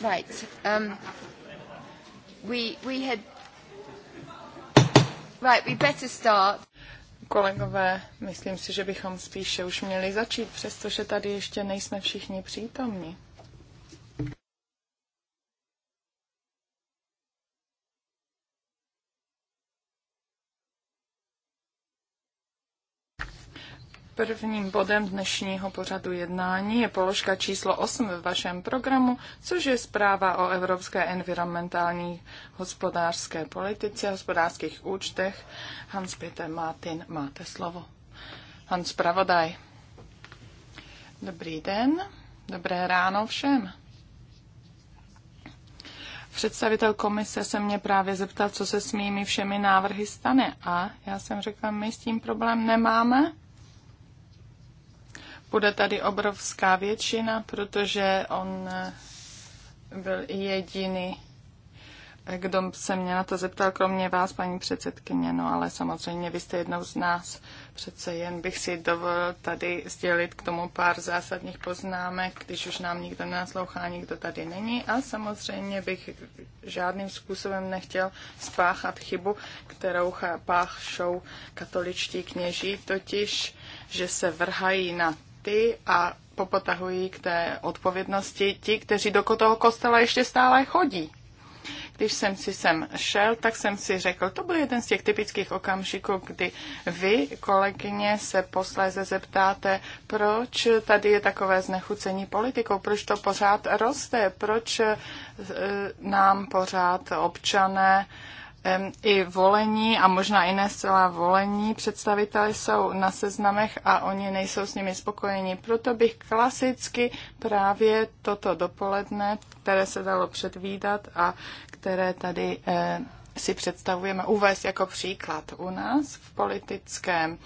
Right. Um, we, we had... Right, we better start. Kolegové, myslím si, že bychom spíše už měli začít, přestože tady ještě nejsme všichni přítomní. Prvním bodem dnešního pořadu jednání je položka číslo 8 v vašem programu, což je zpráva o evropské environmentální hospodářské politice, hospodářských účtech. Hans-Peter Martin, máte slovo. Hans, Pravodaj. Dobrý den, dobré ráno všem. Představitel komise se mě právě zeptal, co se s mými všemi návrhy stane. A já jsem řekla, my s tím problém nemáme bude tady obrovská většina, protože on eh, byl jediný, eh, kdo se mě na to zeptal, kromě vás, paní předsedkyně, no ale samozřejmě vy jste jednou z nás. Přece jen bych si dovolil tady sdělit k tomu pár zásadních poznámek, když už nám nikdo nenaslouchá, nikdo tady není. A samozřejmě bych žádným způsobem nechtěl spáchat chybu, kterou pášou katoličtí kněží, totiž, že se vrhají na ty a popotahují k té odpovědnosti ti, kteří do toho kostela ještě stále chodí. Když jsem si sem šel, tak jsem si řekl, to byl jeden z těch typických okamžiků, kdy vy, kolegyně, se posléze zeptáte, proč tady je takové znechucení politikou, proč to pořád roste, proč e, nám pořád občané i volení a možná i ne zcela volení představitelé jsou na seznamech a oni nejsou s nimi spokojeni. Proto bych klasicky právě toto dopoledne, které se dalo předvídat a které tady eh, si představujeme uvést jako příklad u nás v politickém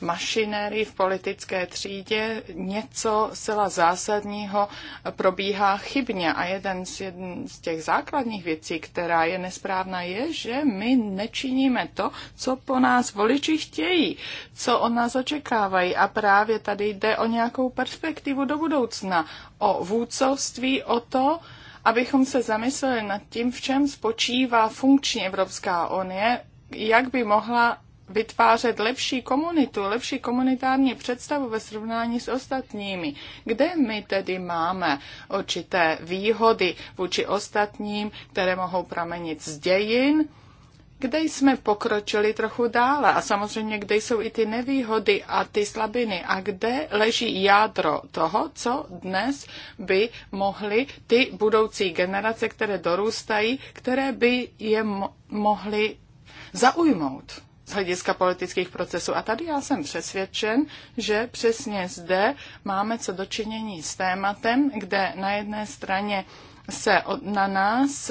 mašinérii, v politické třídě něco zcela zásadního probíhá chybně. A jeden z, jeden z těch základních věcí, která je nesprávná, je, že my nečiníme to, co po nás voliči chtějí, co od nás očekávají. A právě tady jde o nějakou perspektivu do budoucna, o vůdcovství, o to, abychom se zamysleli nad tím, v čem spočívá funkční Evropská unie, jak by mohla vytvářet lepší komunitu, lepší komunitární představu ve srovnání s ostatními. Kde my tedy máme určité výhody vůči ostatním, které mohou pramenit z dějin, kde jsme pokročili trochu dále a samozřejmě kde jsou i ty nevýhody a ty slabiny a kde leží jádro toho, co dnes by mohly ty budoucí generace, které dorůstají, které by je mo- mohly zaujmout z hlediska politických procesů. A tady já jsem přesvědčen, že přesně zde máme co dočinění s tématem, kde na jedné straně se od, na nás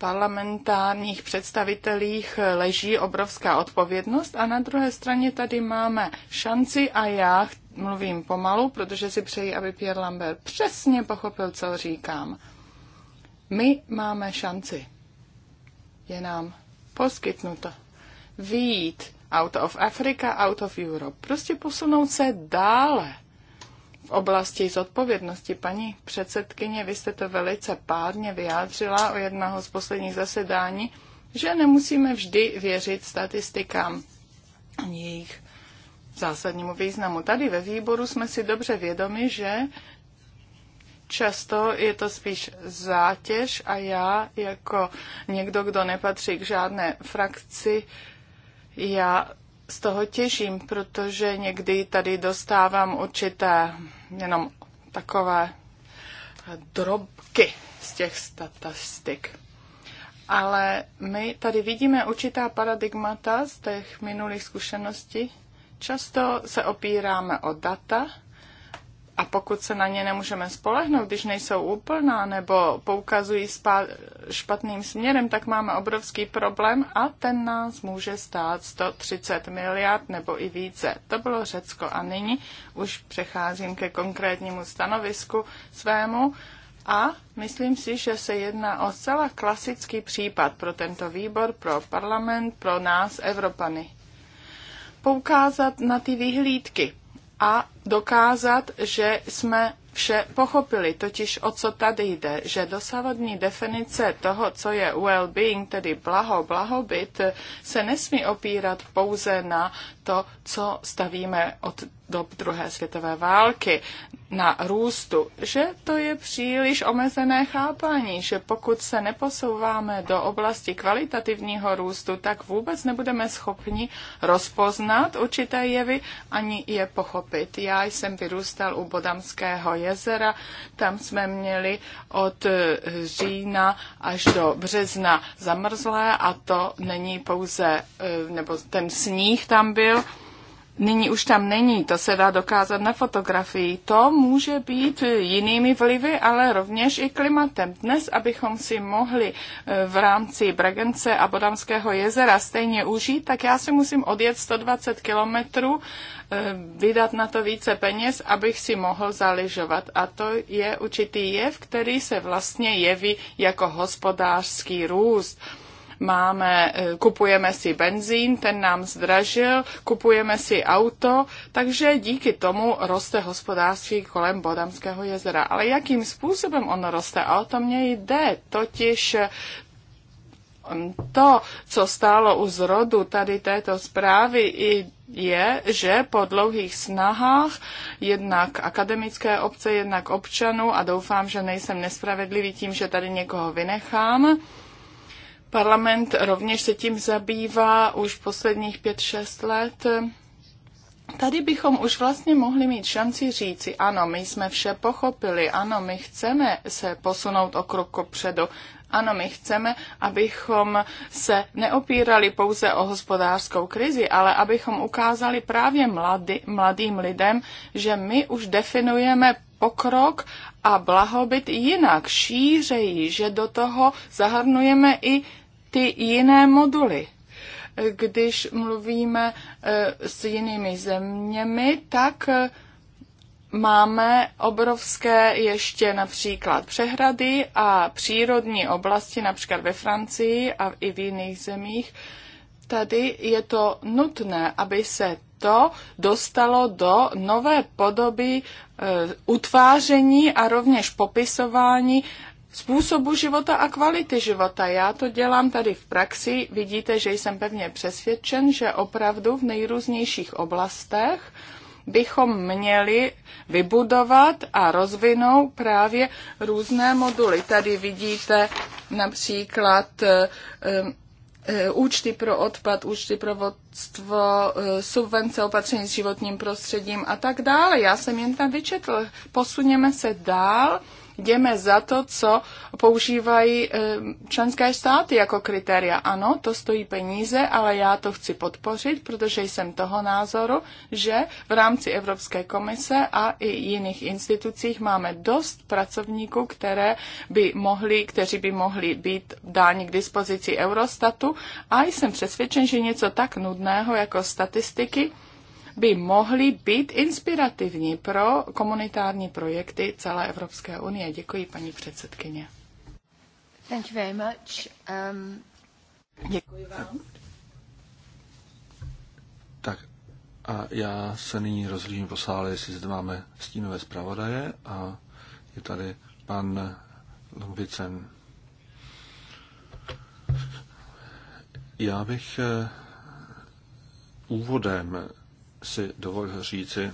parlamentárních představitelích leží obrovská odpovědnost a na druhé straně tady máme šanci a já mluvím pomalu, protože si přeji, aby Pierre Lambert přesně pochopil, co říkám. My máme šanci. Je nám poskytnuto výjít out of Africa, out of Europe. Prostě posunout se dále v oblasti zodpovědnosti. Paní předsedkyně, vy jste to velice pádně vyjádřila o jednoho z posledních zasedání, že nemusíme vždy věřit statistikám ani jejich zásadnímu významu. Tady ve výboru jsme si dobře vědomi, že často je to spíš zátěž a já jako někdo, kdo nepatří k žádné frakci, já z toho těším, protože někdy tady dostávám určité jenom takové eh, drobky z těch statistik. Ale my tady vidíme určitá paradigmata z těch minulých zkušeností. Často se opíráme o data, a pokud se na ně nemůžeme spolehnout, když nejsou úplná nebo poukazují špatným směrem, tak máme obrovský problém a ten nás může stát 130 miliard nebo i více. To bylo Řecko a nyní už přecházím ke konkrétnímu stanovisku svému. A myslím si, že se jedná o zcela klasický případ pro tento výbor, pro parlament, pro nás, Evropany. Poukázat na ty vyhlídky, a dokázat, že jsme vše pochopili, totiž o co tady jde, že dosavadní definice toho, co je well-being, tedy blaho, blahobyt, se nesmí opírat pouze na to, co stavíme od do druhé světové války, na růstu, že to je příliš omezené chápání, že pokud se neposouváme do oblasti kvalitativního růstu, tak vůbec nebudeme schopni rozpoznat určité jevy ani je pochopit. Já jsem vyrůstal u Bodamského jezera, tam jsme měli od eh, října až do března zamrzlé a to není pouze, eh, nebo ten sníh tam byl, nyní už tam není, to se dá dokázat na fotografii. To může být jinými vlivy, ale rovněž i klimatem. Dnes, abychom si mohli eh, v rámci Bregence a Bodamského jezera stejně užít, tak já si musím odjet 120 kilometrů, eh, vydat na to více peněz, abych si mohl zaližovat. A to je určitý jev, který se vlastně jeví jako hospodářský růst máme, eh, kupujeme si benzín, ten nám zdražil, kupujeme si auto, takže díky tomu roste hospodářství kolem Bodamského jezera. Ale jakým způsobem ono roste? A o to mě jde, totiž eh, to, co stálo u zrodu tady této zprávy, je, že po dlouhých snahách jednak akademické obce, jednak občanů, a doufám, že nejsem nespravedlivý tím, že tady někoho vynechám, Parlament rovněž se tím zabývá už posledních 5-6 let. Tady bychom už vlastně mohli mít šanci říci, ano, my jsme vše pochopili, ano, my chceme se posunout o krok předu, ano, my chceme, abychom se neopírali pouze o hospodářskou krizi, ale abychom ukázali právě mladý, mladým lidem, že my už definujeme pokrok a blahobyt jinak, šířejí, že do toho zahrnujeme i ty jiné moduly. Když mluvíme eh, s jinými zeměmi, tak eh, máme obrovské ještě například přehrady a přírodní oblasti, například ve Francii a i v jiných zemích. Tady je to nutné, aby se to dostalo do nové podoby e, utváření a rovněž popisování způsobu života a kvality života. Já to dělám tady v praxi. Vidíte, že jsem pevně přesvědčen, že opravdu v nejrůznějších oblastech bychom měli vybudovat a rozvinout právě různé moduly. Tady vidíte například eh, eh, účty pro odpad, účty pro vodstvo, eh, subvence opatření s životním prostředím a tak dále. Já jsem jen tam vyčetl. Posuněme se dál jdeme za to, co používají eh, členské státy jako kritéria. Ano, to stojí peníze, ale já to chci podpořit, protože jsem toho názoru, že v rámci Evropské komise a i jiných institucích máme dost pracovníků, které by mohli, kteří by mohli být dáni k dispozici Eurostatu a jsem přesvědčen, že něco tak nudného jako statistiky, by mohly být inspirativní pro komunitární projekty celé Evropské unie. Děkuji, paní předsedkyně. Thank you very much. Um... Děkuji vám. Tak a já se nyní rozlížím po sále, jestli zde máme stínové zpravodaje a je tady pan Lumbicen. Já bych eh, úvodem si dovolil říci,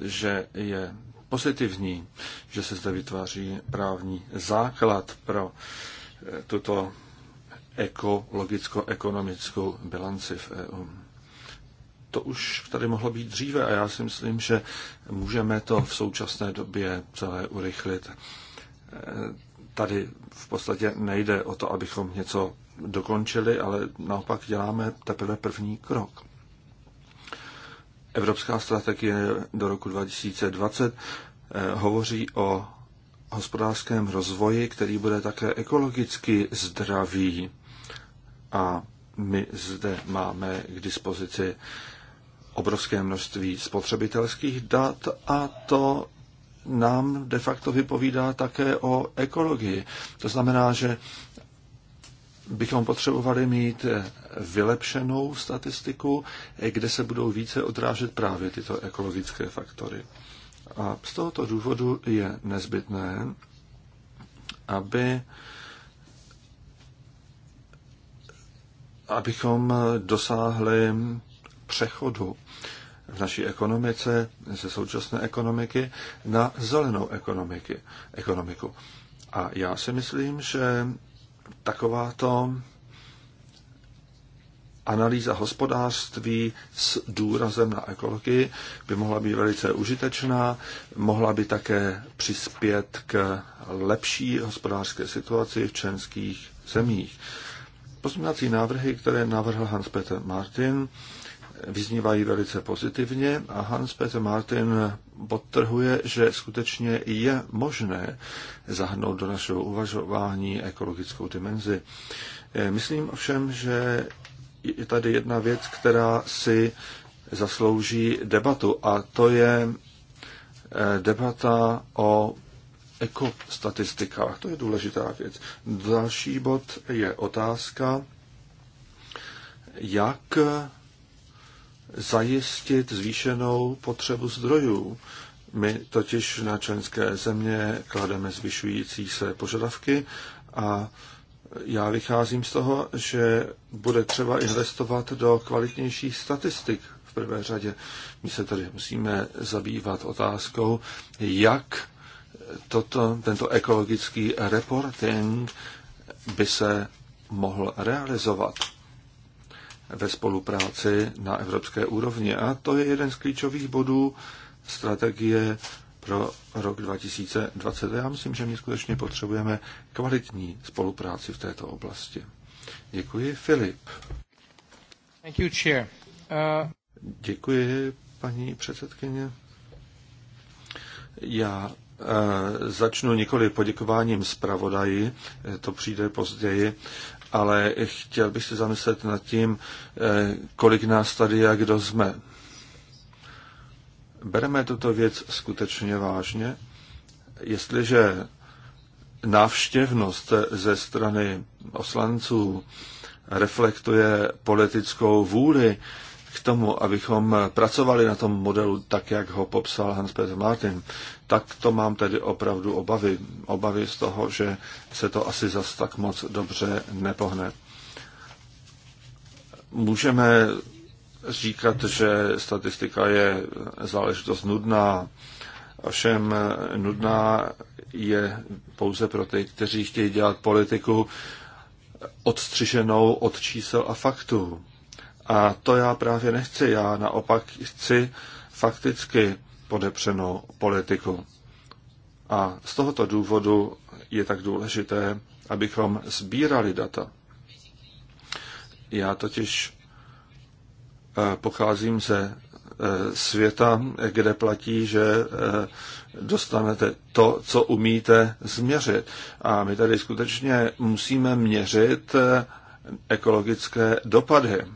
že je pozitivní, že se zde vytváří právní základ pro eh, tuto ekologicko-ekonomickou bilanci v EU. To už tady mohlo být dříve a já si myslím, že můžeme to v současné době celé urychlit. Eh, tady v podstatě nejde o to, abychom něco dokončili, ale naopak děláme teprve první krok. Evropská strategie do roku 2020 eh, hovoří o hospodářském rozvoji, který bude také ekologicky zdravý. A my zde máme k dispozici obrovské množství spotřebitelských dat a to nám de facto vypovídá také o ekologii. To znamená, že bychom potřebovali mít eh, vylepšenou statistiku, eh, kde se budou více odrážet právě tyto ekologické faktory. A z tohoto důvodu je nezbytné, aby abychom dosáhli přechodu v naší ekonomice, ze současné ekonomiky, na zelenou ekonomiky, ekonomiku. A já si myslím, že takováto analýza hospodářství s důrazem na ekologii by mohla být velice užitečná, mohla by také přispět k lepší hospodářské situaci v členských zemích. Pozměňovací návrhy, které navrhl Hans-Peter Martin, vyznívají velice pozitivně a Hans-Peter Martin podtrhuje, že skutečně je možné zahnout do našeho uvažování ekologickou dimenzi. Eh, myslím ovšem, že je tady jedna věc, která si zaslouží debatu a to je eh, debata o ekostatistikách. To je důležitá věc. Další bod je otázka, jak zajistit zvýšenou potřebu zdrojů. My totiž na členské země klademe zvyšující se požadavky a já vycházím z toho, že bude třeba investovat do kvalitnějších statistik v prvé řadě. My se tady musíme zabývat otázkou, jak toto, tento ekologický reporting by se mohl realizovat ve spolupráci na evropské úrovni. A to je jeden z klíčových bodů strategie pro rok 2020. Já myslím, že my skutečně potřebujeme kvalitní spolupráci v této oblasti. Děkuji, Filip. Thank you, chair. Uh... Děkuji, paní předsedkyně. Já uh, Začnu nikoli poděkováním zpravodaji, to přijde později, ale chtěl bych se zamyslet nad tím, eh, kolik nás tady a kdo jsme. Bereme tuto věc skutečně vážně? Jestliže návštěvnost ze strany oslanců reflektuje politickou vůli, k tomu, abychom pracovali na tom modelu tak, jak ho popsal Hans-Peter Martin, tak to mám tedy opravdu obavy. Obavy z toho, že se to asi zas tak moc dobře nepohne. Můžeme říkat, že statistika je záležitost nudná, ovšem nudná je pouze pro ty, kteří chtějí dělat politiku odstřiženou od čísel a faktů a to já právě nechci. Já naopak chci fakticky podepřenou politiku. A z tohoto důvodu je tak důležité, abychom sbírali data. Já totiž eh, pocházím ze eh, světa, kde platí, že eh, dostanete to, co umíte změřit. A my tady skutečně musíme měřit ekologické dopady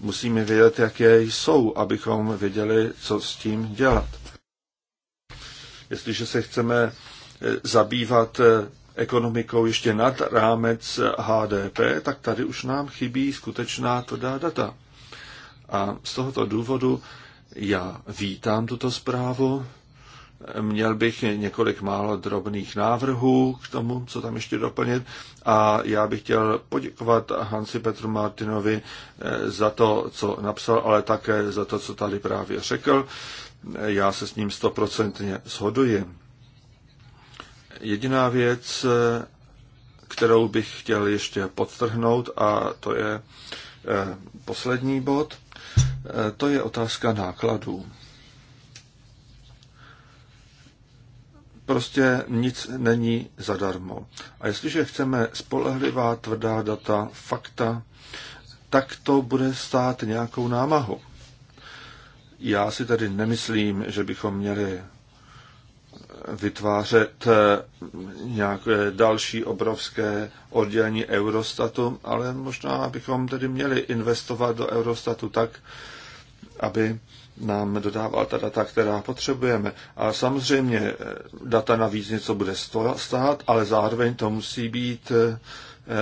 musíme vědět, jaké jsou, abychom věděli, co s tím dělat. Jestliže se chceme eh, zabývat eh, ekonomikou ještě nad rámec HDP, tak tady už nám chybí skutečná tvrdá data. A z tohoto důvodu já vítám tuto zprávu, Měl bych několik málo drobných návrhů k tomu, co tam ještě doplnit. A já bych chtěl poděkovat Hansi Petru Martinovi eh, za to, co napsal, ale také za to, co tady právě řekl. Já se s ním stoprocentně shoduji. Jediná věc, eh, kterou bych chtěl ještě podtrhnout, a to je eh, poslední bod, to je otázka nákladů. Prostě nic není zadarmo. A jestliže chceme spolehlivá, tvrdá data, fakta, tak to bude stát nějakou námahu. Já si tedy nemyslím, že bychom měli vytvářet eh, nějaké další obrovské oddělení Eurostatu, ale možná bychom tedy měli investovat do Eurostatu tak, aby nám dodával ta data, která potřebujeme. A samozřejmě eh, data navíc něco bude stát, ale zároveň to musí být eh,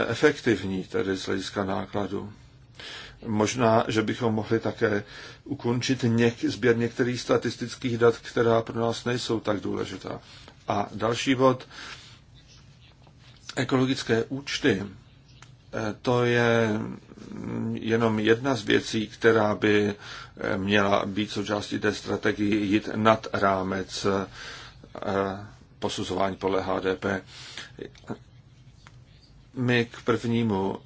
efektivní, tedy z hlediska nákladu. Možná, že bychom mohli také ukončit něk- sběr některých statistických dat, která pro nás nejsou tak důležitá. A další bod, ekologické účty to je jenom jedna z věcí, která by měla být součástí té strategie jít nad rámec eh, posuzování podle HDP. My k prvnímu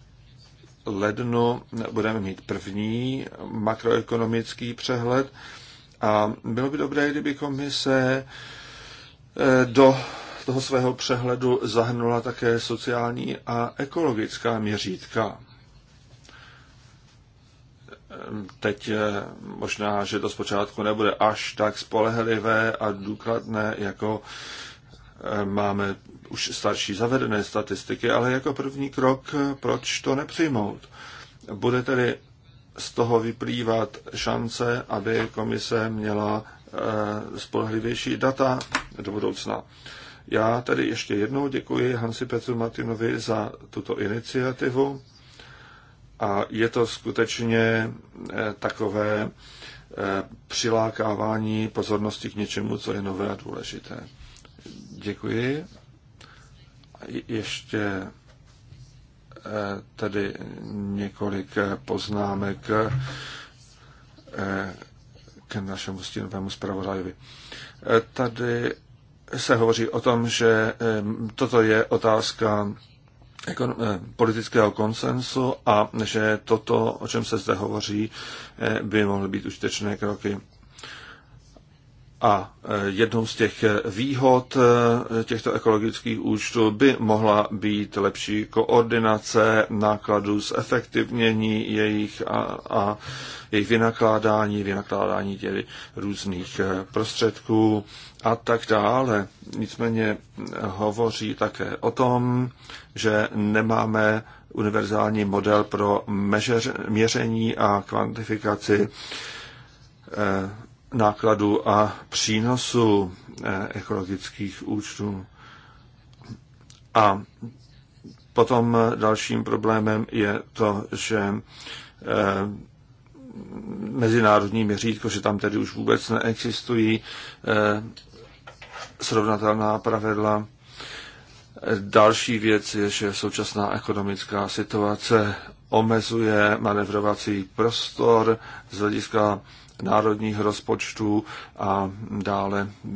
lednu budeme mít první makroekonomický přehled a bylo by dobré, kdybychom my se eh, do toho svého přehledu zahrnula také sociální a ekologická měřítka. Ehm, teď eh, možná, že to zpočátku nebude až tak spolehlivé a důkladné, jako eh, máme už starší zavedené statistiky, ale jako první krok, eh, proč to nepřijmout? Bude tedy z toho vyplývat šance, aby komise měla spolehlivější data do budoucna. Já tady ještě jednou děkuji Hansi Petru Martinovi za tuto iniciativu a je to skutečně eh, takové eh, přilákávání pozornosti k něčemu, co je nové a důležité. Děkuji. Ještě eh, tady několik poznámek k našemu stínovému zpravodajovi. Tady se hovoří o tom, že toto je otázka eh, politického konsensu a že toto, o čem se zde hovoří, eh, by mohly být užitečné kroky. A e, jednou z těch e, výhod e, těchto ekologických účtů by mohla být lepší koordinace nákladů, zefektivnění jejich a, a jejich vynakládání, vynakládání těch různých prostředků a tak dále. Nicméně hovoří také o tom, že nemáme univerzální model pro měření a kvantifikaci nákladu a přínosu eh, ekologických účtů. A potom dalším problémem je to, že eh, mezinárodní měřítko, že tam tedy už vůbec neexistují eh, srovnatelná pravidla. Další věc je, že současná ekonomická situace omezuje manevrovací prostor z hlediska národních rozpočtů a dále eh,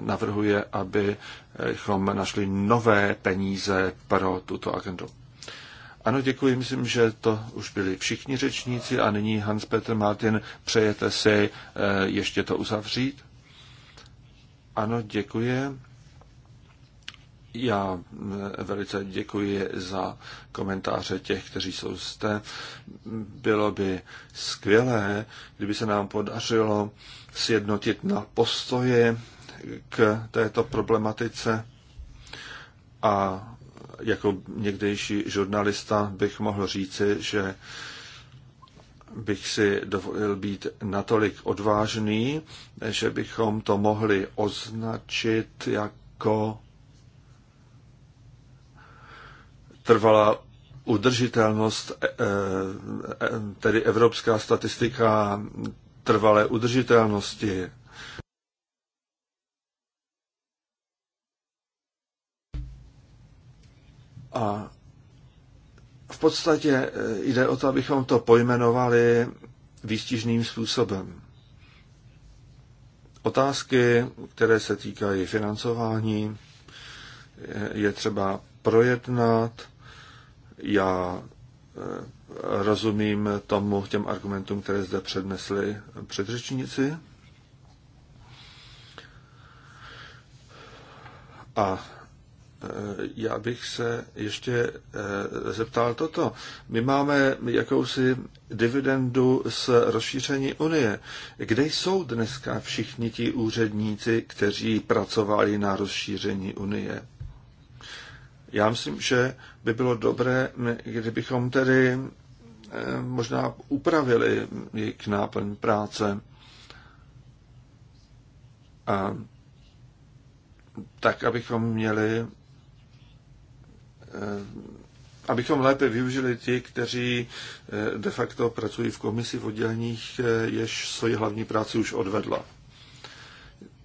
navrhuje, abychom našli nové peníze pro tuto agendu. Ano, děkuji, myslím, že to už byli všichni řečníci a nyní Hans-Peter Martin, přejete si eh, ještě to uzavřít? Ano, děkuji. Já eh, velice děkuji za komentáře těch, kteří jsou zde. Bylo by skvělé, kdyby se nám podařilo sjednotit na postoje k této problematice a jako někdejší žurnalista bych mohl říci, že bych si dovolil být natolik odvážný, že bychom to mohli označit jako trvalá udržitelnost, e, e, e, tedy evropská statistika trvalé udržitelnosti. A v podstatě jde o to, abychom to pojmenovali výstižným způsobem. Otázky, které se týkají financování, je třeba projednat já eh, rozumím tomu, těm argumentům, které zde přednesli předřečníci. A eh, já bych se ještě eh, zeptal toto. My máme jakousi dividendu z rozšíření Unie. Kde jsou dneska všichni ti úředníci, kteří pracovali na rozšíření Unie? Já myslím, že by bylo dobré, kdybychom tedy eh, možná upravili k náplň práce. A tak, abychom měli, eh, abychom lépe využili ti, kteří eh, de facto pracují v komisi v odděleních, jež svoji hlavní práci už odvedla.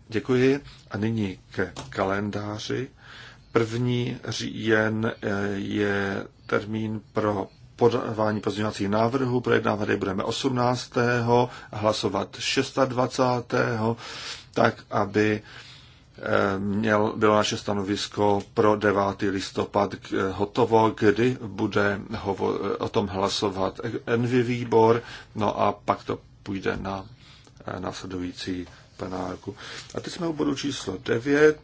Děkuji a nyní ke kalendáři. První říjen eh, je termín pro podávání pozměňovacích návrhů. Projednávat budeme 18. hlasovat 26. tak, aby eh, měl, bylo naše stanovisko pro 9. listopad eh, hotovo, kdy bude hovo, o tom hlasovat Envy výbor, no a pak to půjde na následující plenárku. A teď jsme u bodu číslo 9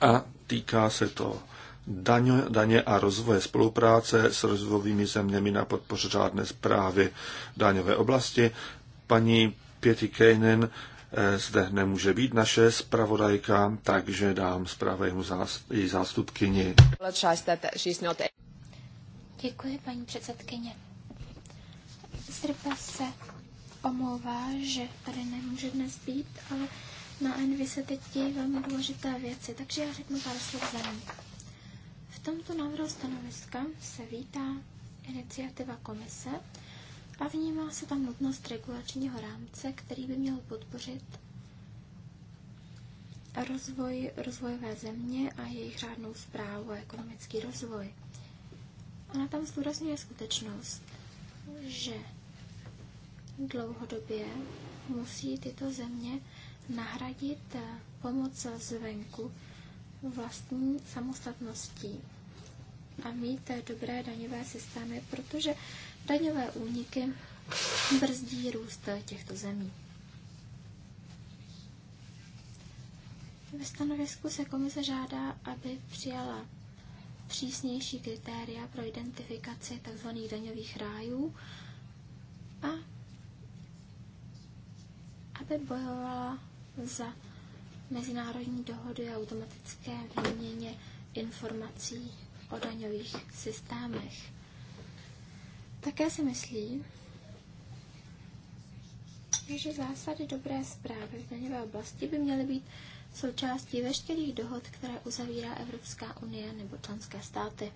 a týká se to daně, daně a rozvoje spolupráce s rozvojovými zeměmi na podpoře řádné zprávy daňové oblasti. Paní Pěti Kejnen eh, zde nemůže být naše zpravodajka, takže dám zprávě její zástupkyni. Děkuji, paní předsedkyně. Srpa se omlouvá, že tady nemůže dnes být, ale na no Envy se teď dějí velmi důležité věci, takže já řeknu pár slov za ní. V tomto návrhu stanoviska se vítá iniciativa komise a vnímá se tam nutnost regulačního rámce, který by měl podpořit rozvoj rozvojové země a jejich řádnou zprávu a ekonomický rozvoj. Ona tam zdůrazňuje skutečnost, že dlouhodobě musí tyto země nahradit eh, pomoc zvenku vlastní samostatností a mít eh, dobré daňové systémy, protože daňové úniky brzdí růst eh, těchto zemí. Ve stanovisku se komise žádá, aby přijala přísnější kritéria pro identifikaci tzv. daňových rájů a aby bojovala za mezinárodní dohody a automatické výměně informací o daňových systémech. Také si myslí, že zásady dobré zprávy v daňové oblasti by měly být součástí veškerých dohod, které uzavírá Evropská unie nebo členské státy.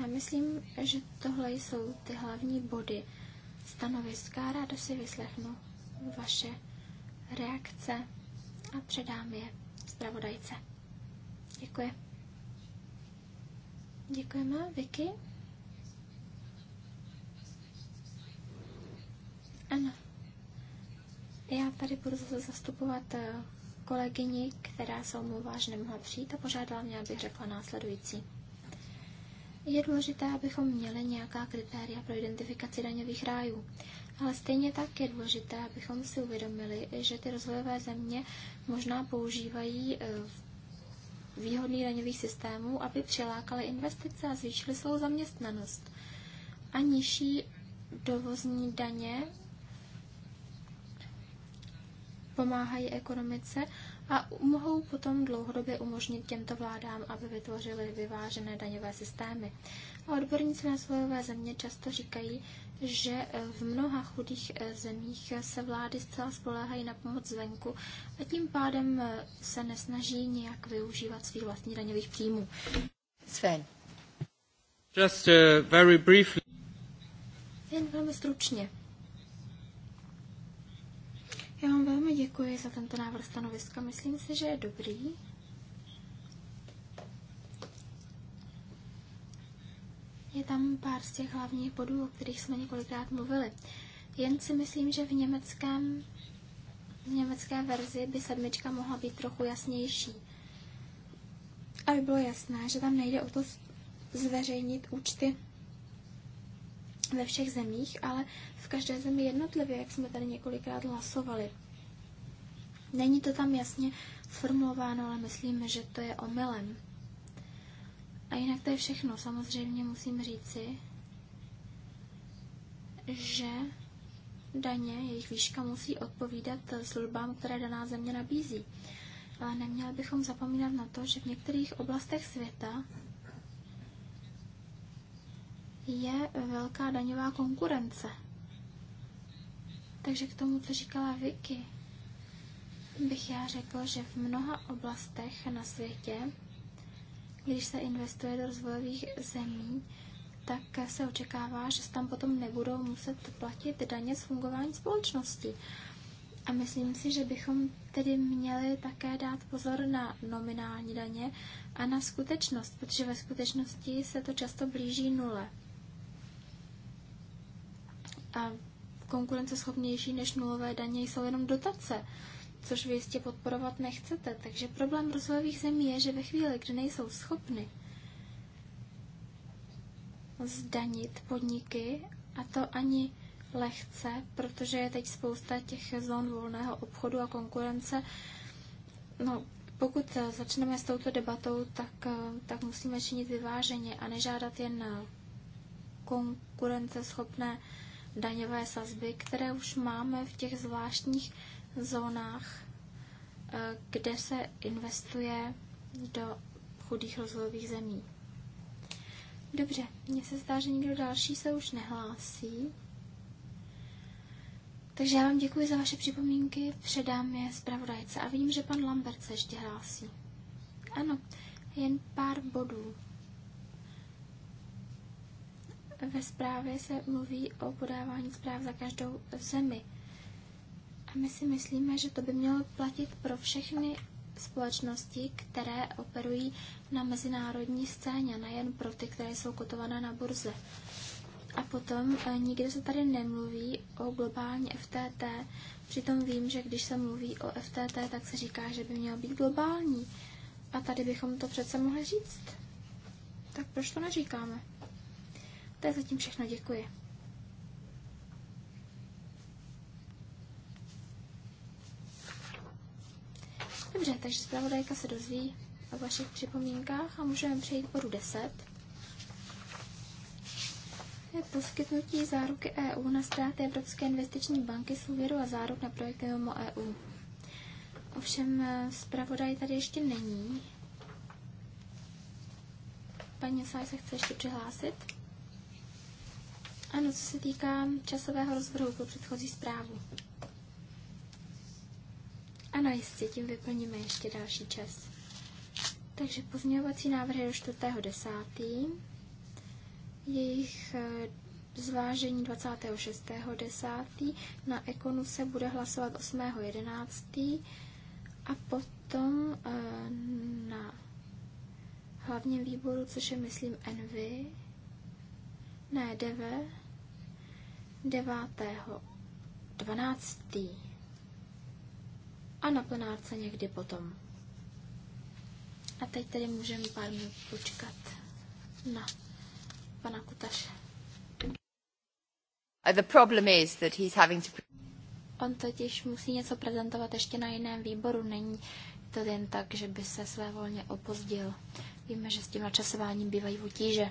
Já myslím, že tohle jsou ty hlavní body stanoviska. Ráda si vyslechnu vaše reakce a předám je zpravodajce. Děkuji. Děkujeme, Vicky. Ano. Já tady budu zase zastupovat eh, kolegyni, která se omlouvá, že nemohla přijít a požádala mě, abych řekla následující. Je důležité, abychom měli nějaká kritéria pro identifikaci daňových rájů, ale stejně tak je důležité, abychom si uvědomili, že ty rozvojové země možná používají eh, výhodný daňových systémů, aby přilákaly investice a zvýšily svou zaměstnanost. A nižší dovozní daně pomáhají ekonomice a mohou potom dlouhodobě umožnit těmto vládám, aby vytvořily vyvážené daňové systémy. A odborníci na svojové země často říkají, že v mnoha chudých eh, zemích se vlády zcela spoléhají na pomoc zvenku a tím pádem eh, se nesnaží nějak využívat svých vlastních daňových příjmů. Sven. Just uh, very briefly. Jen velmi stručně. Já vám velmi děkuji za tento návrh stanoviska. Myslím si, že je dobrý. Je tam pár z těch hlavních bodů, o kterých jsme několikrát mluvili. Jen si myslím, že v německém v německé verzi by sedmička mohla být trochu jasnější. Aby bylo jasné, že tam nejde o to zveřejnit účty ve všech zemích, ale v každé zemi jednotlivě, jak jsme tady několikrát hlasovali. Není to tam jasně sformulováno, ale myslím, že to je omylem. A jinak to je všechno. Samozřejmě musím říci, že daně, jejich výška musí odpovídat službám, které daná země nabízí. Ale neměli bychom zapomínat na to, že v některých oblastech světa je velká daňová konkurence. Takže k tomu, co říkala Vicky, bych já řekl, že v mnoha oblastech na světě, když se investuje do rozvojových zemí, tak se očekává, že se tam potom nebudou muset platit daně z fungování společnosti. A myslím si, že bychom tedy měli také dát pozor na nominální daně a na skutečnost, protože ve skutečnosti se to často blíží nule. A konkurenceschopnější než nulové daně jsou jenom dotace, což vy jistě podporovat nechcete. Takže problém rozvojových zemí je, že ve chvíli, kdy nejsou schopny zdanit podniky, a to ani lehce, protože je teď spousta těch zón volného obchodu a konkurence. No, pokud začneme s touto debatou, tak, eh, tak musíme činit vyváženě a nežádat jen konkurenceschopné schopné daňové sazby, které už máme v těch zvláštních zónách, eh, kde se investuje do chudých rozvojových zemí. Dobře, mně se zdá, že nikdo další se už nehlásí. Takže já vám děkuji za vaše připomínky, předám je zpravodajce a vím, že pan Lambert se ještě hlásí. Ano, jen pár bodů ve zprávě se mluví o podávání zpráv za každou zemi. A my si myslíme, že to by mělo platit pro všechny společnosti, které operují na mezinárodní scéně, nejen pro ty, které jsou kotované na burze. A potom eh, nikde se tady nemluví o globální FTT. Přitom vím, že když se mluví o FTT, tak se říká, že by mělo být globální. A tady bychom to přece mohli říct. Tak proč to neříkáme? To je zatím všechno, děkuji. Dobře, takže zpravodajka se dozví o vašich připomínkách a můžeme přejít k bodu 10. Je poskytnutí záruky EU na ztráty Evropské investiční banky s úvěru a záruk na projekty mimo EU. Ovšem, eh, zpravodaj tady ještě není. Paní Sáj se chce ještě přihlásit? Ano, co se týká časového rozvrhu pro předchozí zprávu. Ano, jistě, tím vyplníme ještě další čas. Takže pozměňovací návrhy do 4.10. Jejich eh, zvážení 26.10. Na Ekonu se bude hlasovat 8.11. A potom eh, na hlavním výboru, což je, myslím, Envy, ne, DV, 9. 12. a na plenárce někdy potom. A teď tedy můžeme pár minut počkat na pana Kutaše. Uh, the problem is that he's having to... On totiž musí něco prezentovat ještě na jiném výboru. Není to jen tak, že by se své volně opozdil. Víme, že s tím načasováním bývají utíže.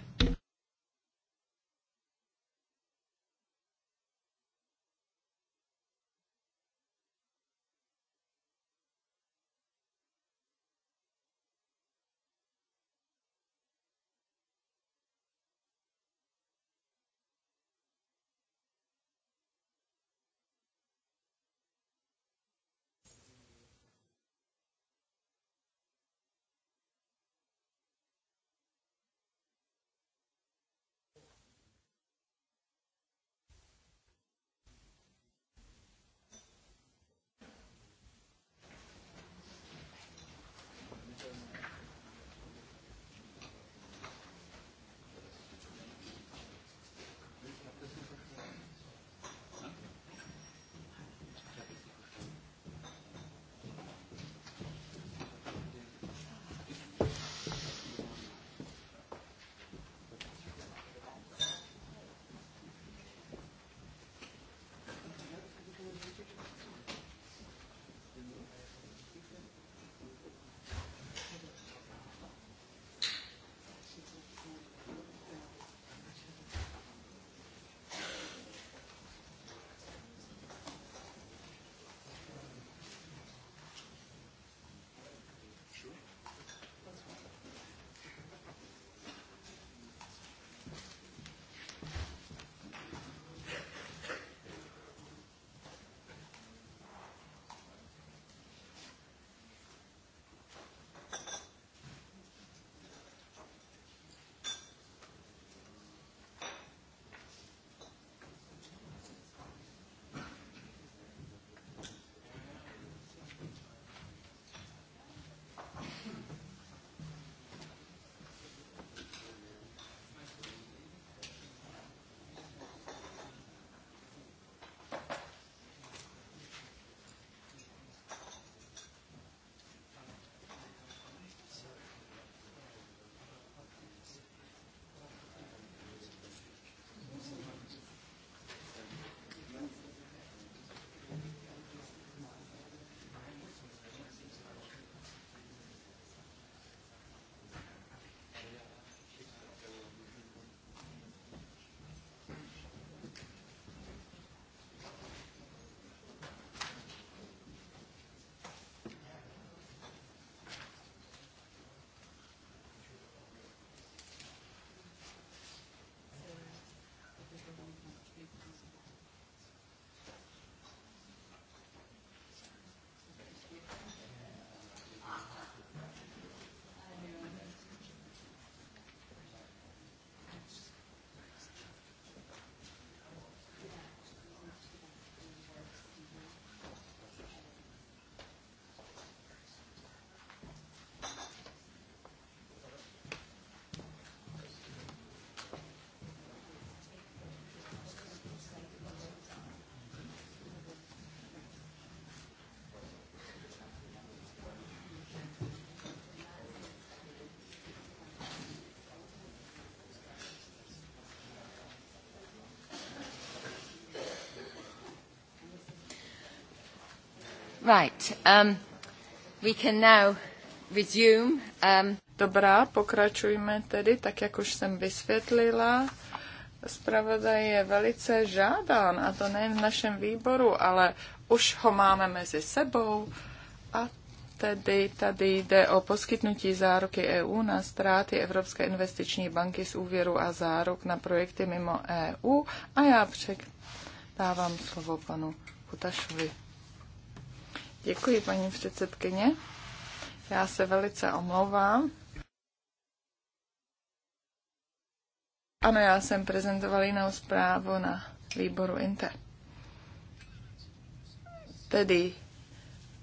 Right. Um, we can now resume. Um... Dobrá, pokračujme tedy, tak jak už jsem vysvětlila. Zpravodaj je velice žádán, a to nejen v našem výboru, ale už ho máme mezi sebou. A tedy tady jde o poskytnutí záruky EU na ztráty Evropské investiční banky z úvěru a záruk na projekty mimo EU. A já předávám slovo panu Kutašovi. Děkuji, paní předsedkyně. Já se velice omlouvám. Ano, já jsem prezentoval jinou zprávu na výboru Inter. Tedy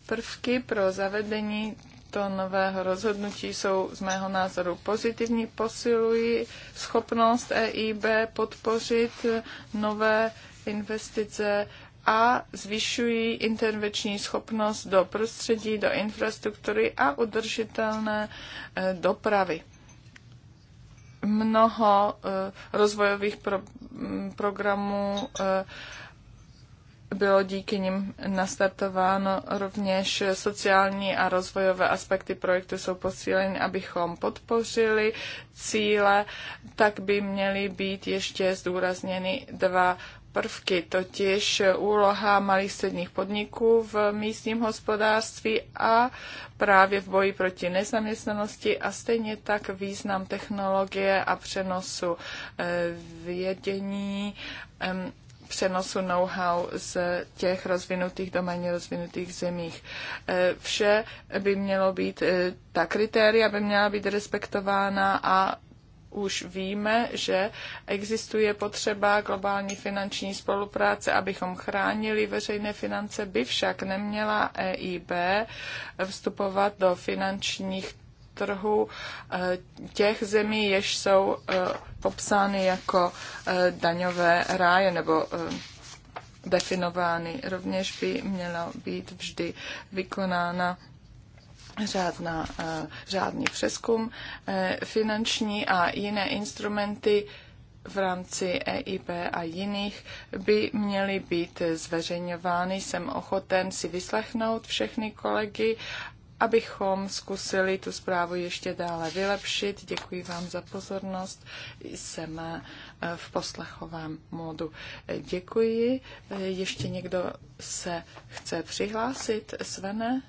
prvky pro zavedení to nového rozhodnutí jsou z mého názoru pozitivní, posilují schopnost EIB podpořit nové investice a zvyšují intervenční schopnost do prostředí, do infrastruktury a udržitelné eh, dopravy. Mnoho eh, rozvojových pro, mm, programů eh, bylo díky nim nastartováno rovněž sociální a rozvojové aspekty projektu jsou posíleny, abychom podpořili cíle, tak by měly být ještě zdůrazněny dva prvky, totiž úloha malých středních podniků v místním hospodářství a právě v boji proti nezaměstnanosti a stejně tak význam technologie a přenosu eh, vědění přenosu know-how z těch rozvinutých do méně rozvinutých zemích. Eh, vše by mělo být, eh, ta kritéria by měla být respektována a už víme, že existuje potřeba globální finanční spolupráce, abychom chránili veřejné finance, by však neměla EIB vstupovat do finančních trhu eh, těch zemí, jež jsou eh, popsány jako eh, daňové ráje nebo definovány. Rovněž by měla být vždy vykonána řádná, eh, řádný přeskum, eh, finanční a jiné instrumenty v rámci EIB a jiných by měly být zveřejňovány. Jsem ochoten si vyslechnout všechny kolegy, abychom zkusili tu zprávu ještě dále vylepšit. Děkuji vám za pozornost. Jsem eh, v poslechovém módu. Děkuji. Ještě někdo se chce přihlásit? Svene?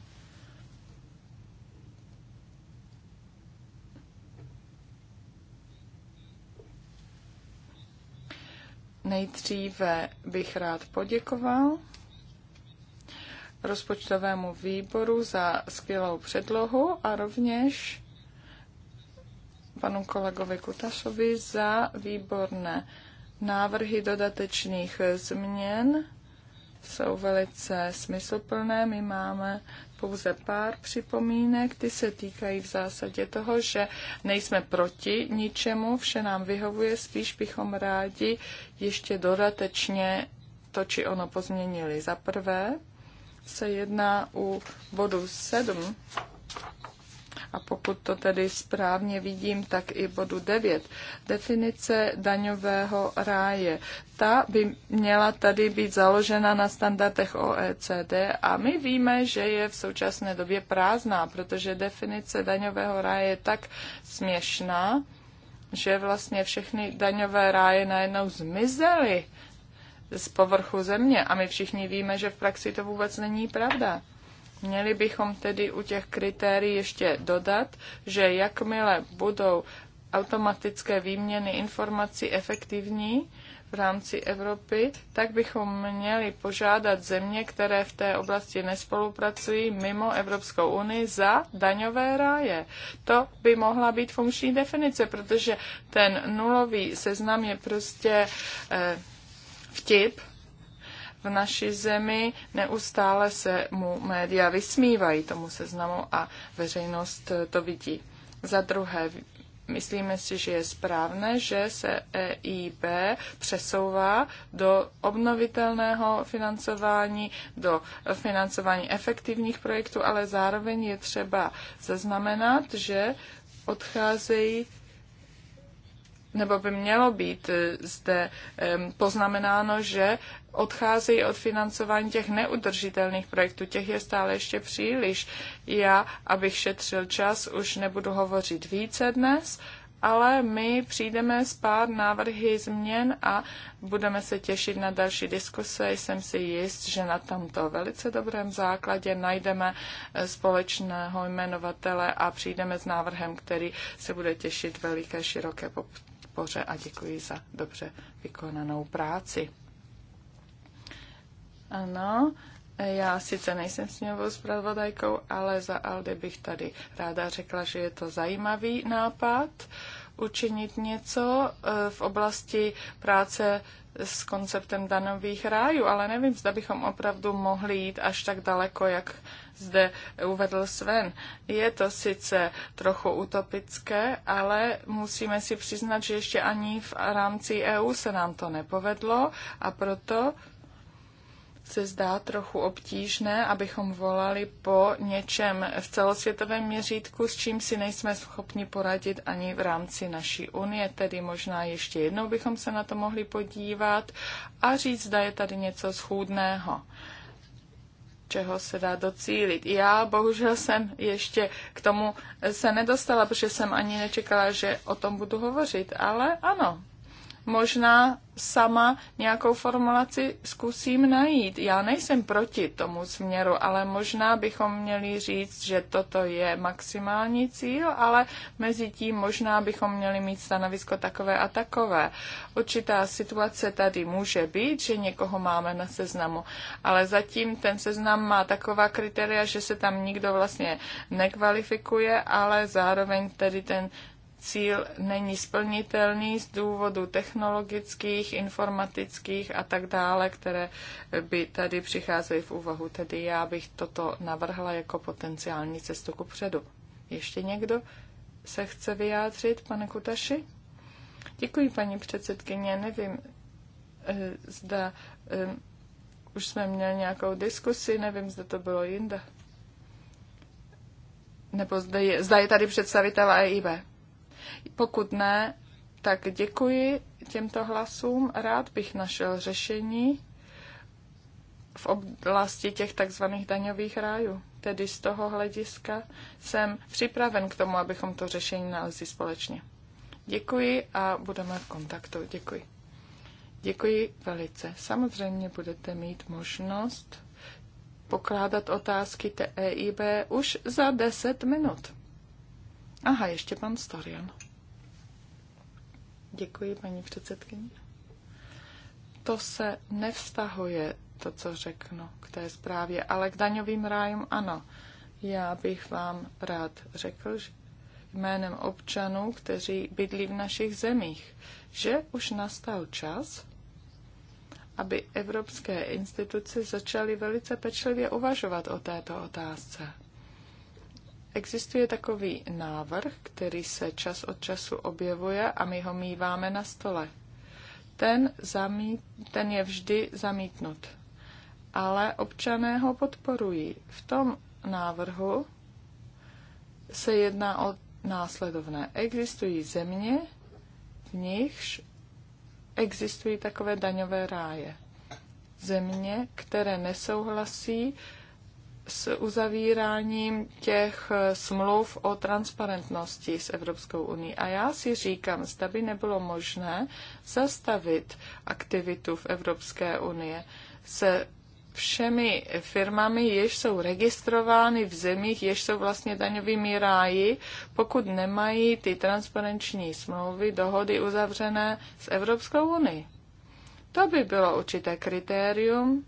Nejdříve bych rád poděkoval rozpočtovému výboru za skvělou předlohu a rovněž panu kolegovi Kutašovi za výborné návrhy dodatečných změn. Jsou velice smysluplné. My máme pouze pár připomínek, ty se týkají v zásadě toho, že nejsme proti ničemu, vše nám vyhovuje, spíš bychom rádi ještě dodatečně to či ono pozměnili. Za prvé se jedná u bodu 7 a pokud to tedy správně vidím, tak i bodu 9. Definice daňového ráje. Ta by měla tady být založena na standardech OECD a my víme, že je v současné době prázdná, protože definice daňového ráje je tak směšná, že vlastně všechny daňové ráje najednou zmizely z povrchu země a my všichni víme, že v praxi to vůbec není pravda. Měli bychom tedy u těch kritérií ještě dodat, že jakmile budou automatické výměny informací efektivní v rámci Evropy, tak bychom měli požádat země, které v té oblasti nespolupracují mimo Evropskou unii za daňové ráje. To by mohla být funkční definice, protože ten nulový seznam je prostě eh, vtip, v naší zemi. Neustále se mu média vysmívají tomu seznamu a veřejnost to vidí. Za druhé, myslíme si, že je správné, že se EIB přesouvá do obnovitelného financování, do financování efektivních projektů, ale zároveň je třeba zaznamenat, že odcházejí nebo by mělo být eh, zde poznamenáno, že odcházejí od financování těch neudržitelných projektů. Těch je stále ještě příliš. Já, abych šetřil čas, už nebudu hovořit více dnes, ale my přijdeme s pár návrhy změn a budeme se těšit na další diskuse. Jsem si jist, že na tomto velice dobrém základě najdeme eh, společného jmenovatele a přijdeme s návrhem, který se bude těšit veliké široké podpoře a děkuji za dobře vykonanou práci. Ano, já sice nejsem sněmovou zpravodajkou, ale za Alde bych tady ráda řekla, že je to zajímavý nápad učinit něco eh, v oblasti práce s konceptem danových rájů, ale nevím, zda bychom opravdu mohli jít až tak daleko, jak zde uvedl Sven. Je to sice trochu utopické, ale musíme si přiznat, že ještě ani v rámci EU se nám to nepovedlo a proto se zdá trochu obtížné, abychom volali po něčem v celosvětovém měřítku, s čím si nejsme schopni poradit ani v rámci naší unie. Tedy možná ještě jednou bychom se na to mohli podívat a říct, zda je tady něco schůdného čeho se dá docílit. Já bohužel jsem ještě k tomu se nedostala, protože jsem ani nečekala, že o tom budu hovořit, ale ano, možná sama nějakou formulaci zkusím najít. Já nejsem proti tomu směru, ale možná bychom měli říct, že toto je maximální cíl, ale mezi tím možná bychom měli mít stanovisko takové a takové. Určitá situace tady může být, že někoho máme na seznamu, ale zatím ten seznam má taková kritéria, že se tam nikdo vlastně nekvalifikuje, ale zároveň tedy ten cíl není splnitelný z důvodu technologických, informatických a tak dále, které by tady přicházely v úvahu. Tedy já bych toto navrhla jako potenciální cestu ku předu. Ještě někdo se chce vyjádřit, pane Kutaši? Děkuji, paní předsedkyně. Nevím, eh, zda um, už jsme měli nějakou diskusi, nevím, zda to bylo jinde. Nebo zda je, zda je tady představitel AIB. Pokud ne, tak děkuji těmto hlasům. Rád bych našel řešení v oblasti těch takzvaných daňových rájů. Tedy z toho hlediska jsem připraven k tomu, abychom to řešení nalezli společně. Děkuji a budeme v kontaktu. Děkuji. Děkuji velice. Samozřejmě budete mít možnost pokládat otázky TEIB už za 10 minut. Aha, ještě pan Starian. Děkuji, paní předsedkyně. To se nevztahuje, to, co řeknu k té zprávě, ale k daňovým rájům ano. Já bych vám rád řekl, že jménem občanů, kteří bydlí v našich zemích, že už nastal čas, aby evropské instituce začaly velice pečlivě uvažovat o této otázce. Existuje takový návrh, který se čas od času objevuje a my ho míváme na stole. Ten, zamít, ten je vždy zamítnut, ale občané ho podporují. V tom návrhu se jedná o následovné. Existují země, v nichž existují takové daňové ráje. Země, které nesouhlasí s uzavíráním těch eh, smluv o transparentnosti s Evropskou unii. A já si říkám, zda by nebylo možné zastavit aktivitu v Evropské unii se všemi firmami, jež jsou registrovány v zemích, jež jsou vlastně daňovými ráji, pokud nemají ty transparenční smlouvy, dohody uzavřené s Evropskou unii. To by bylo určité kritérium,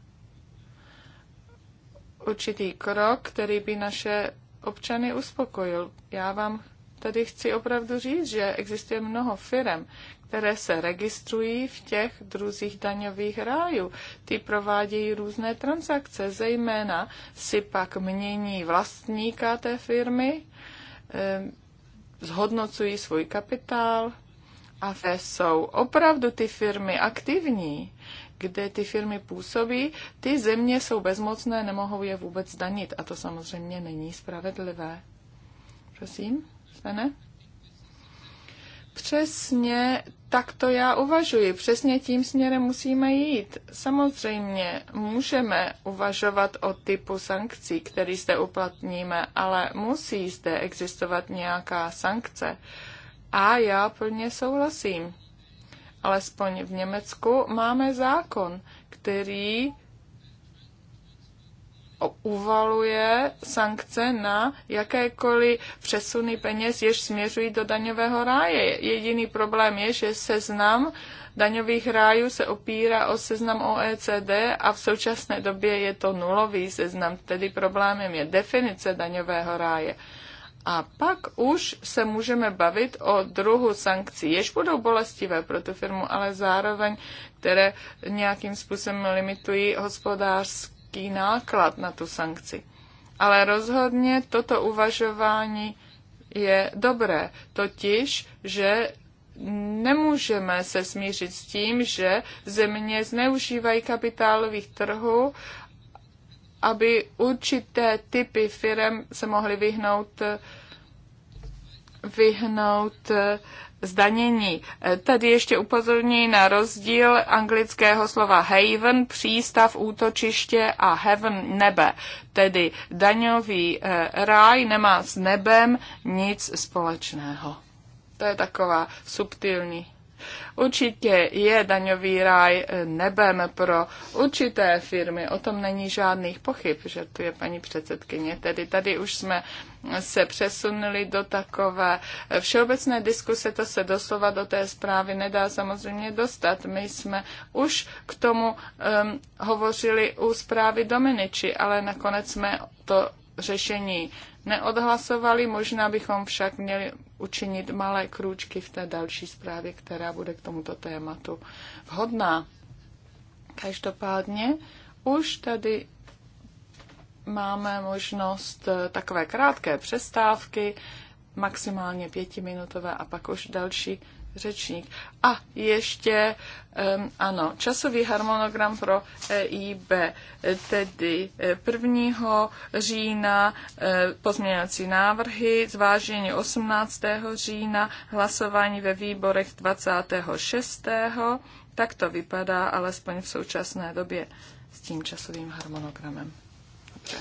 určitý krok, který by naše občany uspokojil. Já vám tady chci opravdu říct, že existuje mnoho firm, které se registrují v těch druzích daňových rájů. Ty provádějí různé transakce, zejména si pak mění vlastníka té firmy, ehm, zhodnocují svůj kapitál a jsou opravdu ty firmy aktivní kde ty firmy působí, ty země jsou bezmocné, nemohou je vůbec danit. A to samozřejmě není spravedlivé. Prosím, Svene? Přesně tak to já uvažuji. Přesně tím směrem musíme jít. Samozřejmě můžeme uvažovat o typu sankcí, který zde uplatníme, ale musí zde existovat nějaká sankce. A já plně souhlasím alespoň v Německu, máme zákon, který uvaluje sankce na jakékoliv přesuny peněz, jež směřují do daňového ráje. Jediný problém je, že seznam daňových rájů se opírá o seznam OECD a v současné době je to nulový seznam, tedy problémem je definice daňového ráje. A pak už se můžeme bavit o druhu sankcí, jež budou bolestivé pro tu firmu, ale zároveň, které nějakým způsobem limitují hospodářský náklad na tu sankci. Ale rozhodně toto uvažování je dobré, totiž, že nemůžeme se smířit s tím, že země zneužívají kapitálových trhů aby určité typy firm se mohly vyhnout vyhnout eh, zdanění. Eh, tady ještě upozorňuji na rozdíl anglického slova haven, přístav, útočiště a heaven, nebe. Tedy daňový eh, ráj nemá s nebem nic společného. To je taková subtilní Určitě je daňový ráj eh, nebem pro určité firmy, o tom není žádných pochyb, že tu je paní předsedkyně. Tedy tady už jsme se přesunuli do takové všeobecné diskuse, to se doslova do té zprávy nedá samozřejmě dostat. My jsme už k tomu um, hovořili u zprávy Dominiči, ale nakonec jsme to řešení neodhlasovali. Možná bychom však měli učinit malé krůčky v té další zprávě, která bude k tomuto tématu vhodná. Každopádně už tady máme možnost eh, takové krátké přestávky, maximálně pětiminutové a pak už další řečník. A ještě, um, ano, časový harmonogram pro EIB, tedy 1. Eh, října eh, pozměňovací návrhy, zvážení 18. října, hlasování ve výborech 26. Tak to vypadá alespoň v současné době s tím časovým harmonogramem. Dobře.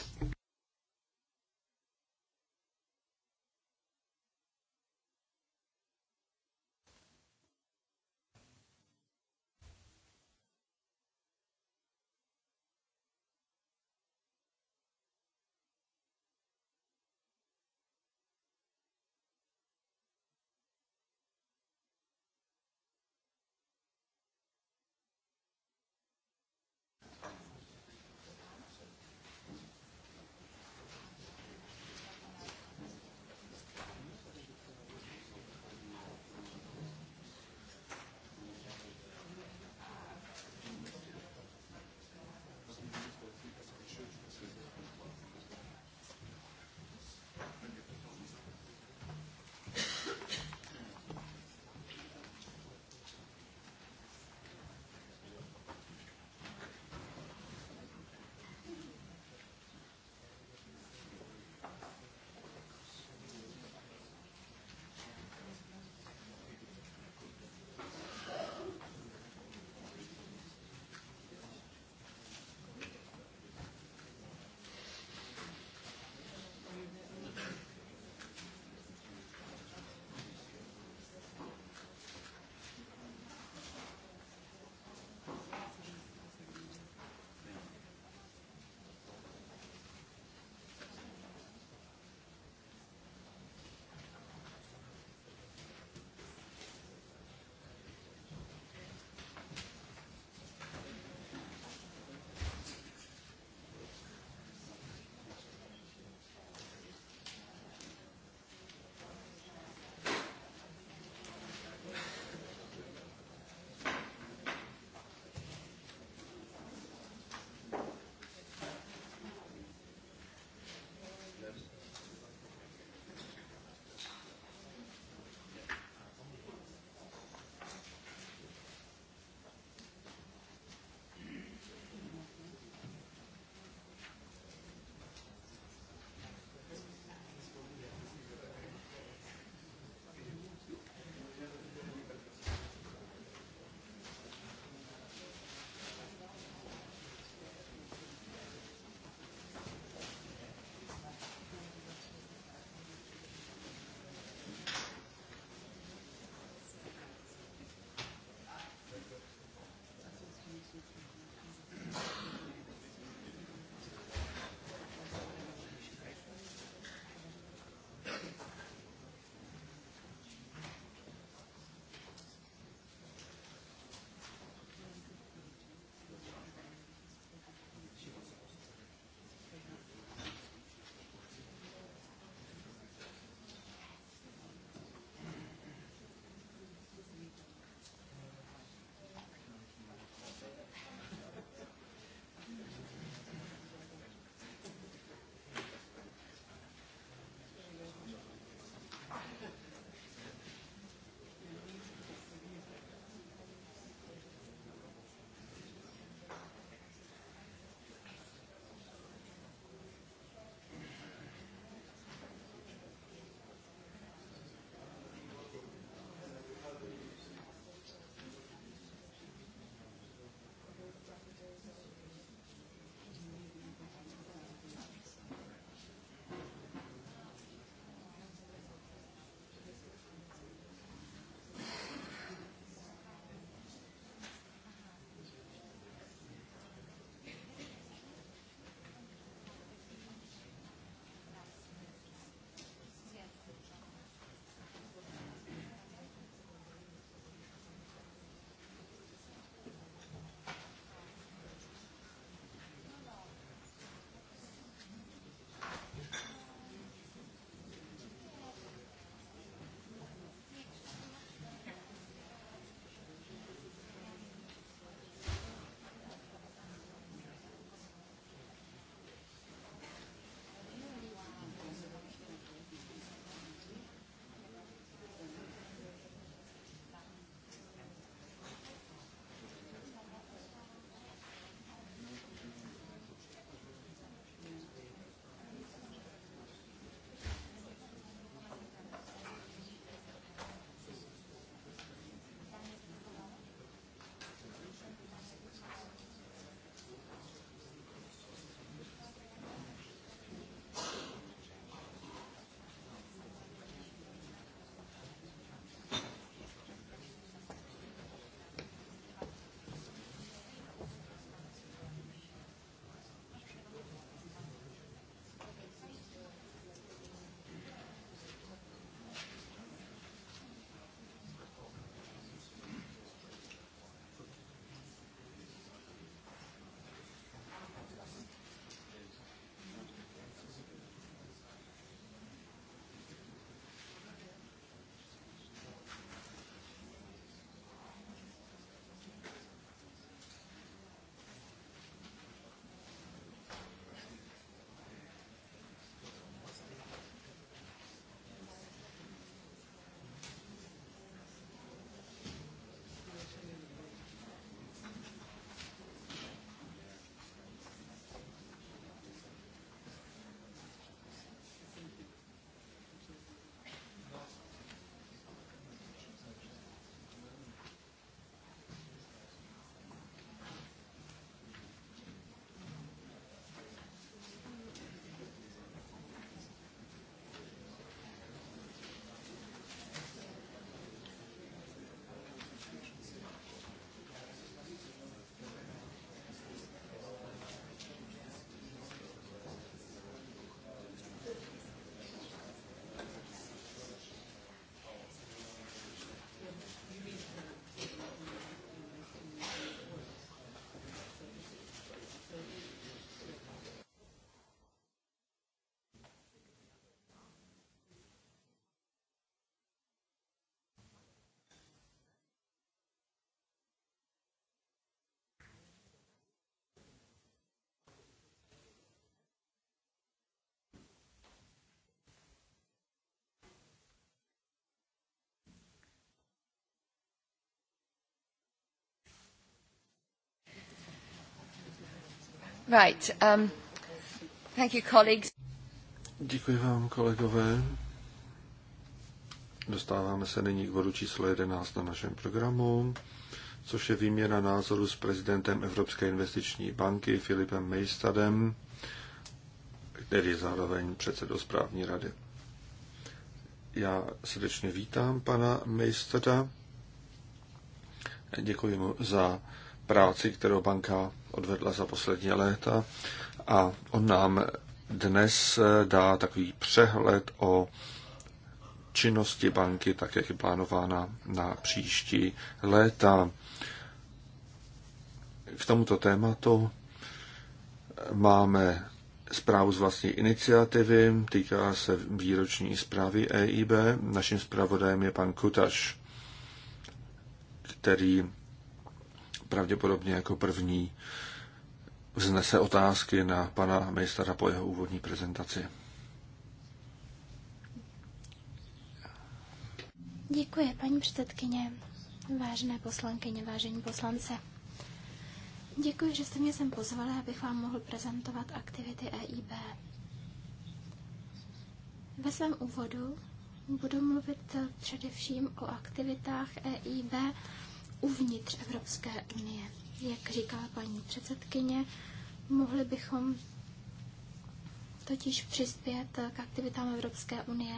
Right. Um, thank you, colleagues. Děkuji vám, kolegové. Dostáváme se nyní k bodu číslo 11 na našem programu, což je výměna názoru s prezidentem Evropské investiční banky Filipem Mejstadem, který je zároveň předsedou správní rady. Já srdečně vítám pana Mejstada. Děkuji mu za práci, kterou banka odvedla za poslední léta a on nám dnes eh, dá takový přehled o činnosti banky, tak jak je plánována na příští léta. K tomuto tématu máme zprávu z vlastní iniciativy, týká se výroční zprávy EIB. Naším zpravodajem je pan Kutaš, který pravděpodobně jako první vznese otázky na pana ministra po jeho úvodní prezentaci. Děkuji, paní předsedkyně, vážené poslankyně, vážení poslance. Děkuji, že jste mě sem pozvali, abych vám mohl prezentovat aktivity EIB. Ve svém úvodu budu mluvit především o aktivitách EIB uvnitř Evropské unie. Jak říkala paní předsedkyně, mohli bychom totiž přispět k aktivitám Evropské unie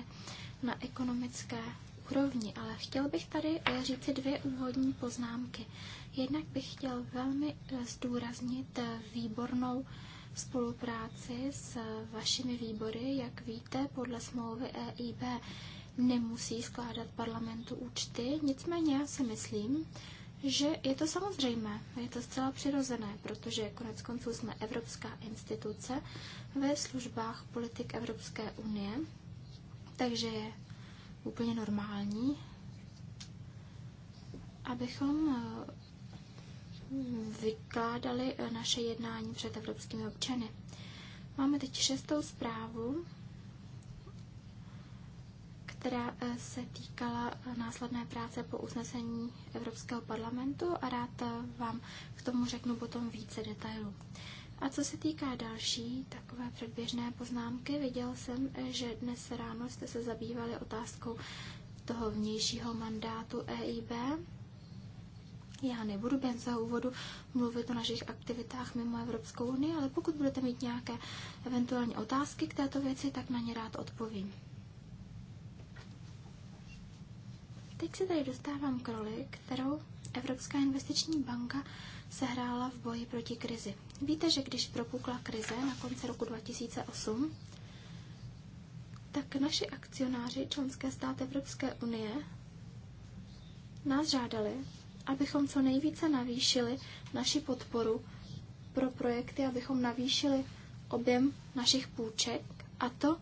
na ekonomické úrovni, ale chtěl bych tady říci dvě úvodní poznámky. Jednak bych chtěl velmi eh, zdůraznit eh, výbornou spolupráci s eh, vašimi výbory. Jak víte, podle smlouvy EIB nemusí skládat parlamentu účty, nicméně já si myslím, že je to samozřejmé, je to zcela přirozené, protože konec konců jsme evropská instituce ve službách politik Evropské unie, takže je úplně normální, abychom eh, vykládali eh, naše jednání před evropskými občany. Máme teď šestou zprávu která eh, se týkala eh, následné práce po usnesení Evropského parlamentu a rád eh, vám k tomu řeknu potom více detailů. A co se týká další takové předběžné poznámky, viděl jsem, že dnes ráno jste se zabývali otázkou toho vnějšího mandátu EIB. Já nebudu během za úvodu mluvit o našich aktivitách mimo Evropskou unii, ale pokud budete mít nějaké eventuální otázky k této věci, tak na ně rád odpovím. teď se tady dostávám k roli, kterou Evropská investiční banka sehrála v boji proti krizi. Víte, že když propukla krize na konci roku 2008, tak naši akcionáři, členské státy Evropské unie, nás žádali, abychom co nejvíce navýšili naši podporu pro projekty, abychom navýšili objem našich půjček, a to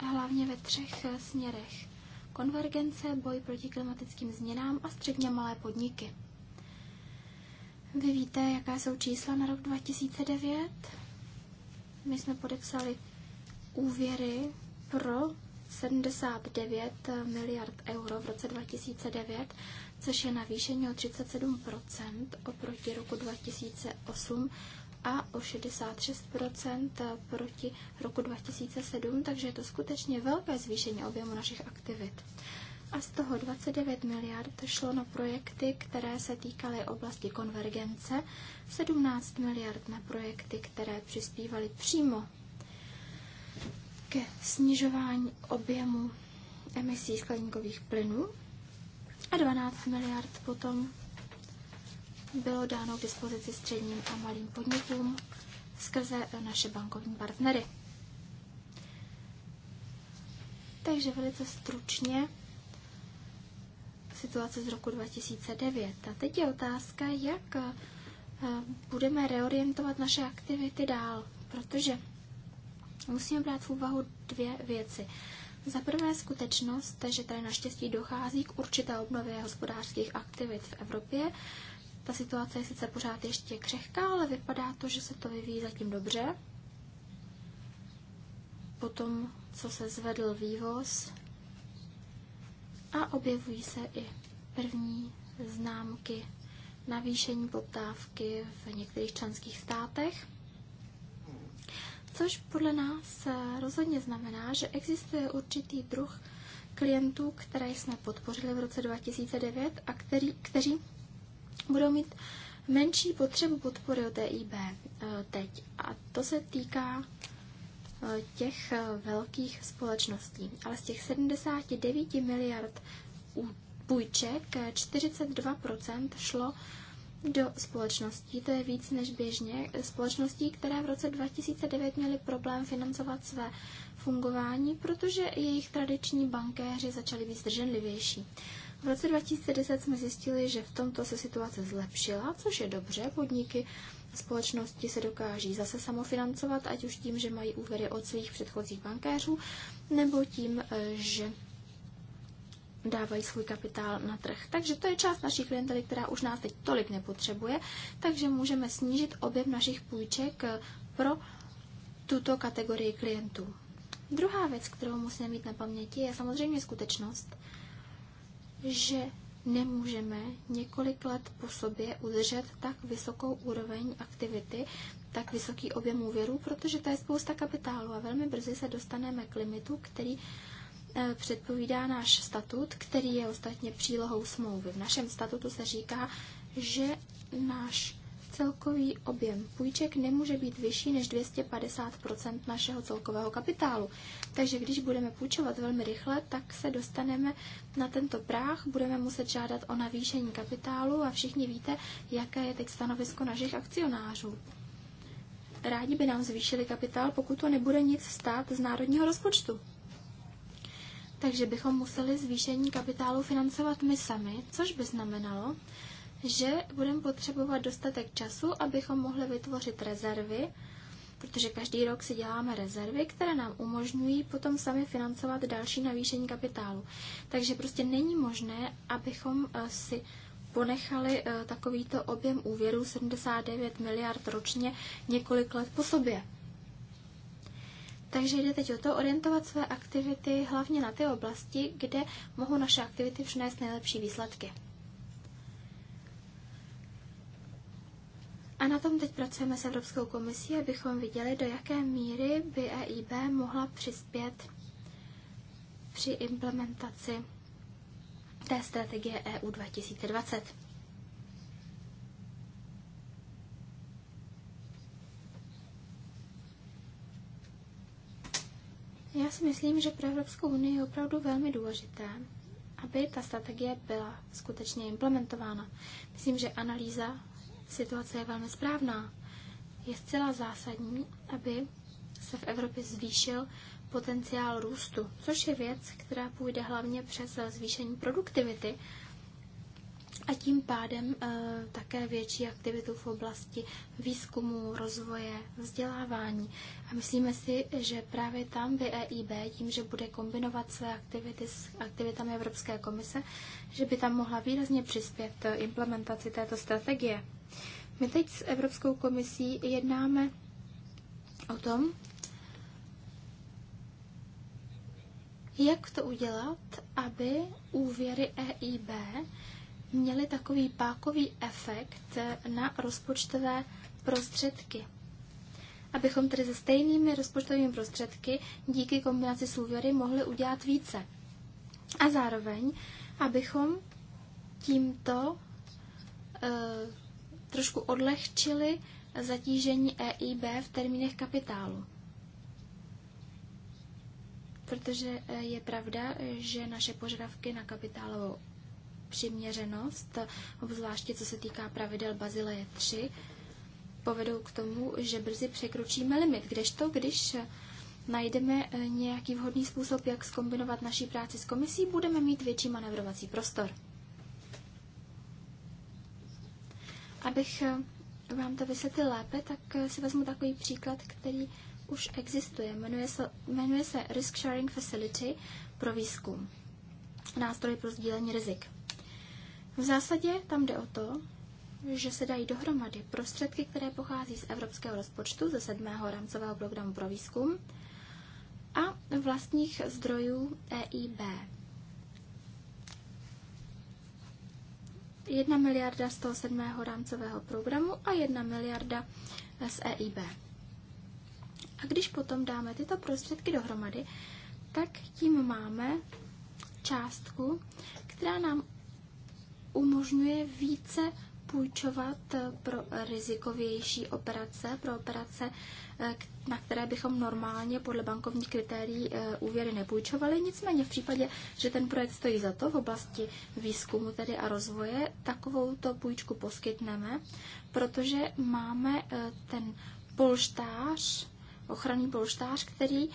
hlavně ve třech směrech konvergence, boj proti klimatickým změnám a středně malé podniky. Vy víte, jaká jsou čísla na rok 2009? My jsme podepsali úvěry pro 79 miliard euro v roce 2009, což je navýšení o 37 oproti roku 2008, a o 66 proti roku 2007, takže je to skutečně velké zvýšení objemu našich aktivit. A z toho 29 miliard šlo na projekty, které se týkaly oblasti konvergence, 17 miliard na projekty, které přispívaly přímo ke snižování objemu emisí skleníkových plynů a 12 miliard potom bylo dáno k dispozici středním a malým podnikům skrze eh, naše bankovní partnery. Takže velice stručně situace z roku 2009. A teď je otázka, jak eh, budeme reorientovat naše aktivity dál, protože musíme brát v úvahu dvě věci. Za prvé skutečnost, že tady naštěstí dochází k určité obnově hospodářských aktivit v Evropě ta situace je sice pořád ještě křehká, ale vypadá to, že se to vyvíjí zatím dobře. Potom, co se zvedl vývoz a objevují se i první známky navýšení poptávky v některých členských státech, což podle nás rozhodně znamená, že existuje určitý druh klientů, které jsme podpořili v roce 2009 a který, kteří budou mít menší potřebu podpory od EIB eh, teď. A to se týká eh, těch eh, velkých společností. Ale z těch 79 miliard půjček 42% šlo do společností, to je víc než běžně, společností, které v roce 2009 měly problém financovat své fungování, protože jejich tradiční bankéři začali být zdrženlivější. V roce 2010 jsme zjistili, že v tomto se situace zlepšila, což je dobře. Podniky společnosti se dokáží zase samofinancovat, ať už tím, že mají úvěry od svých předchozích bankéřů, nebo tím, eh, že dávají svůj kapitál na trh. Takže to je část naší klientely, která už nás teď tolik nepotřebuje, takže můžeme snížit objem našich půjček eh, pro tuto kategorii klientů. Druhá věc, kterou musíme mít na paměti, je samozřejmě skutečnost, že nemůžeme několik let po sobě udržet tak vysokou úroveň aktivity, tak vysoký objem úvěrů, protože to je spousta kapitálu a velmi brzy se dostaneme k limitu, který eh, předpovídá náš statut, který je ostatně přílohou smlouvy. V našem statutu se říká, že náš celkový objem půjček nemůže být vyšší než 250 našeho celkového kapitálu. Takže když budeme půjčovat velmi rychle, tak se dostaneme na tento práh, budeme muset žádat o navýšení kapitálu a všichni víte, jaké je teď stanovisko našich akcionářů. Rádi by nám zvýšili kapitál, pokud to nebude nic stát z národního rozpočtu. Takže bychom museli zvýšení kapitálu financovat my sami, což by znamenalo, že budeme potřebovat dostatek času, abychom mohli vytvořit rezervy, protože každý rok si děláme rezervy, které nám umožňují potom sami financovat další navýšení kapitálu. Takže prostě není možné, abychom eh, si ponechali eh, takovýto objem úvěru 79 miliard ročně několik let po sobě. Takže jde teď o to orientovat své aktivity hlavně na ty oblasti, kde mohou naše aktivity přinést nejlepší výsledky. A na tom teď pracujeme s Evropskou komisí, abychom viděli, do jaké míry by EIB mohla přispět při implementaci té strategie EU 2020. Já si myslím, že pro Evropskou unii je opravdu velmi důležité, aby ta strategie byla skutečně implementována. Myslím, že analýza Situace je velmi správná. Je zcela zásadní, aby se v Evropě zvýšil potenciál růstu, což je věc, která půjde hlavně přes zvýšení produktivity a tím pádem e, také větší aktivitu v oblasti výzkumu, rozvoje, vzdělávání. A myslíme si, že právě tam by EIB, tím, že bude kombinovat své aktivity s aktivitami Evropské komise, že by tam mohla výrazně přispět eh, implementaci této strategie. My teď s Evropskou komisí jednáme o tom, jak to udělat, aby úvěry EIB měly takový pákový efekt na rozpočtové prostředky. Abychom tedy se stejnými rozpočtovými prostředky díky kombinaci s úvěry mohli udělat více. A zároveň, abychom tímto eh, trošku odlehčili zatížení EIB v termínech kapitálu. Protože eh, je pravda, že naše požadavky na kapitálovou přiměřenost, obzvláště co se týká pravidel Bazileje 3, povedou k tomu, že brzy překročíme limit. Kdežto, když eh, najdeme eh, nějaký vhodný způsob, jak skombinovat naší práci s komisí, budeme mít větší manevrovací prostor. Abych eh, vám to vysvětlil lépe, tak eh, si vezmu takový příklad, který už existuje. Jmenuje se, jmenuje se Risk Sharing Facility pro výzkum. Nástroj pro sdílení rizik. V zásadě tam jde o to, že se dají dohromady prostředky, které pochází z evropského rozpočtu, ze sedmého rámcového programu pro výzkum a vlastních zdrojů EIB. 1 miliarda z toho sedmého rámcového programu a 1 miliarda z EIB. A když potom dáme tyto prostředky dohromady, tak tím máme částku, která nám umožňuje více půjčovat eh, pro rizikovější operace, pro operace, eh, na které bychom normálně podle bankovních kritérií eh, úvěry nepůjčovali. Nicméně v případě, že ten projekt stojí za to v oblasti výzkumu tedy a rozvoje, takovou to půjčku poskytneme, protože máme ten polštář, ochranný polštář, který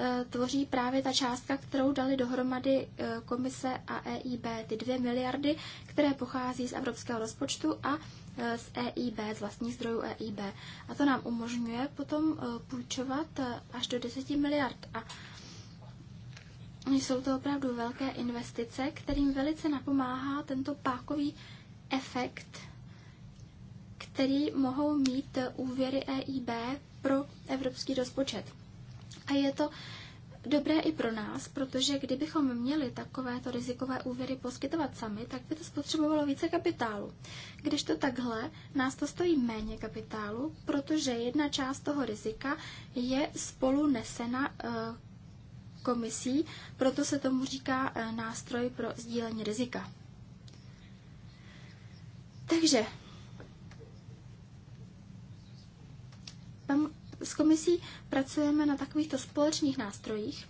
Eh, tvoří právě ta částka, kterou dali dohromady eh, komise a EIB, ty dvě miliardy, které pochází z evropského rozpočtu a eh, z EIB, z vlastních zdrojů EIB. A to nám umožňuje potom půjčovat až do 10 miliard. A jsou to opravdu velké investice, kterým velice napomáhá tento pákový efekt, který mohou mít úvěry EIB pro evropský rozpočet a je to dobré i pro nás, protože kdybychom měli takovéto rizikové úvěry poskytovat sami, tak by to spotřebovalo více kapitálu. Když to takhle, nás to stojí méně kapitálu, protože jedna část toho rizika je spolu nesena eh, komisí, proto se tomu říká eh, nástroj pro sdílení rizika. Takže, tam s komisí pracujeme na takovýchto společných nástrojích,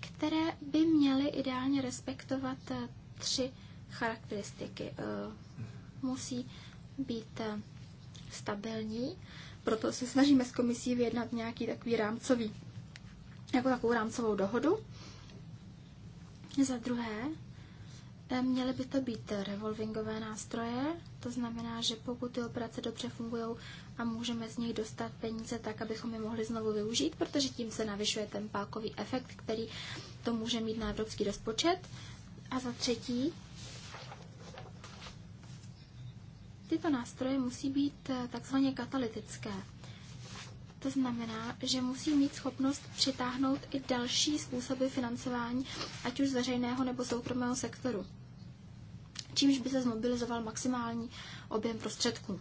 které by měly ideálně respektovat eh, tři charakteristiky. Eh, musí být eh, stabilní, proto se snažíme s komisí vyjednat nějaký takový rámcový, jako takovou rámcovou dohodu. Za druhé, Měly by to být revolvingové nástroje, to znamená, že pokud ty operace dobře fungují, a můžeme z nich dostat peníze tak, abychom je mohli znovu využít, protože tím se navyšuje ten pákový efekt, který to může mít na evropský rozpočet. A za třetí, tyto nástroje musí být eh, takzvaně katalytické. To znamená, že musí mít schopnost přitáhnout i další způsoby financování, ať už z veřejného nebo soukromého sektoru, čímž by se zmobilizoval maximální objem prostředků.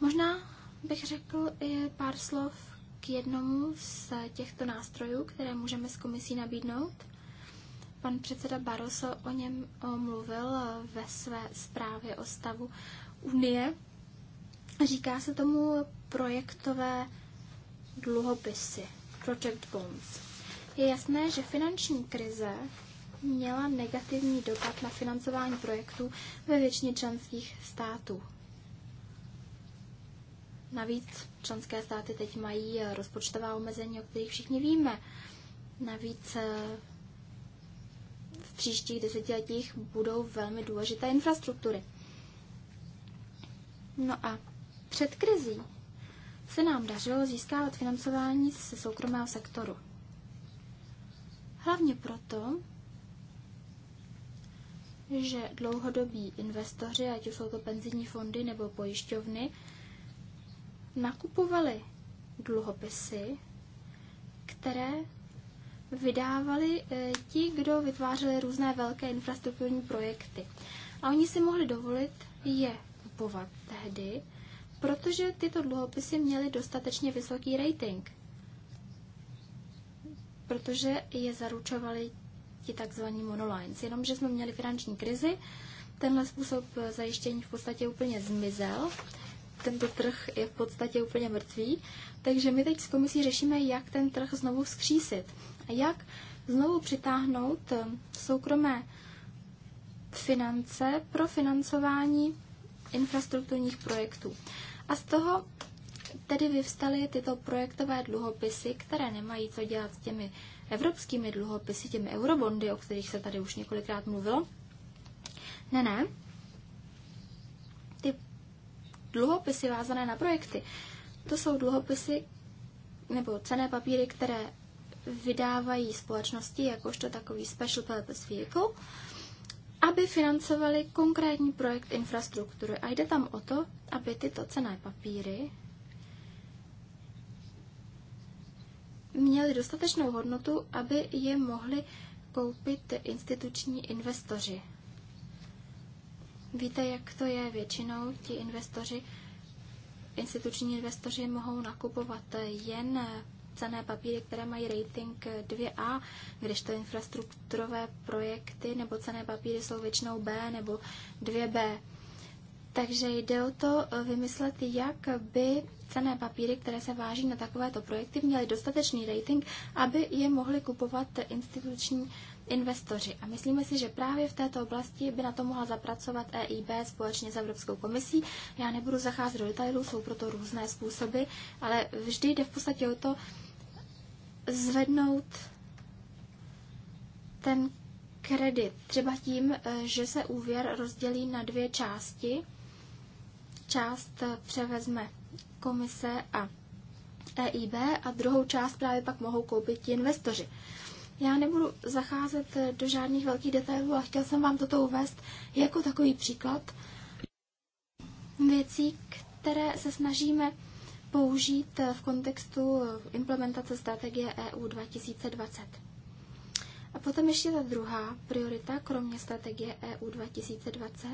Možná bych řekl i pár slov k jednomu z těchto nástrojů, které můžeme s komisí nabídnout. Pan předseda Barroso o něm mluvil ve své zprávě o stavu Unie. Říká se tomu projektové dluhopisy, project bonds. Je jasné, že finanční krize měla negativní dopad na financování projektů ve většině členských států. Navíc členské státy teď mají eh, rozpočtová omezení, o kterých všichni víme. Navíc eh, v příštích desetiletích budou velmi důležité infrastruktury. No a před krizí se nám dařilo získávat financování ze soukromého sektoru. Hlavně proto, že dlouhodobí investoři, ať už jsou to penzijní fondy nebo pojišťovny, nakupovali dluhopisy, které vydávali eh, ti, kdo vytvářeli různé velké infrastrukturní projekty. A oni si mohli dovolit je kupovat tehdy, protože tyto dluhopisy měly dostatečně vysoký rating. Protože je zaručovali ti tzv. monolines. Jenomže jsme měli finanční krizi, tenhle způsob eh, zajištění v podstatě úplně zmizel tento trh je v podstatě úplně mrtvý, takže my teď s komisí řešíme, jak ten trh znovu vzkřísit. A jak znovu přitáhnout eh, soukromé finance pro financování infrastrukturních projektů. A z toho tedy vyvstaly tyto projektové dluhopisy, které nemají co dělat s těmi evropskými dluhopisy, těmi eurobondy, o kterých se tady už několikrát mluvilo. Ne, ne, dluhopisy vázané na projekty. To jsou dluhopisy nebo cené papíry, které vydávají společnosti jakožto takový special purpose vehicle, aby financovali konkrétní projekt infrastruktury. A jde tam o to, aby tyto cené papíry měly dostatečnou hodnotu, aby je mohli koupit instituční investoři. Víte, jak to je většinou, ti investoři, instituční investoři mohou nakupovat jen cené papíry, které mají rating 2A, kdežto infrastrukturové projekty nebo cené papíry jsou většinou B nebo 2B. Takže jde o to vymyslet, jak by cené papíry, které se váží na takovéto projekty, měly dostatečný rating, aby je mohly kupovat instituční investoři. A myslíme si, že právě v této oblasti by na to mohla zapracovat EIB společně s Evropskou komisí. Já nebudu zacházet do detailů, jsou proto různé způsoby, ale vždy jde v podstatě o to zvednout ten kredit. Třeba tím, eh, že se úvěr rozdělí na dvě části. Část eh, převezme komise a EIB a druhou část právě pak mohou koupit ti investoři. Já nebudu zacházet eh, do žádných velkých detailů a chtěl jsem vám toto uvést jako takový příklad věcí, které se snažíme použít eh, v kontextu eh, implementace strategie EU 2020. A potom ještě ta druhá priorita, kromě strategie EU 2020,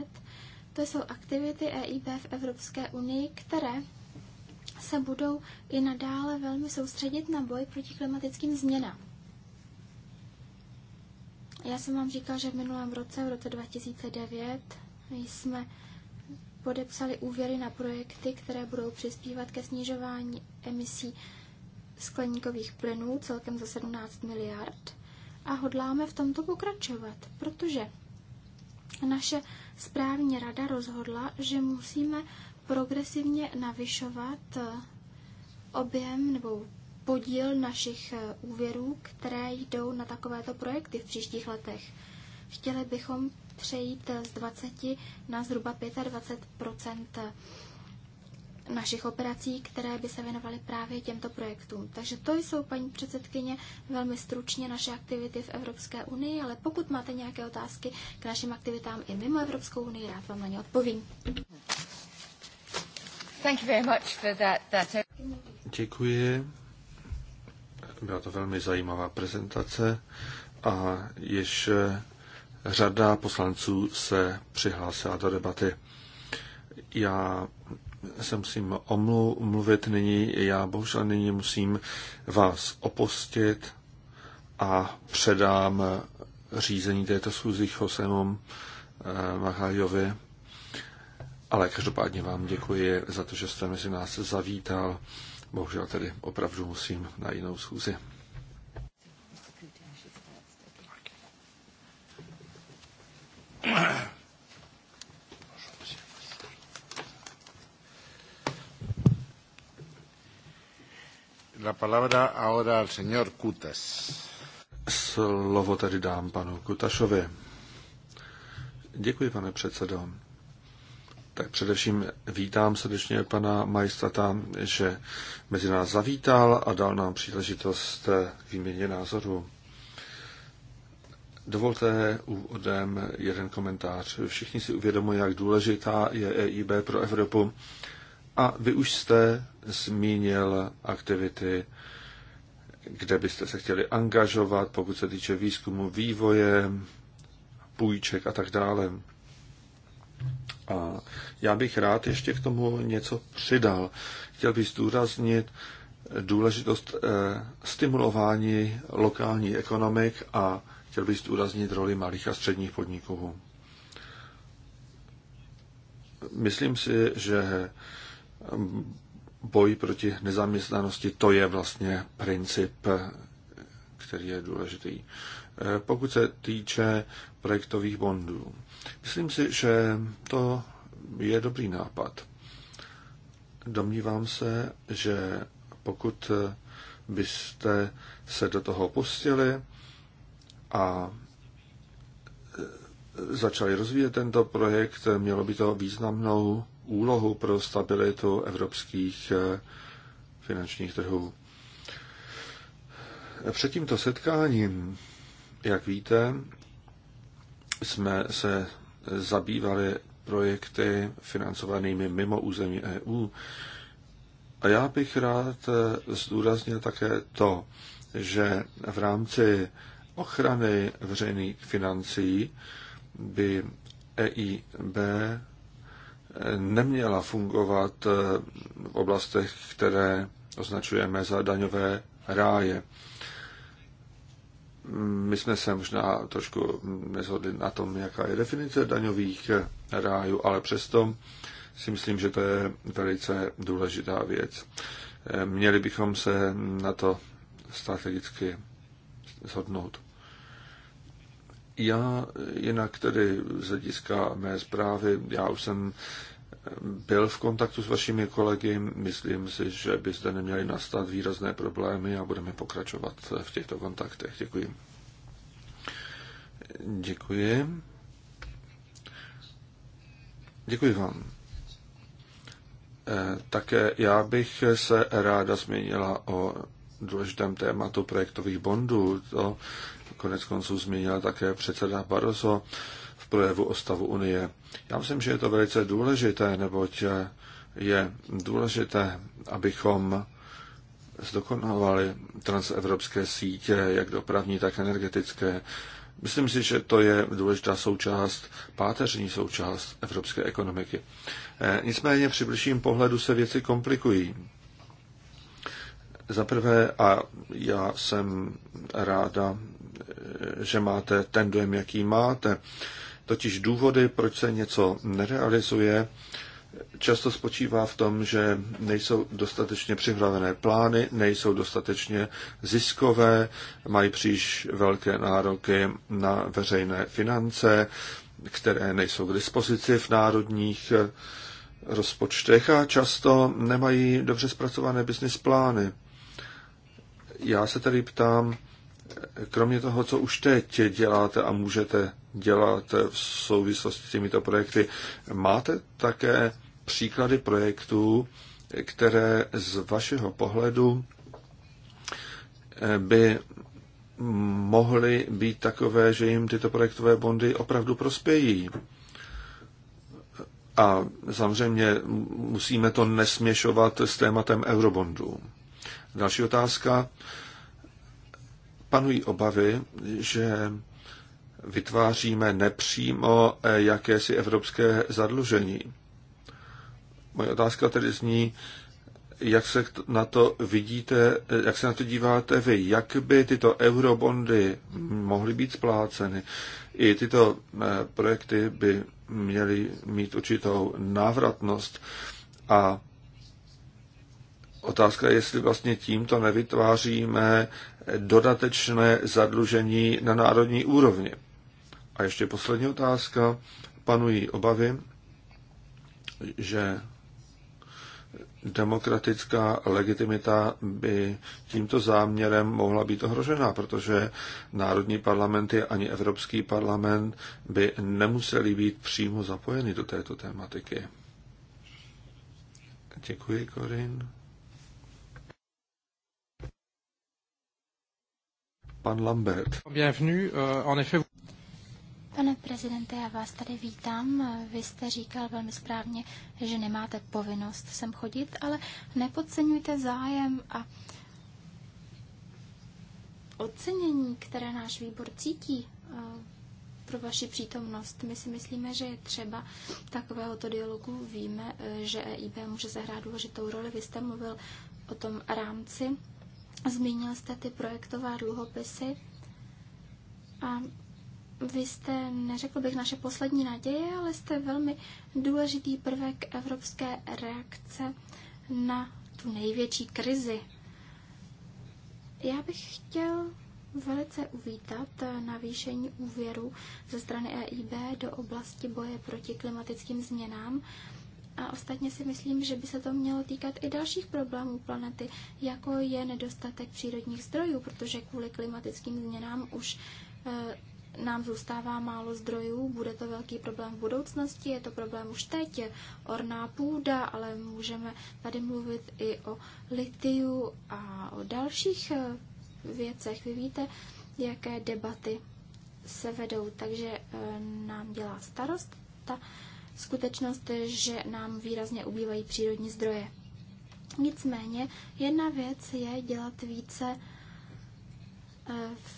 to jsou aktivity EIB v Evropské unii, které se budou i nadále velmi soustředit na boj proti klimatickým změnám. Já jsem vám říkal, že v minulém roce, v roce 2009, jsme podepsali úvěry na projekty, které budou přispívat ke snižování emisí skleníkových plynů celkem za 17 miliard a hodláme v tomto pokračovat, protože naše správní rada rozhodla, že musíme progresivně navyšovat eh, objem nebo podíl našich eh, úvěrů, které jdou na takovéto projekty v příštích letech. Chtěli bychom přejít eh, z 20 na zhruba 25 eh, našich operací, které by se věnovaly právě těmto projektům. Takže to jsou, paní předsedkyně, velmi stručně naše aktivity v Evropské unii, ale pokud máte nějaké otázky k našim aktivitám i mimo Evropskou unii, rád vám na ně odpovím. Thank you very much for that, that... Děkuji byla to velmi zajímavá prezentace a již řada poslanců se přihlásila do debaty. Já se musím omluvit nyní, já bohužel nyní musím vás opustit a předám řízení této schůzi Josemu eh, Mahajovi. Ale každopádně vám děkuji za to, že jste mezi nás zavítal. Bohužel tedy opravdu musím na jinou schůzi. La palabra ahora al señor Kutas. Slovo tedy dám panu Kutašovi. Děkuji, pane předsedo. Tak především vítám srdečně pana majstata, že mezi nás zavítal a dal nám příležitost k výměně názorů. Dovolte úvodem jeden komentář. Všichni si uvědomují, jak důležitá je EIB pro Evropu. A vy už jste zmínil aktivity, kde byste se chtěli angažovat, pokud se týče výzkumu, vývoje, půjček a tak dále. A já bych rád ještě k tomu něco přidal. Chtěl bych zdůraznit důležitost eh, stimulování lokální ekonomik a chtěl bych zdůraznit roli malých a středních podniků. Myslím si, že boj proti nezaměstnanosti, to je vlastně princip, který je důležitý. Eh, pokud se týče projektových bondů, Myslím si, že to je dobrý nápad. Domnívám se, že pokud byste se do toho pustili a začali rozvíjet tento projekt, mělo by to významnou úlohu pro stabilitu evropských finančních trhů. Před tímto setkáním, jak víte, jsme se zabývali projekty financovanými mimo území EU. A já bych rád zdůraznil také to, že v rámci ochrany veřejných financí by EIB neměla fungovat v oblastech, které označujeme za daňové ráje. Mm, my jsme se možná trošku nezhodli na tom, jaká je definice daňových rájů, ale přesto si myslím, že to je velice důležitá věc. Eh, měli bychom se na to strategicky zhodnout. Já jinak tedy z hlediska mé zprávy, já už jsem byl v kontaktu s vašimi kolegy. Myslím si, že by zde nastat výrazné problémy a budeme pokračovat v těchto kontaktech. Děkuji. Děkuji. Děkuji vám. Eh, také já bych se ráda změnila o důležitém tématu projektových bondů. To konec konců změnila také předseda Barroso v projevu o stavu Unie. Já myslím, že je to velice důležité, neboť je důležité, abychom zdokonalovali transevropské sítě, jak dopravní, tak energetické. Myslím si, že to je důležitá součást, páteřní součást evropské ekonomiky. Eh, nicméně při blížším pohledu se věci komplikují. Za prvé, a já jsem ráda, eh, že máte ten dojem, jaký máte, Totiž důvody, proč se něco nerealizuje, často spočívá v tom, že nejsou dostatečně připravené plány, nejsou dostatečně ziskové, mají příliš velké nároky na veřejné finance, které nejsou k dispozici v národních eh, rozpočtech a často nemají dobře zpracované business plány. Já se tady ptám, kromě toho, co už teď děláte a můžete dělat v souvislosti s těmito projekty, máte také příklady projektů, které z vašeho pohledu by mohly být takové, že jim tyto projektové bondy opravdu prospějí. A samozřejmě musíme to nesměšovat s tématem eurobondů. Další otázka panují obavy, že vytváříme nepřímo jakési evropské zadlužení. Moje otázka tedy zní, jak se na to vidíte, jak se na to díváte vy, jak by tyto eurobondy mohly být spláceny. I tyto eh, projekty by měly mít určitou návratnost a otázka je, jestli vlastně tímto nevytváříme dodatečné zadlužení na národní úrovni. A ještě poslední otázka. Panují obavy, že demokratická legitimita by tímto záměrem mohla být ohrožena, protože národní parlamenty ani Evropský parlament by nemuseli být přímo zapojeny do této tématiky. Děkuji, Corinne. pan Lambert. Euh, Pane prezidente, já vás tady vítám. Vy jste říkal velmi správně, že nemáte povinnost sem chodit, ale nepodceňujte zájem a ocenění, které náš výbor cítí eh, pro vaši přítomnost. My si myslíme, že je třeba takovéhoto dialogu. Víme, eh, že EIB může zahrát důležitou roli. Vy jste mluvil o tom rámci Zmínil jste ty projektová dluhopisy a vy jste, neřekl bych, naše poslední naděje, ale jste velmi důležitý prvek evropské reakce na tu největší krizi. Já bych chtěl velice uvítat navýšení úvěru ze strany EIB do oblasti boje proti klimatickým změnám a ostatně si myslím, že by se to mělo týkat i dalších problémů planety, jako je nedostatek přírodních zdrojů, protože kvůli klimatickým změnám už e, nám zůstává málo zdrojů, bude to velký problém v budoucnosti, je to problém už teď, orná půda, ale můžeme tady mluvit i o litiu a o dalších eh, věcech. Vy víte, jaké debaty se vedou, takže e, nám dělá starost ta skutečnost, že nám výrazně ubývají přírodní zdroje. Nicméně jedna věc je dělat více eh, v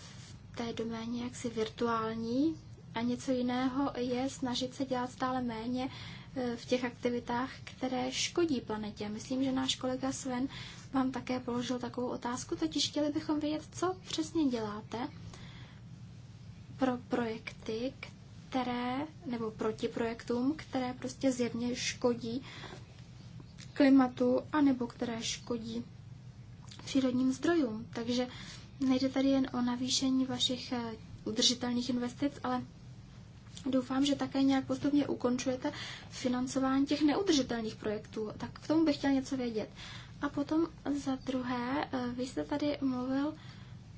té doméně jaksi virtuální a něco jiného je snažit se dělat stále méně eh, v těch aktivitách, které škodí planetě. Myslím, že náš kolega Sven vám také položil takovou otázku, totiž chtěli bychom vědět, co přesně děláte pro projekty, které které, nebo proti projektům, které prostě zjevně škodí klimatu, anebo které škodí přírodním zdrojům. Takže nejde tady jen o navýšení vašich eh, udržitelných investic, ale doufám, že také nějak postupně ukončujete financování těch neudržitelných projektů. Tak k tomu bych chtěl něco vědět. A potom za druhé, eh, vy jste tady mluvil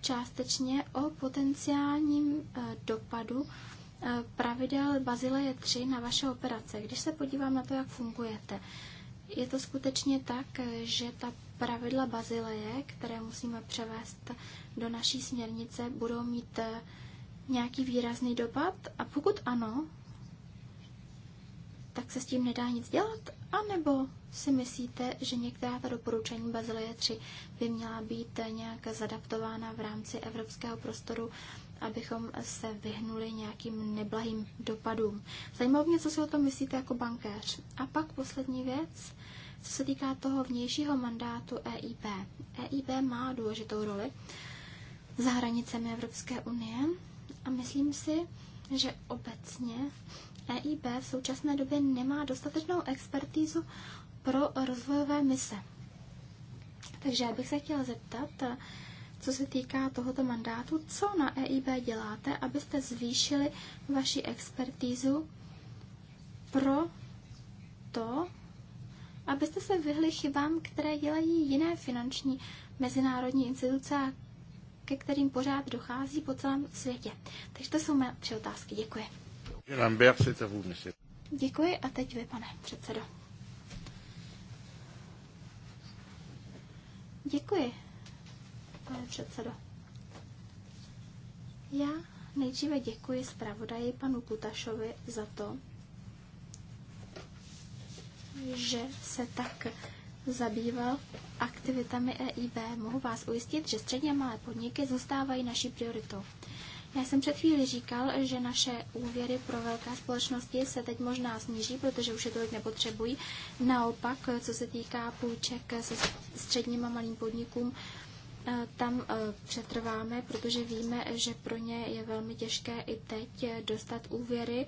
částečně o potenciálním eh, dopadu pravidel Bazileje 3 na vaše operace. Když se podívám na to, jak fungujete, je to skutečně tak, že ta pravidla Bazileje, které musíme převést do naší směrnice, budou mít eh, nějaký výrazný dopad? A pokud ano, tak se s tím nedá nic dělat? A nebo si myslíte, že některá ta doporučení Bazileje 3 by měla být eh, nějak zadaptována v rámci evropského prostoru abychom se vyhnuli nějakým neblahým dopadům. Zajímalo mě, co si o tom myslíte jako bankéř. A pak poslední věc, co se týká toho vnějšího mandátu EIB. EIB má důležitou roli za hranicemi Evropské unie a myslím si, že obecně EIB v současné době nemá dostatečnou expertízu pro rozvojové mise. Takže já bych se chtěla zeptat, co se týká tohoto mandátu, co na EIB děláte, abyste zvýšili vaši expertízu pro to, abyste se vyhli chybám, které dělají jiné finanční mezinárodní instituce a ke kterým pořád dochází po celém světě. Takže to jsou mé tři otázky. Děkuji. Děkuji a teď vy, pane předsedo. Děkuji pane předsedo. Já nejdříve děkuji zpravodaji panu Kutašovi za to, že se tak zabýval aktivitami EIB. Mohu vás ujistit, že středně malé podniky zůstávají naší prioritou. Já jsem před chvíli říkal, že naše úvěry pro velké společnosti se teď možná sníží, protože už je tolik nepotřebují. Naopak, co se týká půjček se středním a malým podnikům, E, tam e, přetrváme, protože víme, že pro ně je velmi těžké i teď e, dostat úvěry.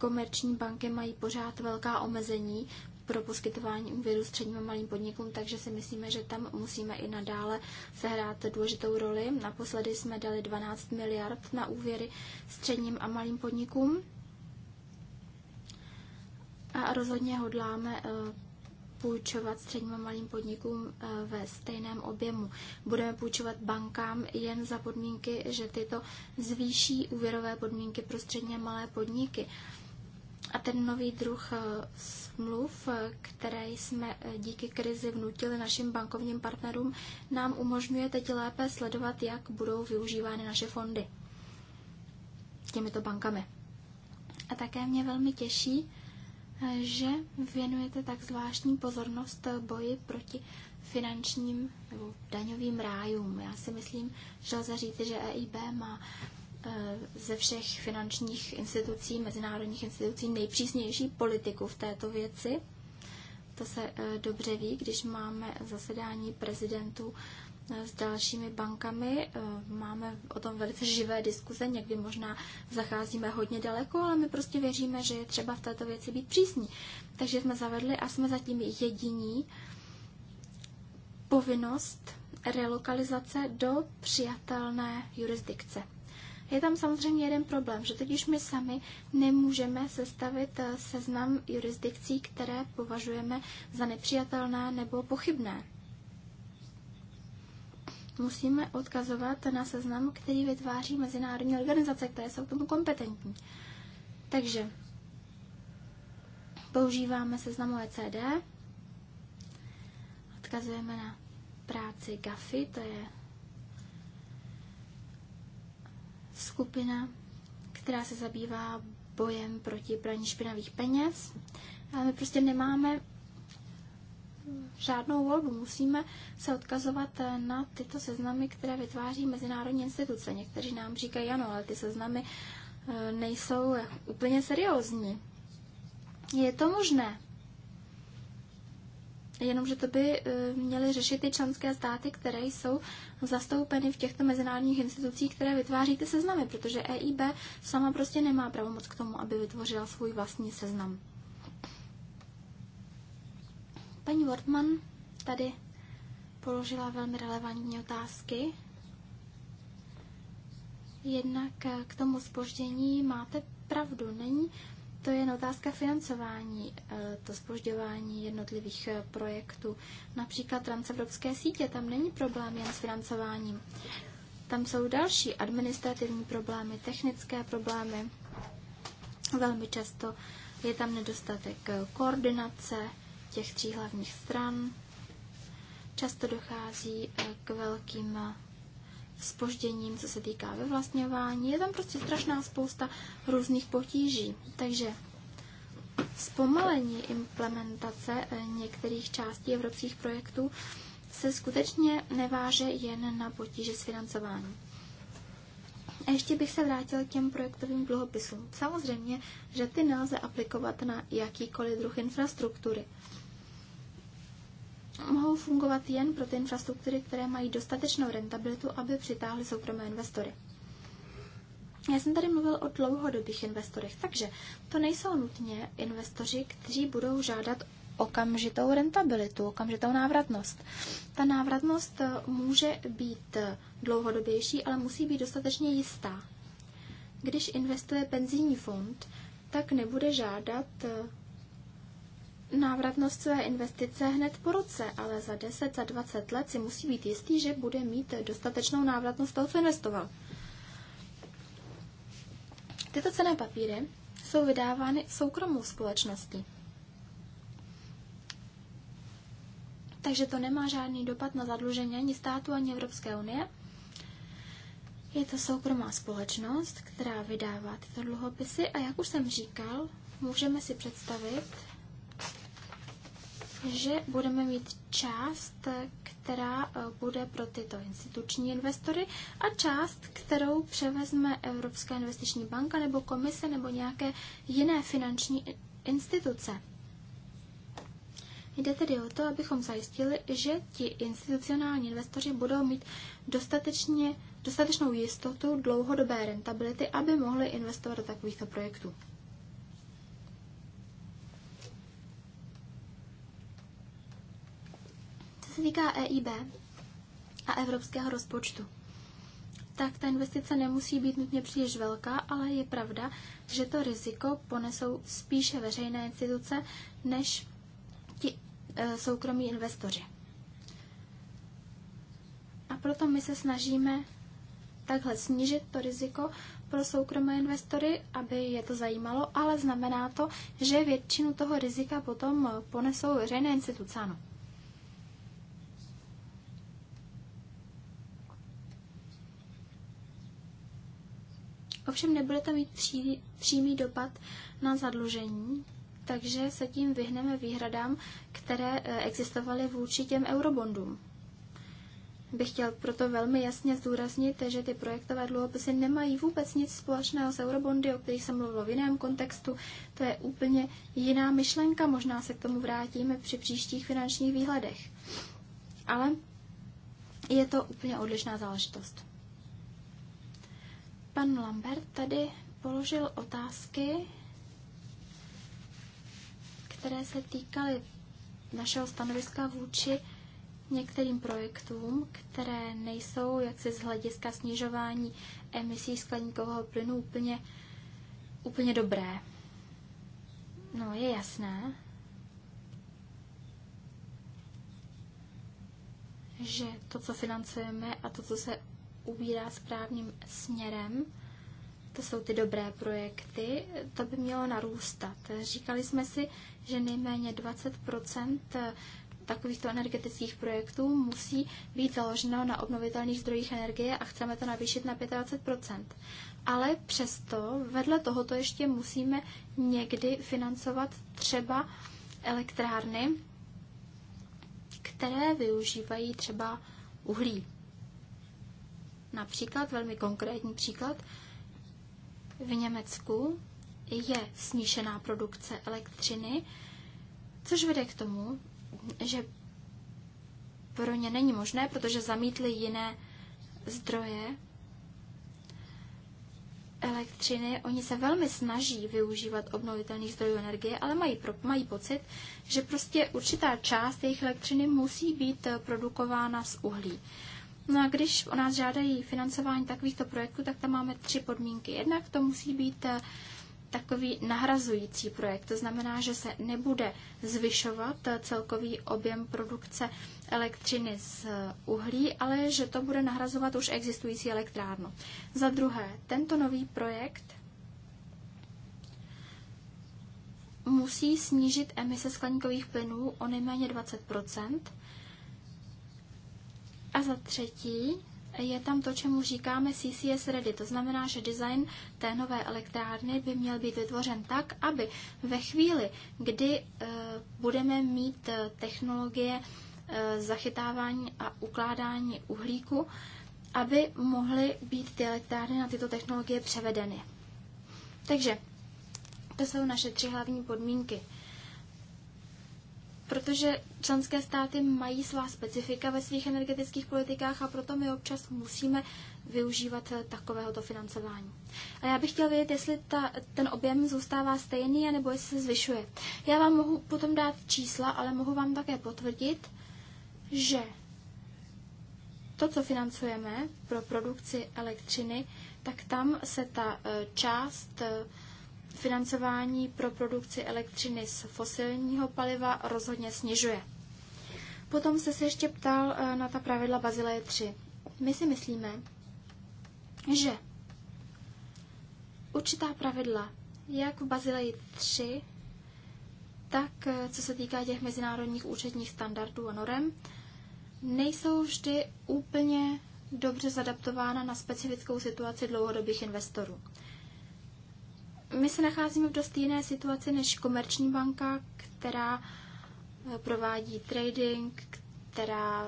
Komerční banky mají pořád velká omezení pro poskytování úvěru středním a malým podnikům, takže si myslíme, že tam musíme i nadále sehrát důležitou roli. Naposledy jsme dali 12 miliard na úvěry středním a malým podnikům a rozhodně hodláme půjčovat středním a malým podnikům eh, ve stejném objemu. Budeme půjčovat bankám jen za podmínky, že tyto zvýší úvěrové podmínky pro středně malé podniky. A ten nový druh eh, smluv, eh, které jsme díky krizi vnutili našim bankovním partnerům, nám umožňuje teď lépe sledovat, jak budou využívány naše fondy těmito bankami. A také mě velmi těší, že věnujete tak zvláštní pozornost boji proti finančním nebo daňovým rájům. Já si myslím, že lze říct, že EIB má e, ze všech finančních institucí, mezinárodních institucí nejpřísnější politiku v této věci. To se e, dobře ví, když máme zasedání prezidentů Eh, s dalšími bankami. Eh, máme o tom velice živé diskuze, někdy možná zacházíme hodně daleko, ale my prostě věříme, že je třeba v této věci být přísní. Takže jsme zavedli a jsme zatím jediní povinnost relokalizace do přijatelné jurisdikce. Je tam samozřejmě jeden problém, že totiž my sami nemůžeme sestavit eh, seznam jurisdikcí, které považujeme za nepřijatelné nebo pochybné musíme odkazovat na seznam, který vytváří mezinárodní organizace, které jsou k tomu kompetentní. Takže používáme seznam OECD, odkazujeme na práci GAFI, to je skupina, která se zabývá bojem proti praní špinavých peněz. Ale my prostě nemáme žádnou volbu. Musíme se odkazovat eh, na tyto seznamy, které vytváří mezinárodní instituce. Někteří nám říkají, ano, ale ty seznamy eh, nejsou eh, úplně seriózní. Je to možné. Jenomže to by měly řešit ty členské státy, které jsou zastoupeny v těchto mezinárodních institucích, které vytváří ty seznamy, protože EIB sama prostě nemá pravomoc k tomu, aby vytvořila svůj vlastní seznam. Paní Wortman tady položila velmi relevantní otázky. Jednak eh, k tomu spoždění máte pravdu, není to jen otázka financování, eh, to spožďování jednotlivých eh, projektů. Například transevropské sítě, tam není problém jen s financováním. Tam jsou další administrativní problémy, technické problémy. Velmi často je tam nedostatek koordinace, těch tří hlavních stran. Často dochází eh, k velkým spožděním, eh, co se týká vyvlastňování. Je tam prostě strašná spousta různých potíží. Takže zpomalení implementace eh, některých částí evropských projektů se skutečně neváže jen na potíže s financováním. A ještě bych se vrátil k těm projektovým dluhopisům. Samozřejmě, že ty nelze aplikovat na jakýkoliv druh infrastruktury mohou fungovat jen pro ty infrastruktury, které mají dostatečnou rentabilitu, aby přitáhly soukromé investory. Já jsem tady mluvil o dlouhodobých investorech, takže to nejsou nutně investoři, kteří budou žádat okamžitou rentabilitu, okamžitou návratnost. Ta návratnost může být dlouhodobější, ale musí být dostatečně jistá. Když investuje penzijní fond, tak nebude žádat návratnost své investice hned po roce, ale za 10, za 20 let si musí být jistý, že bude mít dostatečnou návratnost toho, co investoval. Tyto cené papíry jsou vydávány soukromou společností. Takže to nemá žádný dopad na zadlužení ani státu, ani Evropské unie. Je to soukromá společnost, která vydává tyto dluhopisy a jak už jsem říkal, můžeme si představit, že budeme mít část, která eh, bude pro tyto instituční investory a část, kterou převezme Evropská investiční banka nebo komise nebo nějaké jiné finanční instituce. Jde tedy o to, abychom zajistili, že ti institucionální investoři budou mít dostatečně, dostatečnou jistotu dlouhodobé rentability, aby mohli investovat do takovýchto projektů. se týká EIB a evropského rozpočtu, tak ta investice nemusí být nutně příliš velká, ale je pravda, že to riziko ponesou spíše veřejné instituce než ti e, soukromí investoři. A proto my se snažíme takhle snížit to riziko pro soukromé investory, aby je to zajímalo, ale znamená to, že většinu toho rizika potom ponesou veřejné instituce. Ano. Ovšem nebude to mít pří, přímý dopad na zadlužení, takže se tím vyhneme výhradám, které eh, existovaly vůči těm eurobondům. Bych chtěl proto velmi jasně zdůraznit, že ty projektové dluhopisy nemají vůbec nic společného s eurobondy, o kterých jsem mluvil v jiném kontextu. To je úplně jiná myšlenka, možná se k tomu vrátíme při příštích finančních výhledech. Ale je to úplně odlišná záležitost. Pan Lambert tady položil otázky, které se týkaly našeho stanoviska vůči některým projektům, které nejsou se z hlediska snižování emisí skleníkového plynu úplně, úplně dobré. No, je jasné, že to, co financujeme a to, co se ubírá správným směrem. To jsou ty dobré projekty, to by mělo narůstat. Říkali jsme si, že nejméně 20 eh, takovýchto energetických projektů musí být založeno na obnovitelných zdrojích energie a chceme to navýšit na 25 Ale přesto vedle tohoto ještě musíme někdy financovat třeba elektrárny, které využívají třeba uhlí. Například, velmi konkrétní příklad, v Německu je smíšená produkce elektřiny, což vede k tomu, že pro ně není možné, protože zamítli jiné zdroje elektřiny. Oni se velmi snaží využívat obnovitelných zdrojů energie, ale mají, pro, mají pocit, že prostě určitá část jejich elektřiny musí být produkována z uhlí. No a když o nás žádají financování takovýchto projektů, tak tam máme tři podmínky. Jednak to musí být eh, takový nahrazující projekt. To znamená, že se nebude zvyšovat eh, celkový objem produkce elektřiny z eh, uhlí, ale že to bude nahrazovat už existující elektrárnu. Za druhé, tento nový projekt musí snížit emise skleníkových plynů o nejméně 20 a za třetí je tam to, čemu říkáme CCS ready. To znamená, že design té nové elektrárny by měl být vytvořen tak, aby ve chvíli, kdy eh, budeme mít eh, technologie eh, zachytávání a ukládání uhlíku, aby mohly být ty elektrárny na tyto technologie převedeny. Takže to jsou naše tři hlavní podmínky protože členské státy mají svá specifika ve svých energetických politikách a proto my občas musíme využívat eh, takovéhoto financování. A já bych chtěla vědět, jestli ta, ten objem zůstává stejný, anebo jestli se zvyšuje. Já vám mohu potom dát čísla, ale mohu vám také potvrdit, že to, co financujeme pro produkci elektřiny, tak tam se ta eh, část eh, financování pro produkci elektřiny z fosilního paliva rozhodně snižuje. Potom jste se ještě ptal eh, na ta pravidla Bazileje 3. My si myslíme, že určitá pravidla, jak v Bazileji 3, tak eh, co se týká těch mezinárodních účetních standardů a norem, nejsou vždy úplně dobře zadaptována na specifickou situaci dlouhodobých investorů my se nacházíme v dost jiné situaci než komerční banka, která eh, provádí trading, která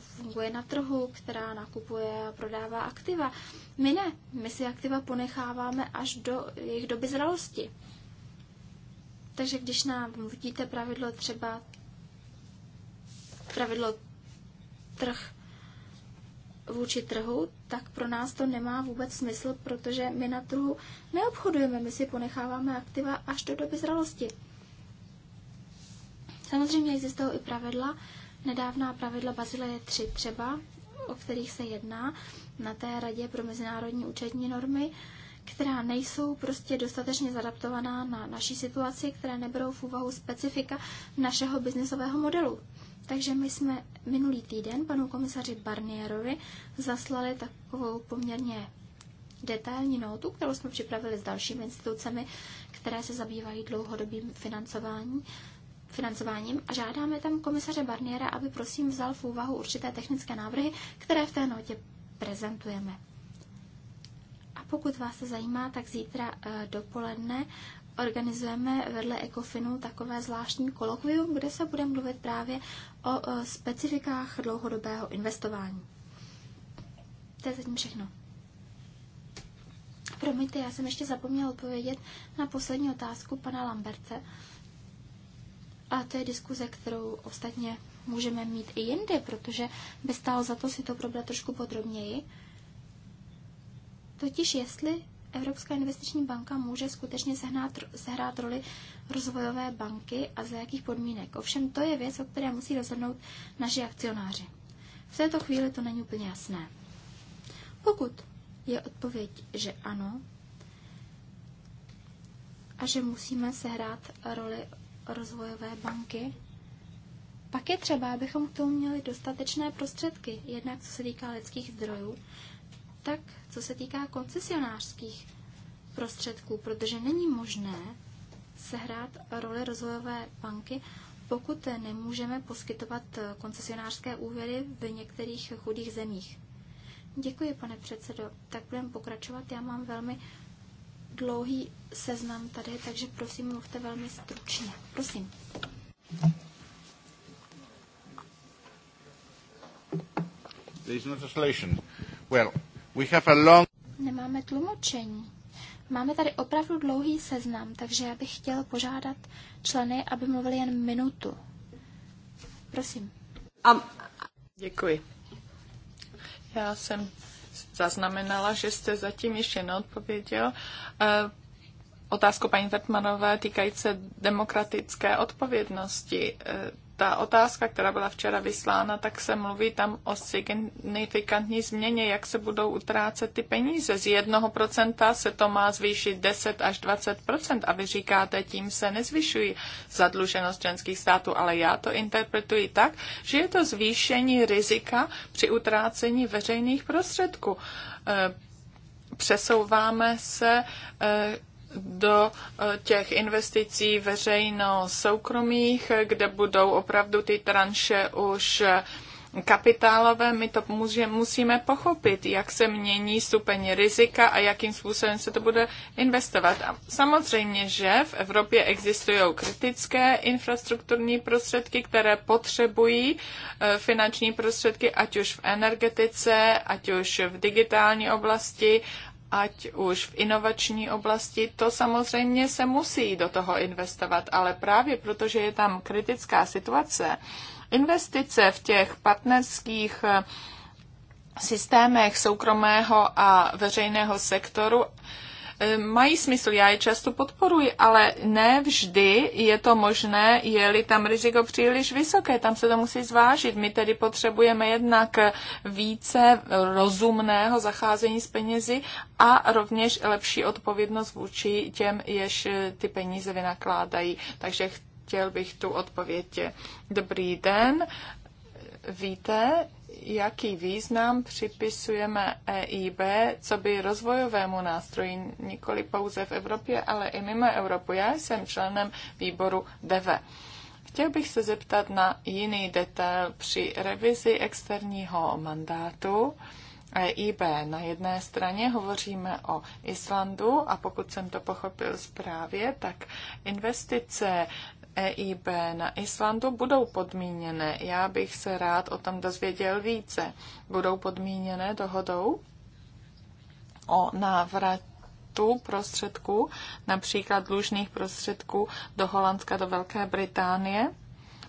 funguje na trhu, která nakupuje a prodává aktiva. My ne, my si aktiva ponecháváme až do jejich doby zralosti. Takže když nám vnutíte pravidlo třeba pravidlo trh vůči trhu, tak pro nás to nemá vůbec smysl, protože my na trhu neobchodujeme, my si ponecháváme aktiva až do doby zralosti. Samozřejmě existují i pravidla, nedávná pravidla bazile je tři, třeba, o kterých se jedná na té Radě pro mezinárodní účetní normy, která nejsou prostě dostatečně zadaptovaná na naší situaci, které neberou v úvahu specifika našeho biznesového modelu. Takže my jsme minulý týden panu komisaři Barnierovi zaslali takovou poměrně detailní notu, kterou jsme připravili s dalšími institucemi, které se zabývají dlouhodobým financováním financováním a žádáme tam komisaře Barniera, aby prosím vzal v úvahu určité technické návrhy, které v té notě prezentujeme. Pokud vás to zajímá, tak zítra eh, dopoledne organizujeme vedle Ecofinu takové zvláštní kolokvium, kde se bude mluvit právě o eh, specifikách dlouhodobého investování. To je zatím všechno. Promiňte, já jsem ještě zapomněla odpovědět na poslední otázku pana Lamberce. A to je diskuze, kterou ostatně můžeme mít i jindy, protože by stálo za to si to probrat trošku podrobněji. Totiž jestli Evropská investiční banka může skutečně sehnát, sehrát roli rozvojové banky a za jakých podmínek. Ovšem to je věc, o které musí rozhodnout naši akcionáři. V této chvíli to není úplně jasné. Pokud je odpověď, že ano, a že musíme sehrát roli rozvojové banky, pak je třeba, abychom k tomu měli dostatečné prostředky, jednak co se týká lidských zdrojů tak co se týká koncesionářských prostředků, protože není možné sehrát roli rozvojové banky, pokud nemůžeme poskytovat koncesionářské úvěry v některých chudých zemích. Děkuji, pane předsedo. Tak budeme pokračovat. Já mám velmi dlouhý seznam tady, takže prosím, mluvte velmi stručně. Prosím. There is no translation. Well, We have a long... Nemáme tlumočení. Máme tady opravdu dlouhý seznam, takže já bych chtěl požádat členy, aby mluvili jen minutu. Prosím. Um, děkuji. Já jsem zaznamenala, že jste zatím ještě neodpověděl. Eh, otázku paní Tartmanové týkající se demokratické odpovědnosti. Eh, ta otázka, která byla včera vyslána, tak se mluví tam o signifikantní změně, jak se budou utrácet ty peníze. Z jednoho procenta se to má zvýšit 10 až 20 a vy říkáte, tím se nezvyšují zadluženost členských států, ale já to interpretuji tak, že je to zvýšení rizika při utrácení veřejných prostředků. Eh, přesouváme se eh, do eh, těch investicí veřejno-soukromých, kde budou opravdu ty tranše už eh, kapitálové, my to může, musíme pochopit, jak se mění stupeň rizika a jakým způsobem se to bude investovat. A samozřejmě, že v Evropě existují kritické infrastrukturní prostředky, které potřebují eh, finanční prostředky, ať už v energetice, ať už v digitální oblasti ať už v inovační oblasti, to samozřejmě se musí do toho investovat, ale právě protože je tam kritická situace, investice v těch partnerských eh, systémech soukromého a veřejného sektoru mají smysl, já je často podporuji, ale ne vždy je to možné, je-li tam riziko příliš vysoké, tam se to musí zvážit. My tedy potřebujeme jednak více rozumného zacházení s penězi a rovněž lepší odpovědnost vůči těm, jež eh, ty peníze vynakládají. Takže chtěl bych tu odpověď. Dobrý den, víte, jaký význam připisujeme EIB, co by rozvojovému nástroji nikoli pouze v Evropě, ale i mimo Evropu. Já jsem členem výboru DV. Chtěl bych se zeptat na jiný detail při revizi externího mandátu. EIB. Na jedné straně hovoříme o Islandu a pokud jsem to pochopil správně, tak investice EIB na Islandu budou podmíněné. Já bych se rád o tom dozvěděl více. Budou podmíněné dohodou o návratu prostředků, například dlužných prostředků do Holandska, do Velké Británie.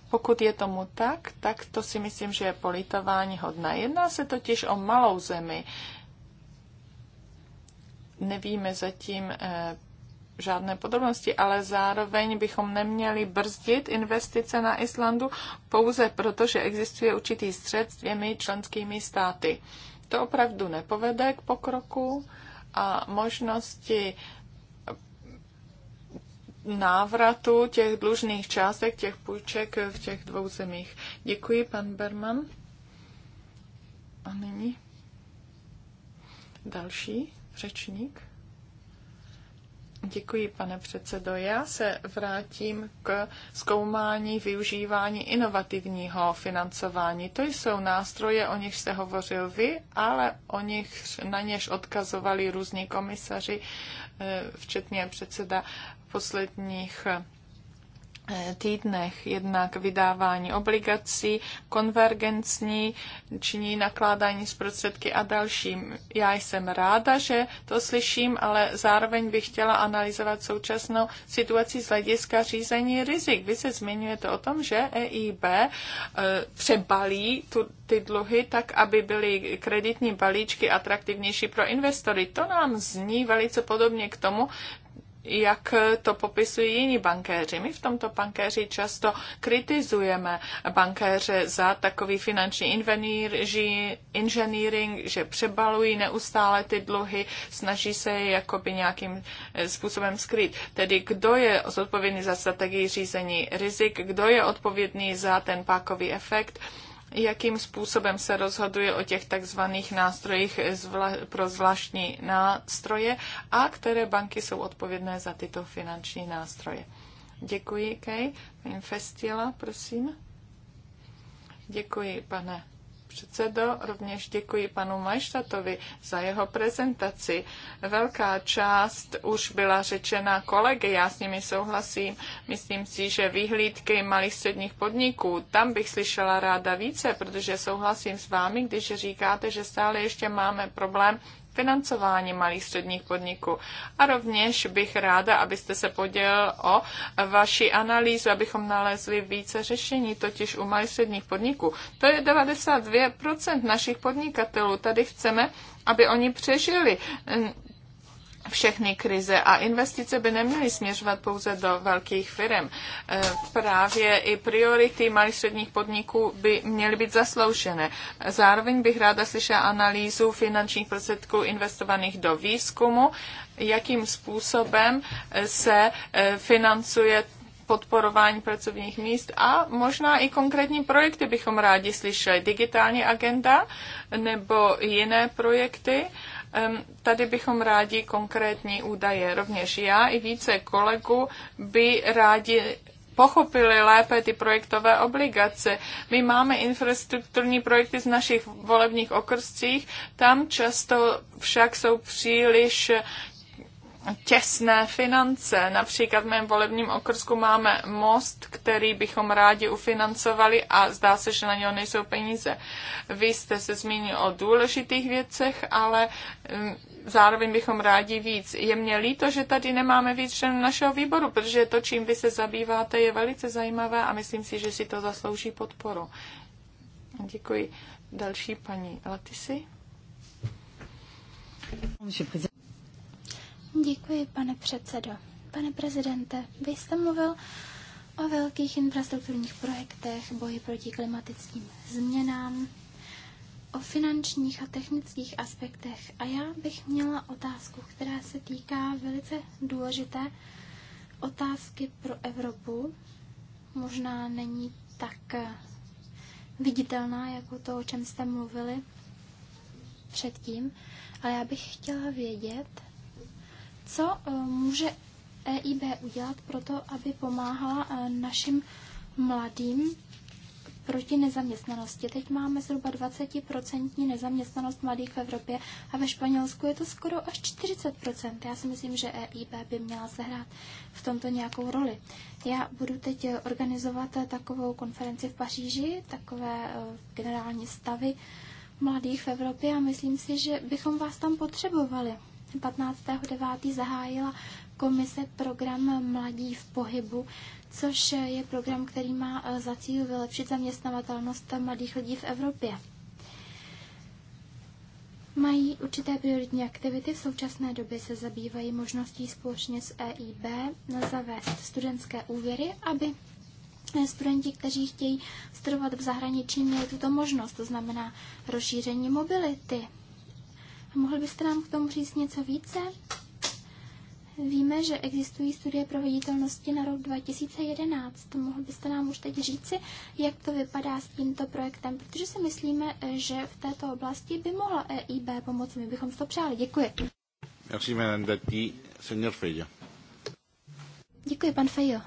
Pokud je tomu tak, tak to si myslím, že je politování hodné. Jedná se totiž o malou zemi. Nevíme zatím eh, žádné podrobnosti, ale zároveň bychom neměli brzdit investice na Islandu pouze proto, že existuje určitý střed s dvěmi členskými státy. To opravdu nepovede k pokroku a možnosti návratu těch dlužných částek, těch půjček v těch dvou zemích. Děkuji, pan Berman. A nyní další řečník. Děkuji, pane předsedo. Já se vrátím k zkoumání využívání inovativního financování. To jsou nástroje, o nich jste hovořil vy, ale o nich, na něž odkazovali různí komisaři, eh, včetně předseda posledních týdnech jednak vydávání obligací, konvergencní činí nakládání s prostředky a dalším. Já jsem ráda, že to slyším, ale zároveň bych chtěla analyzovat současnou situaci z hlediska řízení rizik. Vy se zmiňujete o tom, že EIB e, přebalí tu, ty dluhy tak, aby byly kreditní balíčky atraktivnější pro investory. To nám zní velice podobně k tomu, jak to popisují jiní bankéři. My v tomto bankéři často kritizujeme bankéře za takový finanční inženýring, že přebalují neustále ty dluhy, snaží se je jakoby nějakým eh, způsobem skrýt. Tedy kdo je zodpovědný za strategii řízení rizik, kdo je odpovědný za ten pákový efekt, jakým způsobem se rozhoduje o těch takzvaných nástrojích pro zvláštní nástroje a které banky jsou odpovědné za tyto finanční nástroje. Děkuji, Kej. Paní Festila, prosím. Děkuji, pane předsedo, rovněž děkuji panu Majštatovi za jeho prezentaci. Velká část už byla řečena kolegy, já s nimi souhlasím. Myslím si, že vyhlídky malých středních podniků, tam bych slyšela ráda více, protože souhlasím s vámi, když říkáte, že stále ještě máme problém financování malých středních podniků. A rovněž bych ráda, abyste se podělil o vaši analýzu, abychom nalezli více řešení, totiž u malých středních podniků. To je 92% našich podnikatelů. Tady chceme, aby oni přežili všechny krize a investice by neměly směřovat pouze do velkých firm. E, právě i priority malých středních podniků by měly být zasloužené. Zároveň bych ráda slyšela analýzu finančních prostředků investovaných do výzkumu, jakým způsobem se e, financuje podporování pracovních míst a možná i konkrétní projekty bychom rádi slyšeli. Digitální agenda nebo jiné projekty Tady bychom rádi konkrétní údaje. Rovněž já i více kolegů by rádi pochopili lépe ty projektové obligace. My máme infrastrukturní projekty z našich volebních okrscích, tam často však jsou příliš těsné finance. Například v mém volebním okrsku máme most, který bychom rádi ufinancovali a zdá se, že na něho nejsou peníze. Vy jste se zmínil o důležitých věcech, ale mm, zároveň bychom rádi víc. Je mě líto, že tady nemáme víc členů našeho výboru, protože to, čím vy se zabýváte, je velice zajímavé a myslím si, že si to zaslouží podporu. Děkuji. Další paní Latisi. Děkuji, pane předsedo. Pane prezidente, vy jste mluvil o velkých infrastrukturních projektech, boji proti klimatickým změnám, o finančních a technických aspektech. A já bych měla otázku, která se týká velice důležité otázky pro Evropu. Možná není tak eh, viditelná, jako to, o čem jste mluvili předtím, ale já bych chtěla vědět, co eh, může EIB udělat pro to, aby pomáhala eh, našim mladým proti nezaměstnanosti. Teď máme zhruba 20% nezaměstnanost mladých v Evropě a ve Španělsku je to skoro až 40%. Já si myslím, že EIB by měla sehrát v tomto nějakou roli. Já budu teď organizovat eh, takovou konferenci v Paříži, takové generální stavy mladých v Evropě a myslím si, že bychom vás tam potřebovali. 15.9. zahájila komise program Mladí v pohybu, což je program, který má eh, za cíl vylepšit zaměstnavatelnost mladých lidí v Evropě. Mají určité prioritní aktivity, v současné době se zabývají možností společně s EIB zavést studentské úvěry, aby eh, studenti, kteří chtějí studovat v zahraničí, měli tuto možnost, to znamená rozšíření mobility, Mohl byste nám k tomu říct něco více? Víme, že existují studie proveditelnosti na rok 2011. Mohl byste nám už teď říci, jak to vypadá s tímto projektem, protože si myslíme, že v této oblasti by mohla EIB pomoci. My bychom to přáli. Děkuji. Merci, Dati. Senior Fejo. Děkuji, pan Fejo.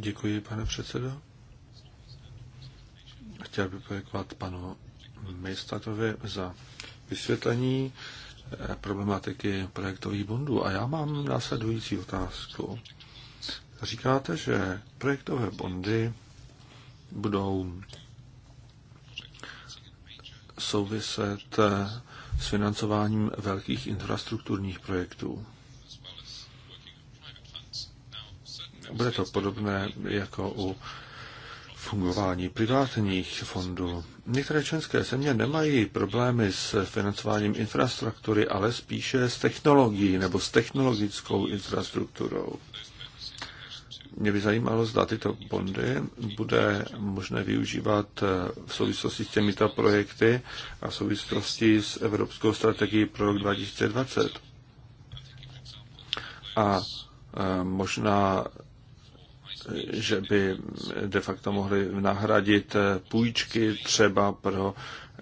Děkuji, pane předsedo chtěl bych poděkovat panu Mejstatovi za vysvětlení eh, problematiky projektových bondů. A já mám následující otázku. Říkáte, že projektové bondy budou souviset eh, s financováním velkých infrastrukturních projektů. Bude to podobné jako u fungování privátních fondů. Některé členské země nemají problémy s financováním infrastruktury, ale spíše s technologií nebo s technologickou infrastrukturou. Mě by zajímalo, zda tyto bondy bude možné využívat eh, v souvislosti s těmito projekty a v souvislosti s Evropskou strategií pro rok 2020. A eh, možná že by de facto mohli nahradit půjčky třeba pro eh,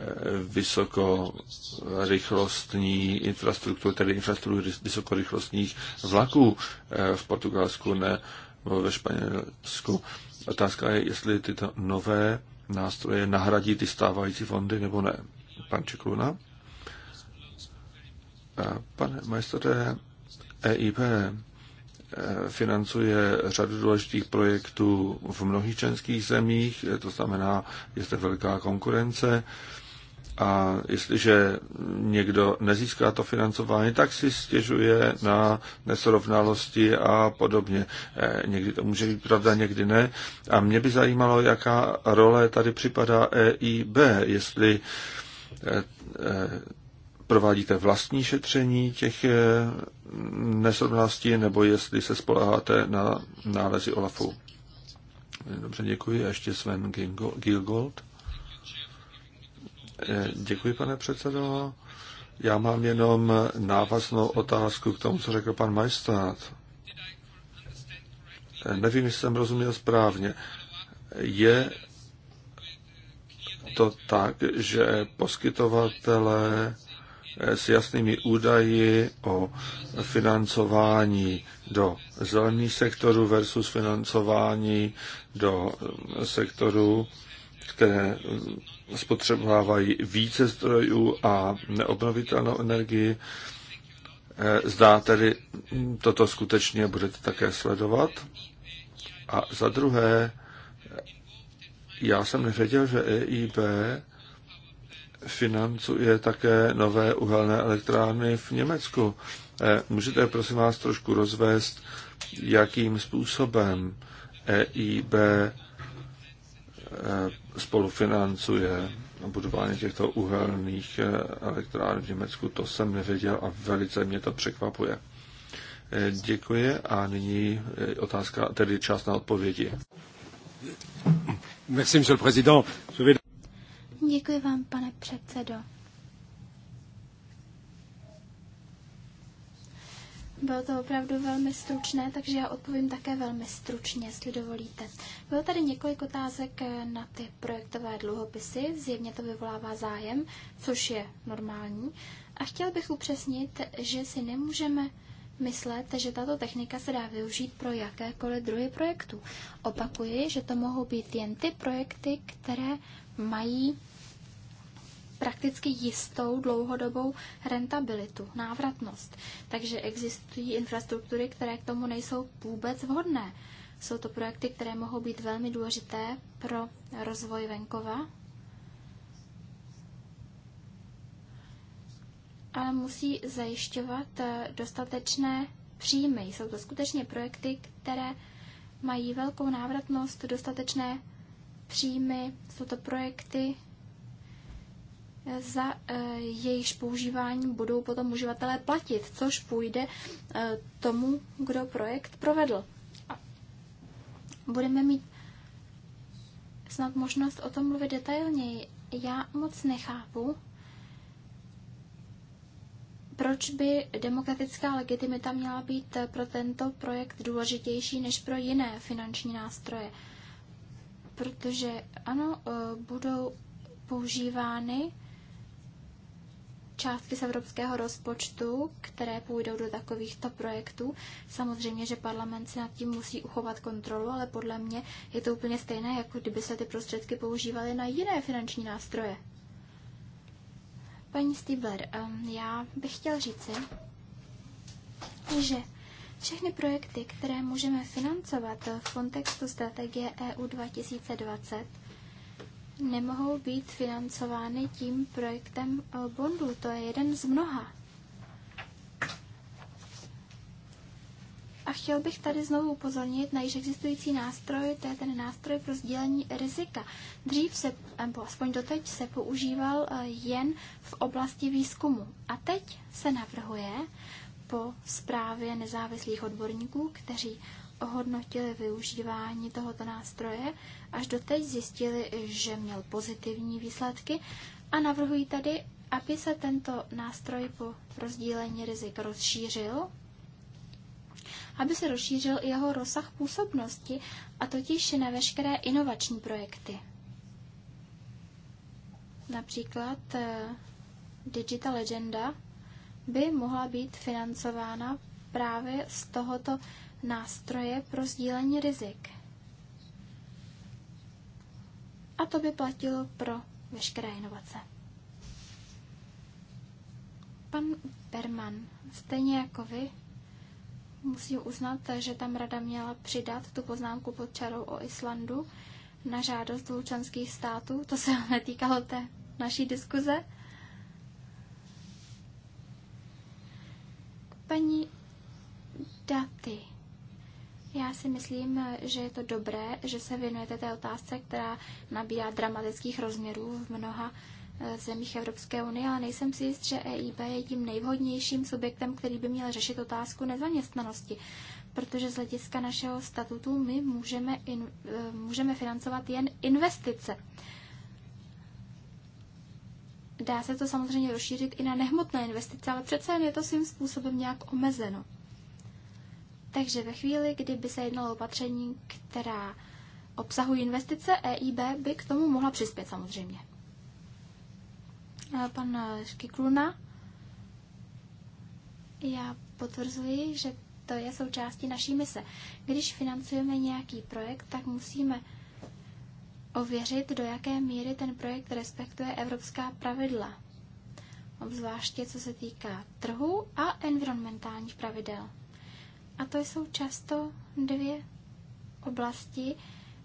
vysokorychlostní infrastrukturu, tedy infrastrukturu vysokorychlostních vlaků eh, v Portugalsku ne ve Španělsku. Otázka je, jestli tyto nové nástroje nahradí ty stávající fondy nebo ne. Pan Čekluna. Eh, pane majstore, EIP, financuje řadu důležitých projektů v mnohých členských zemích, to znamená, je zde velká konkurence. A jestliže někdo nezíská to financování, tak si stěžuje na nesrovnalosti a podobně. Eh, někdy to může být pravda, někdy ne. A mě by zajímalo, jaká role tady připadá EIB, jestli eh, eh, provádíte vlastní šetření těch eh, nesrovnalostí, nebo jestli se spoleháte na nálezy OLAFu. Dobře, děkuji. A ještě Sven Gilgold. Eh, děkuji, pane předsedo. Já mám jenom návaznou otázku k tomu, co řekl pan Majstát. Eh, nevím, jestli jsem rozuměl správně. Je to tak, že poskytovatelé s jasnými údaji o financování do zelených sektoru versus financování do eh, sektoru které eh, spotřebovávají více zdrojů a neobnovitelnou energii. Eh, zdá tedy, hm, toto skutečně budete také sledovat. A za druhé, já jsem nevěděl, že EIB financuje také nové uhelné elektrárny v Německu. Eh, můžete prosím vás trošku rozvést, jakým způsobem EIB eh, spolufinancuje budování těchto uhelných eh, elektráren v Německu. To jsem nevěděl a velice mě to překvapuje. Děkuji a nyní otázka, tedy čas na odpovědi. Merci, monsieur le président. Děkuji vám, pane předsedo. Bylo to opravdu velmi stručné, takže já odpovím také velmi stručně, jestli dovolíte. Bylo tady několik otázek eh, na ty projektové dluhopisy, zjevně to vyvolává zájem, což je normální. A chtěl bych upřesnit, že si nemůžeme myslet, že tato technika se dá využít pro jakékoliv druhy projektů. Opakuji, že to mohou být jen ty projekty, které mají prakticky jistou dlouhodobou rentabilitu, návratnost. Takže existují infrastruktury, které k tomu nejsou vůbec vhodné. Jsou to projekty, které mohou být velmi důležité pro rozvoj venkova, ale musí zajišťovat eh, dostatečné příjmy. Jsou to skutečně projekty, které mají velkou návratnost, dostatečné příjmy. Jsou to projekty, za e, jejichž používání budou potom uživatelé platit, což půjde e, tomu, kdo projekt provedl. budeme mít snad možnost o tom mluvit detailněji. Já moc nechápu, proč by demokratická legitimita měla být pro tento projekt důležitější než pro jiné finanční nástroje. Protože ano, e, budou používány částky z evropského rozpočtu, které půjdou do takovýchto projektů. Samozřejmě, že parlament si nad tím musí uchovat kontrolu, ale podle mě je to úplně stejné, jako kdyby se ty prostředky používaly na jiné finanční nástroje. Paní Stibler, um, já bych chtěl říci, že všechny projekty, které můžeme financovat v kontextu strategie EU 2020, nemohou být financovány tím projektem eh, bondů. To je jeden z mnoha. A chtěl bych tady znovu upozornit na již existující nástroj, to je ten nástroj pro sdílení rizika. Dřív se, nebo aspoň doteď, se používal eh, jen v oblasti výzkumu. A teď se navrhuje po zprávě nezávislých odborníků, kteří hodnotili využívání tohoto nástroje, až doteď zjistili, že měl pozitivní výsledky a navrhují tady, aby se tento nástroj po rozdílení rizik rozšířil, aby se rozšířil i jeho rozsah působnosti, a totiž na veškeré inovační projekty. Například eh, Digital Agenda by mohla být financována právě z tohoto nástroje pro sdílení rizik. A to by platilo pro veškeré inovace. Pan Berman, stejně jako vy, musím uznat, že tam rada měla přidat tu poznámku pod čarou o Islandu na žádost dvou států. To se netýkalo té naší diskuze. Paní Daty. Já si myslím, že je to dobré, že se věnujete té otázce, která nabírá dramatických rozměrů v mnoha eh, zemích Evropské unie, ale nejsem si jist, že EIB je tím nejvhodnějším subjektem, který by měl řešit otázku nezaměstnanosti, protože z hlediska našeho statutu my můžeme, in, eh, můžeme financovat jen investice. Dá se to samozřejmě rozšířit i na nehmotné investice, ale přece jen je to svým způsobem nějak omezeno. Takže ve chvíli, kdy by se jednalo opatření, která obsahují investice, EIB by k tomu mohla přispět samozřejmě. Pan Škikluna, já potvrzuji, že to je součástí naší mise. Když financujeme nějaký projekt, tak musíme ověřit, do jaké míry ten projekt respektuje evropská pravidla, obzvláště co se týká trhu a environmentálních pravidel. A to jsou často dvě oblasti,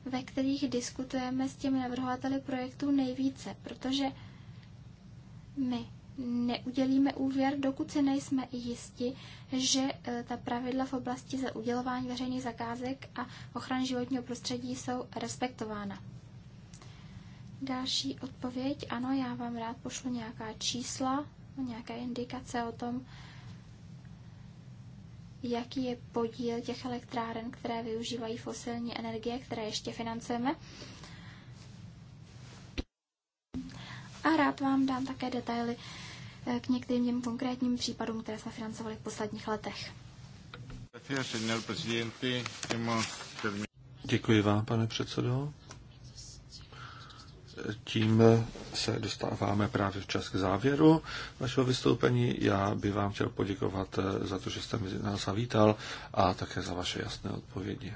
ve kterých diskutujeme s těmi navrhovateli projektů nejvíce, protože my neudělíme úvěr, dokud si nejsme jisti, že eh, ta pravidla v oblasti za udělování veřejných zakázek a ochrany životního prostředí jsou respektována. Další odpověď. Ano, já vám rád pošlu nějaká čísla, nějaké indikace o tom, jaký je podíl těch elektráren, které využívají fosilní energie, které ještě financujeme. A rád vám dám také detaily eh, k některým těm konkrétním případům, které jsme financovali v posledních letech. Děkuji vám, pane předsedo tím se dostáváme právě včas k závěru vašeho vystoupení. Já bych vám chtěl poděkovat za to, že jste nás zavítal a také za vaše jasné odpovědi.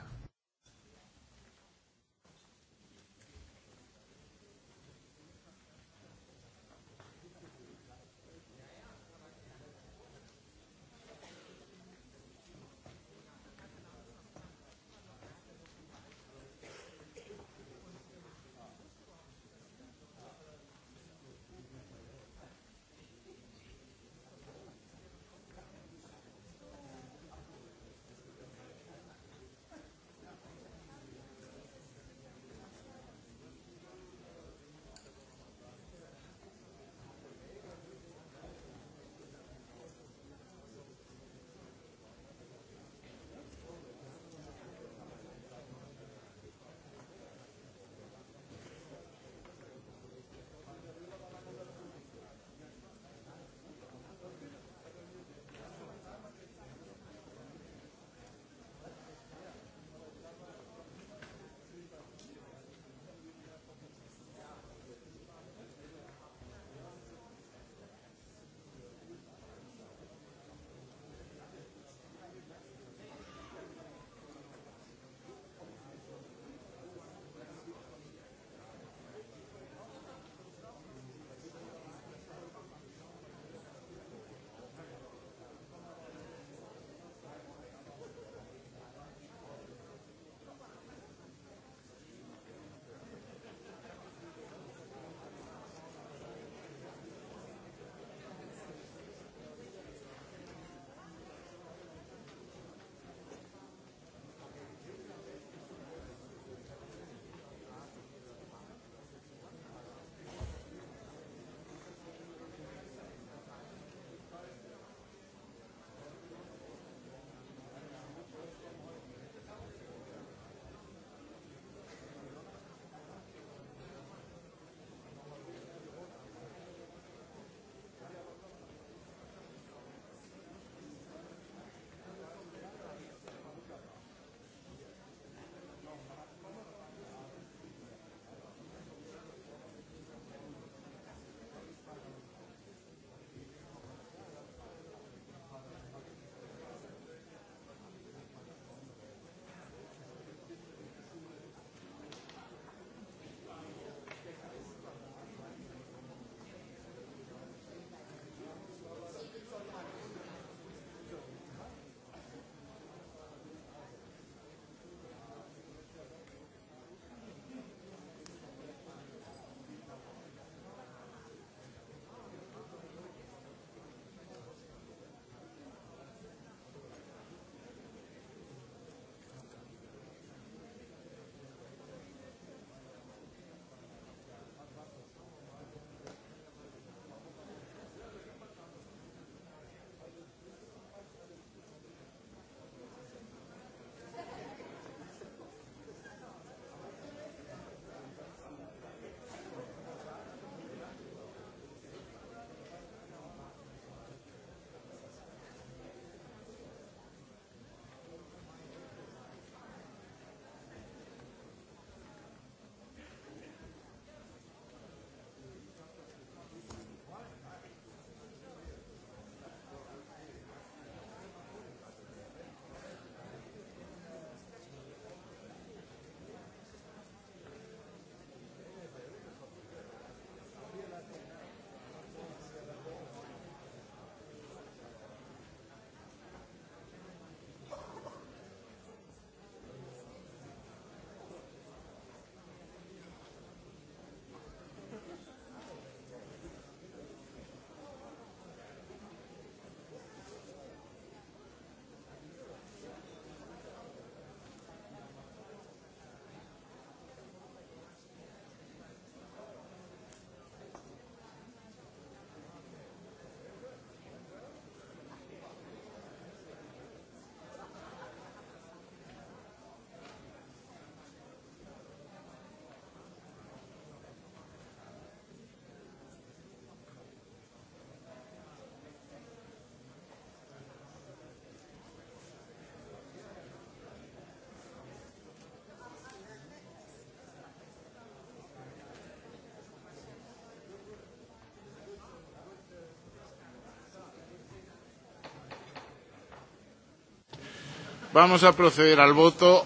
Vamos a proceder al voto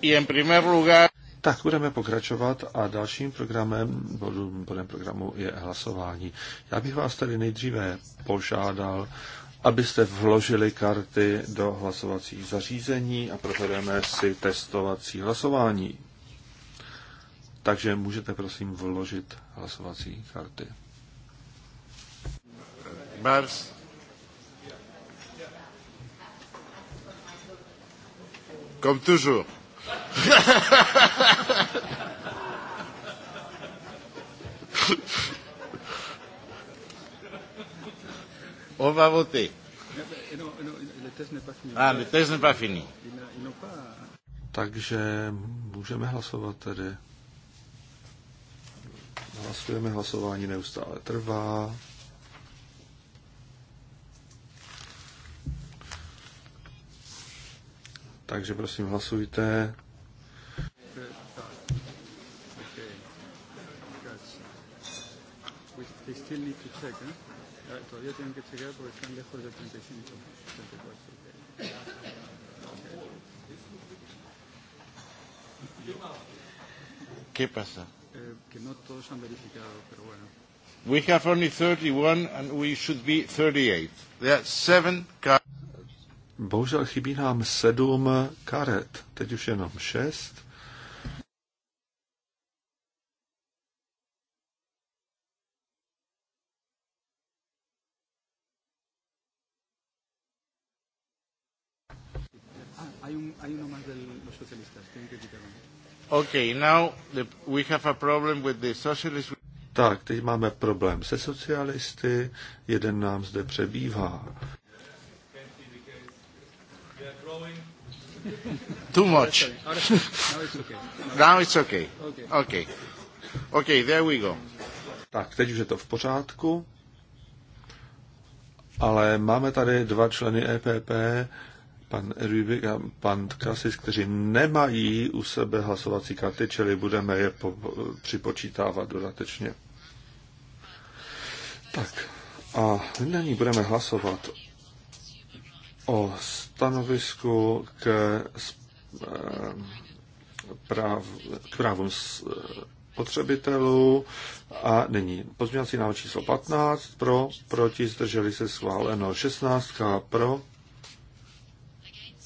y en primer lugar... Tak budeme pokračovat a dalším programem, bodem, bodem programu je hlasování. Já bych vás tedy nejdříve požádal, abyste vložili karty do hlasovacích zařízení a provedeme si testovací hlasování. Takže můžete prosím vložit hlasovací karty. Bars. Comme toujours. On va voter. Ah, le test n'est pas fini. Takže můžeme hlasovat tedy. Hlasujeme, hlasování neustále trvá. Takže prosím hlasujte. Uh, ¿Qué pasa? Eh, no we have only 31 and we should be 38. There are seven cards bohužel chybí nám sedm karet, teď už jenom šest. Okay, now the, we have a problem with the socialist... Tak, teď máme problém se socialisty, jeden nám zde přebývá. Too much. Now it's okay. okay. Okay. Okay, there we go. Tak, teď už je to v pořádku. Ale máme tady dva členy EPP, pan Rubik a pan Kasis, kteří nemají u sebe hlasovací karty, čili budeme je po, připočítávat dodatečně. Tak a nyní budeme hlasovat o stanovisku k, eh, práv, k právům spotřebitelů eh, a nyní pozměňovací návrh číslo 15 pro, proti, zdrželi se schváleno 16 pro,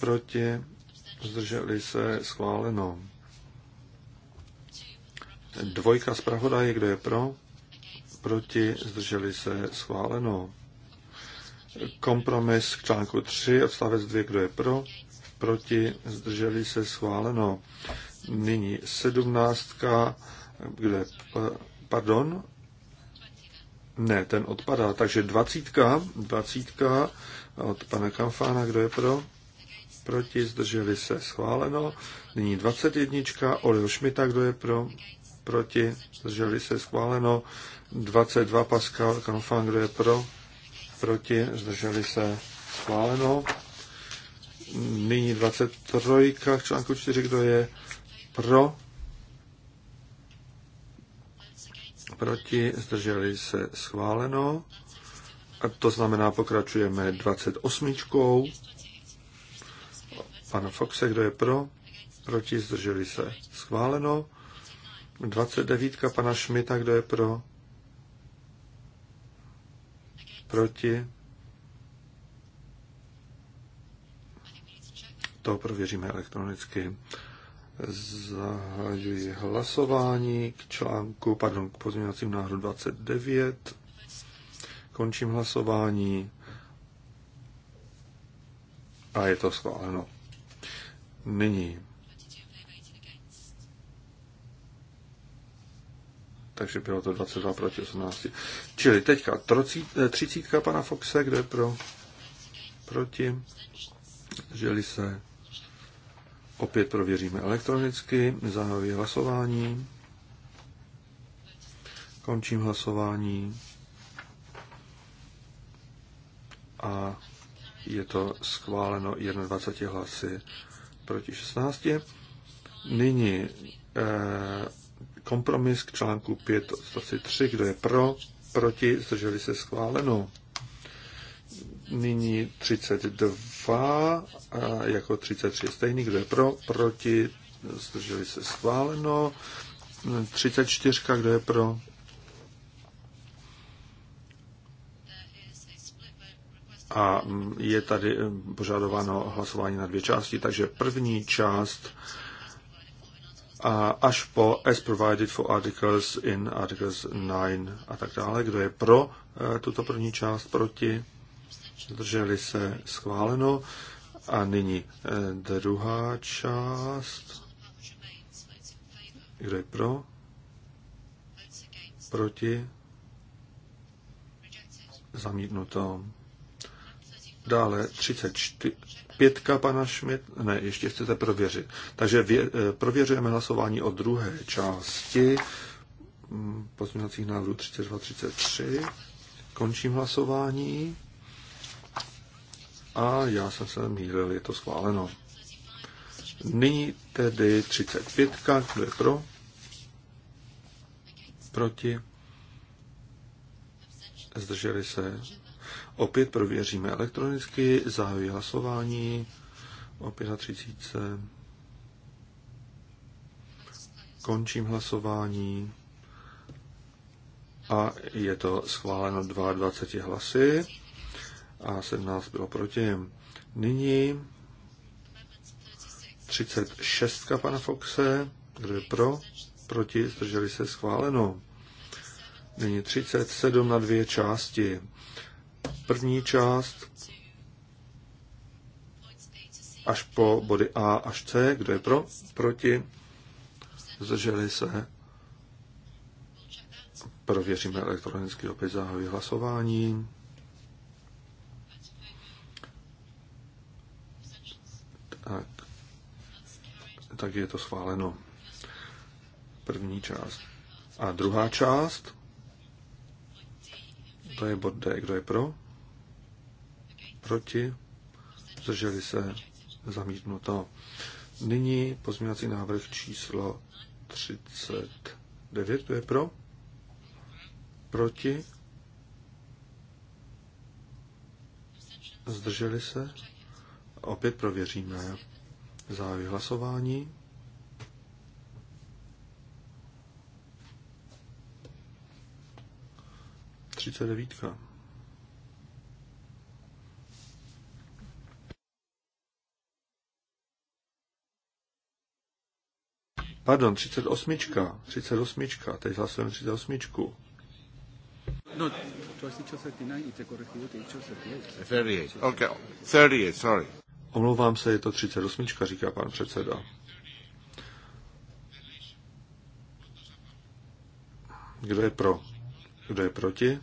proti, zdrželi se schváleno. Dvojka zpravodaje, kdo je pro, proti, zdrželi se schváleno. Kompromis k článku 3, odstavec 2, kdo je pro, proti, zdrželi se schváleno. Nyní sedmnáctka, kde, pardon, ne, ten odpadá, takže dvacítka, dvacítka, od pana Kamfána, kdo je pro, proti, zdrželi se schváleno. Nyní jednička, Olio Šmita, kdo je pro, proti, zdrželi se schváleno. 22 Pascal Canfan, kdo je pro, proti, zdrželi se schváleno. Nyní 23 k článku 4, kdo je pro, proti, zdrželi se schváleno. A to znamená, pokračujeme 28. Pana Foxe, kdo je pro, proti, zdrželi se schváleno. 29. pana Šmita, kdo je pro, proti. To prověříme elektronicky. Zahajuji hlasování k článku, pardon, k pozměňovacím návrhu 29. Končím hlasování. A je to schváleno. Nyní takže bylo to 22 proti 18. Čili teďka eh, třicítka pana Foxe, kde pro, proti, žili se, opět prověříme elektronicky, zahajuji hlasování, končím hlasování a je to schváleno 21 hlasy proti 16. Nyní eh, Kompromis k článku 5 odstavci 3. Kdo je pro? Proti? Zdrželi se schváleno. Nyní 32 a jako 33 je stejný. Kdo je pro? Proti? Zdrželi se schváleno. 34. Kdo je pro? a je tady eh, požadováno hlasování na dvě části, takže první část a až po as provided for articles in articles 9 a tak dále. Kdo je pro eh, tuto první část, proti, zdrželi se, schváleno. A nyní eh, druhá část. Kdo je pro? Proti? Zamítnuto. Dále 34, pětka pana Šmit, Ne, ještě chcete prověřit. Takže vě, eh, prověřujeme hlasování o druhé části mm, pozměňovacích návrhů 32-33. Končím hlasování. A já jsem se mýlil, je to schváleno. Nyní tedy 35. Kdo je pro? Proti? Zdrželi se? Opět prověříme elektronicky, zahajuji hlasování o 35. Končím hlasování a je to schváleno 22 hlasy a 17 bylo proti. Nyní 36 pana Foxe, kdo je pro, proti, zdrželi se schváleno. Nyní 37 na dvě části. První část až po body A až C. Kdo je pro? Proti? Zdrželi se? Prověříme elektronický opět zahájí hlasování. Tak. tak je to schváleno. První část. A druhá část, to je bod D. Kdo je pro? proti, zdrželi se, zamítnuto. Nyní pozměňovací návrh číslo 39, to je pro, proti, zdrželi se, opět prověříme. Závěr hlasování. Třicet devítka. Pardon, 38. 38. Teď hlasujeme 38. No, 38. Okay. 38, sorry. Omlouvám se, je to 38, říká pan předseda. Kdo je pro? Kdo je proti?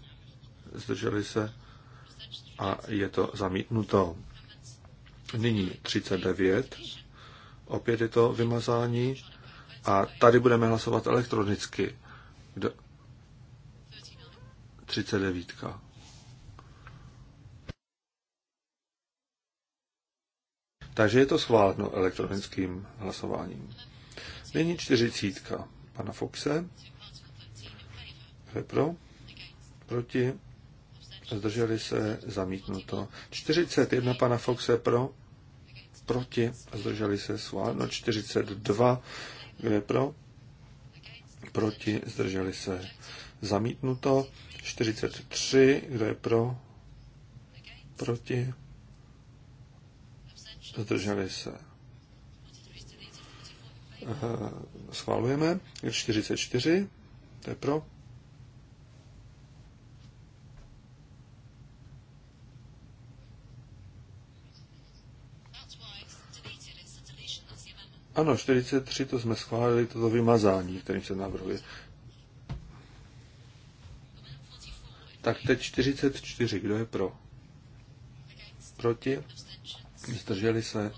Zdrželi se? A je to zamítnuto. Nyní 39. Opět je to vymazání. A tady budeme hlasovat elektronicky. Kdo? 39. Takže je to schváleno elektronickým hlasováním. Nyní 40. Pana Foxe. je pro? Proti? Zdrželi se zamítnuto. 41 pana Foxe pro? Proti? Zdrželi se schváleno. 42 kdo je pro? Proti? Zdrželi se. Zamítnuto. 43. Kdo je pro? Proti? Zdrželi se. Schvalujeme. 44. To je pro. Ano, 43 to jsme schválili, toto vymazání, kterým se navrhuje. Tak teď 44, kdo je pro? Proti? Zdrželi se?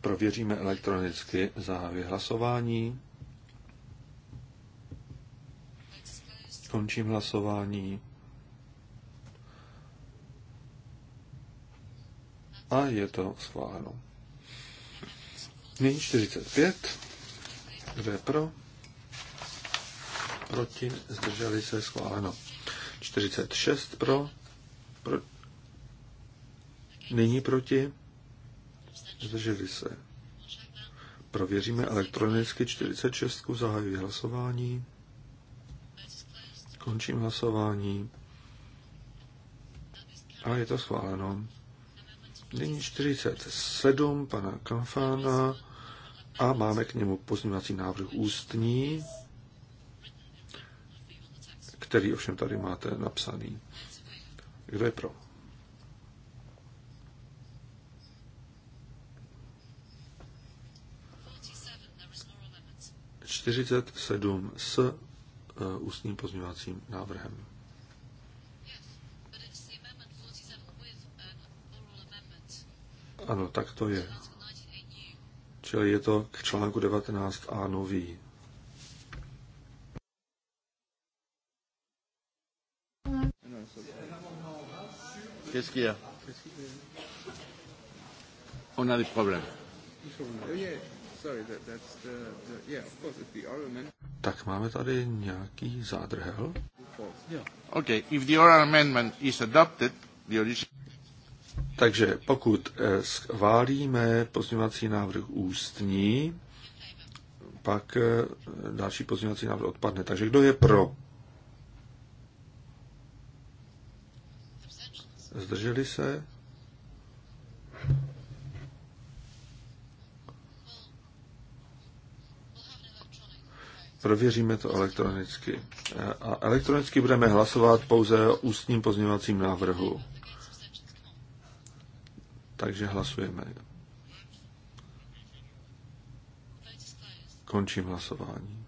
Prověříme elektronicky za hlasování. Končím hlasování. A je to schváleno. Nyní 45. Kdo je pro? Proti? Zdrželi se? Schváleno. 46 pro? pro nyní proti? Zdrželi se. Prověříme elektronicky 46. Zahajuji hlasování. Končím hlasování. A je to schváleno. Nyní 47 pana Kamfána a máme k němu pozměňovací návrh ústní, který ovšem tady máte napsaný. Kdo je pro? Čtyřicet sedm s eh, ústním pozměňovacím návrhem. Ano, tak to je. Čili je to k článku 19a nový. Qu'est-ce qu'il y a On a des problèmes. Tak máme tady nějaký zádrhel? Okay, if the oral amendment is adopted, the original... Takže pokud eh, schválíme pozměňovací návrh ústní, pak eh, další pozměňovací návrh odpadne. Takže kdo je pro? Zdrželi se? Prověříme to elektronicky. Eh, a elektronicky budeme hlasovat pouze o ústním pozměňovacím návrhu. Takže hlasujeme. Končím hlasování.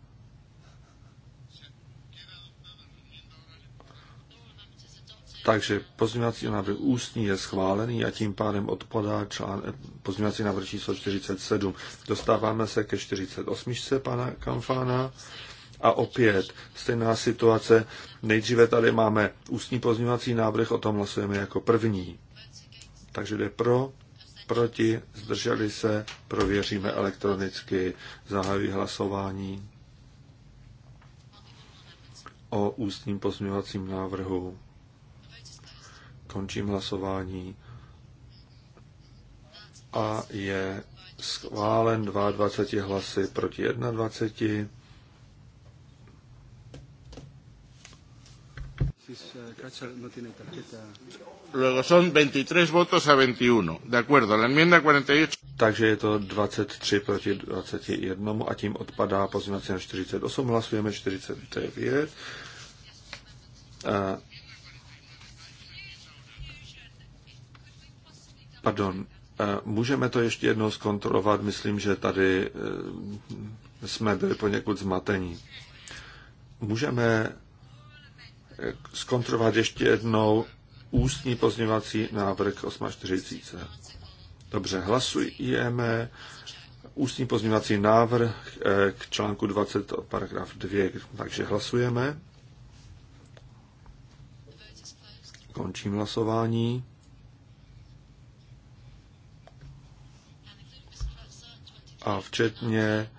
Takže pozměňovací návrh ústní je schválený a tím pádem odpadá člán, pozměňovací návrh číslo 47. Dostáváme se ke 48. pana Kamfána a opět stejná situace. Nejdříve tady máme ústní pozměňovací návrh, o tom hlasujeme jako první. Takže jde pro, proti, zdrželi se, prověříme elektronicky, zahajují hlasování o ústním pozměňovacím návrhu. Končím hlasování a je schválen 22 hlasy proti 21. Eh, no Luego son 23 votos a 21. De acuerdo, la enmienda 48. Takže je to 23 proti 21 a tím odpadá pozměnací na 48. Hlasujeme 49. A eh, Pardon, a eh, můžeme to ještě jednou zkontrolovat. Myslím, že tady jsme byli poněkud zmatení. Můžeme zkontrolovat ještě jednou ústní pozměňovací návrh 840. Dobře, hlasujeme ústní pozměvací návrh eh, k článku 20 paragraf 2, takže hlasujeme. Končím hlasování. A včetně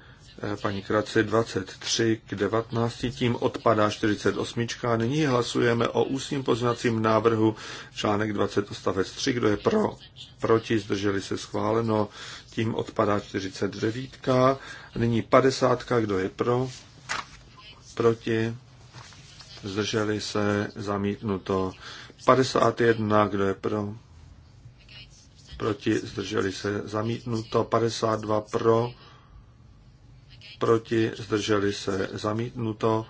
Eh, paní Krace 23 k 19, tím odpadá 48. A nyní hlasujeme o ústním poznacím návrhu článek 20 odstavec 3, kdo je pro, proti, zdrželi se schváleno, tím odpadá 49. A nyní 50, kdo je pro, proti, zdrželi se, zamítnuto. 51, kdo je pro, proti, zdrželi se, zamítnuto. 52 pro, proti, zdrželi se zamítnuto,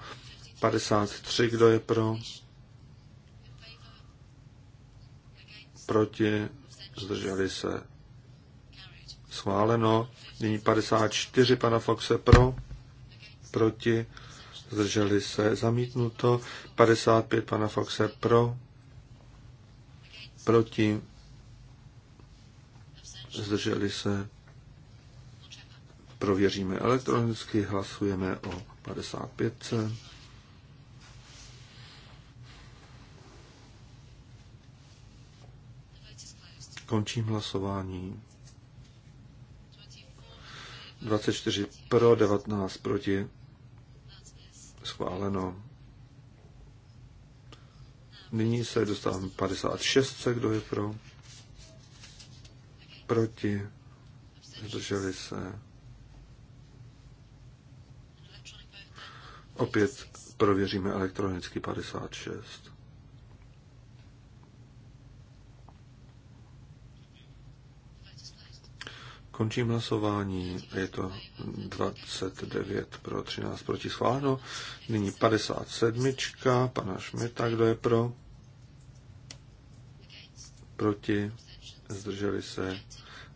53, kdo je pro, proti, zdrželi se schváleno, nyní 54 pana Foxe pro, proti, zdrželi se zamítnuto, 55 pana Foxe pro, proti, zdrželi se Prověříme elektronicky, hlasujeme o 55. Končím hlasování. 24 pro, 19 proti. Schváleno. Nyní se dostávám 56, kdo je pro. Proti. Zdrželi se. Opět prověříme elektronicky 56. Končím hlasování. Je to 29 pro 13 proti schváleno. Nyní 57. Pana Šmita, kdo je pro? Proti. Zdrželi se.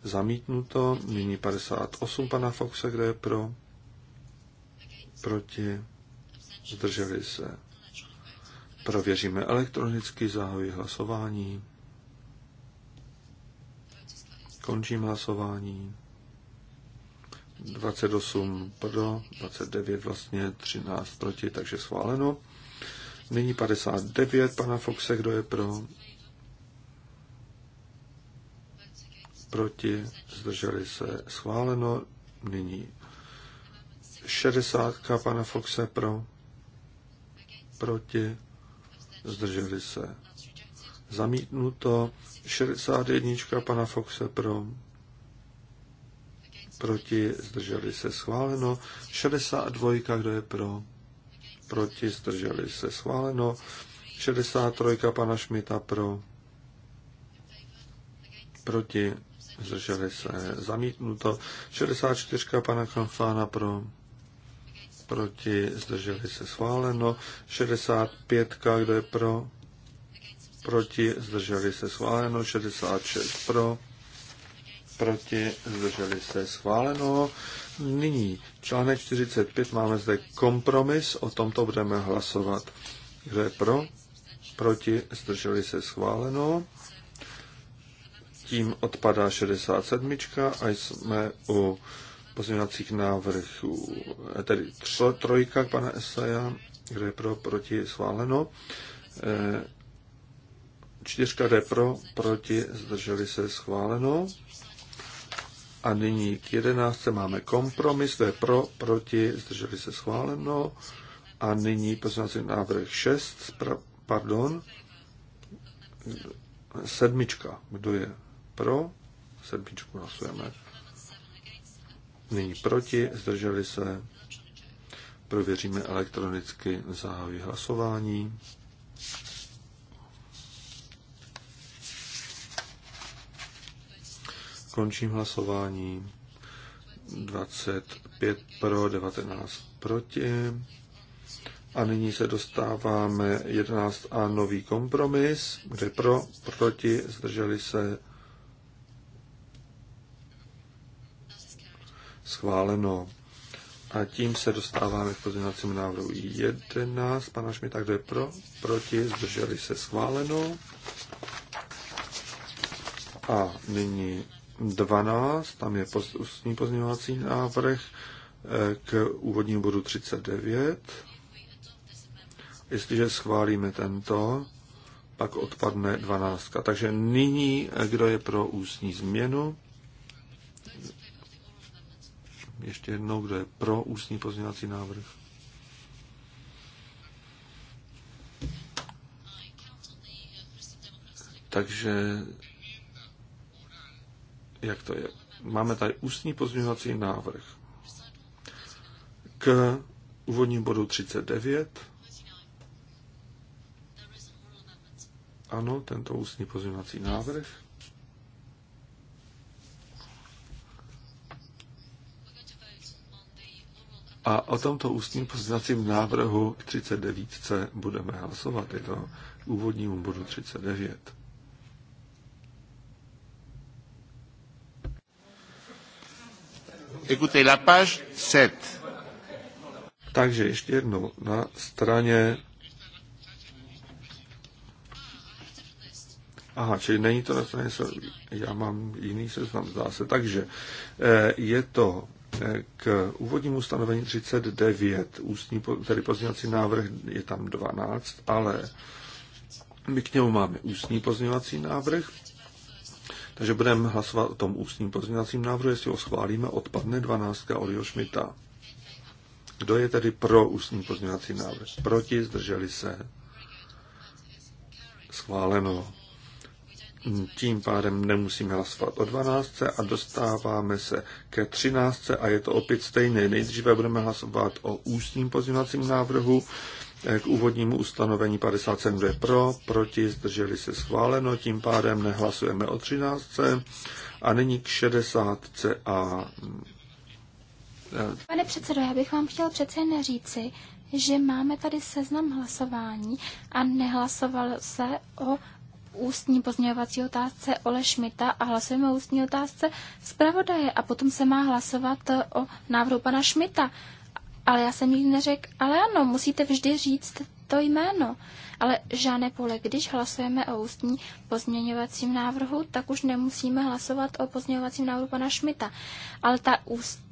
Zamítnuto. Nyní 58. Pana Foxe, kdo je pro? Proti zdrželi se. Prověříme elektronicky záhoji hlasování. Končím hlasování. 28 pro, 29 vlastně, 13 proti, takže schváleno. Nyní 59, pana Foxe, kdo je pro? Proti, zdrželi se, schváleno. Nyní 60, pana Foxe pro, proti, zdrželi se. Zamítnuto 61 pana Foxe pro, proti, zdrželi se schváleno, 62, kdo je pro, proti, zdrželi se schváleno, 63 pana Šmita pro, proti, zdrželi se zamítnuto, 64 pana Konfána pro, proti, zdrželi se schváleno. 65, kdo je pro, proti, zdrželi se schváleno. 66 pro, proti, zdrželi se schváleno. Nyní článek 45, máme zde kompromis, o tomto budeme hlasovat. Kdo je pro? Proti, zdrželi se schváleno. Tím odpadá 67 a jsme u pozměňovacích návrhů, e, tedy tro, trojka pana Esaja, kde je pro, proti, schváleno. E, čtyřka je pro, proti, zdrželi se, schváleno. A nyní k jedenáctce máme kompromis, to je pro, proti, zdrželi se, schváleno. A nyní pozměňovací návrh šest pra, pardon, sedmička, kdo je pro, sedmičku hlasujeme Nyní proti, zdrželi se. Prověříme elektronicky zahájí hlasování. Končím hlasování. 25 pro, 19 proti. A nyní se dostáváme 11 a nový kompromis, kde pro, proti, zdrželi se schváleno. A tím se dostáváme k pozměňovacímu návrhu 11. Pana Šmita, kdo je pro? Proti? Zdrželi se schváleno. A nyní 12. Tam je ústní pozměňovací návrh eh, k úvodnímu bodu 39. Jestliže schválíme tento, pak odpadne 12. Takže nyní, eh, kdo je pro ústní změnu? ještě jednou, kdo je pro ústní pozměňovací návrh. Takže jak to je? Máme tady ústní pozměňovací návrh k úvodním bodu 39. Ano, tento ústní pozměňovací návrh. A o tomto ústním poznacím návrhu k 39 budeme hlasovat. Je to k úvodnímu bodu 39. Écoutez, la page 7. Takže ještě jednou na straně. Aha, čili není to na straně, já mám jiný seznam, zdá se. Takže eh, je to k úvodnímu stanovení 39, ústní, tedy pozměňovací návrh je tam 12, ale my k němu máme ústní pozměňovací návrh, takže budeme hlasovat o tom ústním pozměňovacím návrhu, jestli ho schválíme, odpadne 12 Olio Šmita. Kdo je tedy pro ústní pozměňovací návrh? Proti, zdrželi se. Schváleno. Tím pádem nemusíme hlasovat o 12 a dostáváme se ke 13 a je to opět stejné. Nejdříve budeme hlasovat o ústním pozměňovacím návrhu eh, k úvodnímu ustanovení 57 je pro, proti, zdrželi se schváleno, tím pádem nehlasujeme o 13 a nyní k 60 a... Eh, Pane předsedo, já bych vám chtěl přece jen říci, že máme tady seznam hlasování a nehlasovalo se o ústní pozměňovací otázce Ole Šmita a hlasujeme o ústní otázce zpravodaje a potom se má hlasovat o návrhu pana Šmita. Ale já jsem nikdy neřekl, ale ano, musíte vždy říct to jméno. Ale žádné pole, když hlasujeme o ústní pozměňovacím návrhu, tak už nemusíme hlasovat o pozměňovacím návrhu pana Šmita. Ale ta,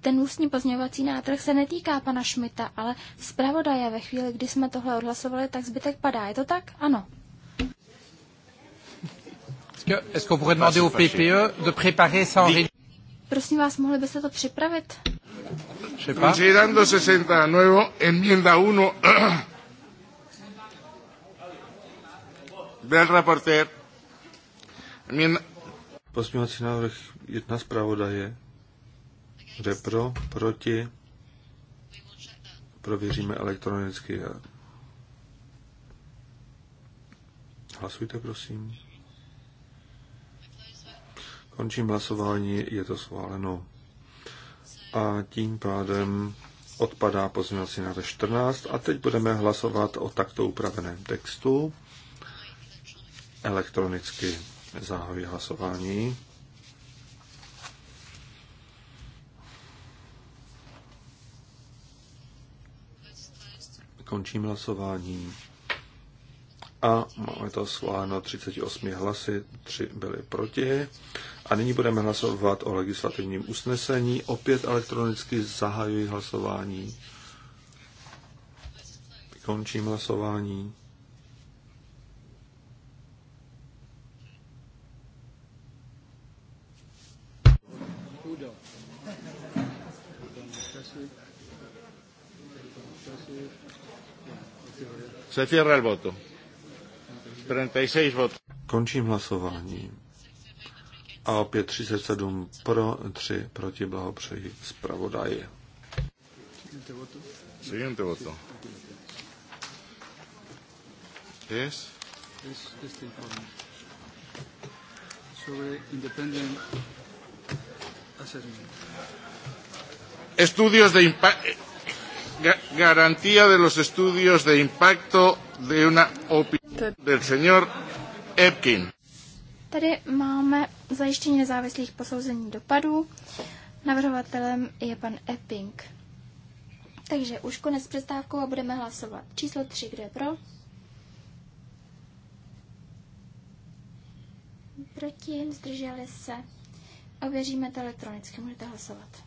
ten ústní pozměňovací návrh se netýká pana Šmita, ale zpravodaje ve chvíli, kdy jsme tohle odhlasovali, tak zbytek padá. Je to tak? Ano. Est-ce qu'on pourrait demander au PPE de préparer ça en Prosím vás, mohli byste to připravit? Considerando 69, enmienda 1 del reporter. Pozměňovací návrh jedna zpravodaje. Kde pro, proti. Prověříme elektronicky. Hlasujte, prosím. Končím hlasování, je to schváleno. A tím pádem odpadá pozměňovací návrh 14 a teď budeme hlasovat o takto upraveném textu. Elektronicky zahájí hlasování. Končím hlasování. A máme to schváleno 38 hlasy, 3 byly proti. A nyní budeme hlasovat o legislativním usnesení. Opět elektronicky zahajuji hlasování. Končím hlasování. Se cierra el voto. 36 votos. Končím hlasování a opět 37 pro, 3 proti blahopřeji zpravodaje. Siguiente voto. Es este informe sobre independent assessment. Estudios de impacto eh, garantía de los estudios de impacto de una opinión del señor Epkin. Tady máme zajištění nezávislých posouzení dopadů. Navrhovatelem je pan Epping. Takže už konec přestávkou a budeme hlasovat. Číslo 3, kdo je pro? Proti, zdrželi se. Ověříme to elektronicky, můžete hlasovat.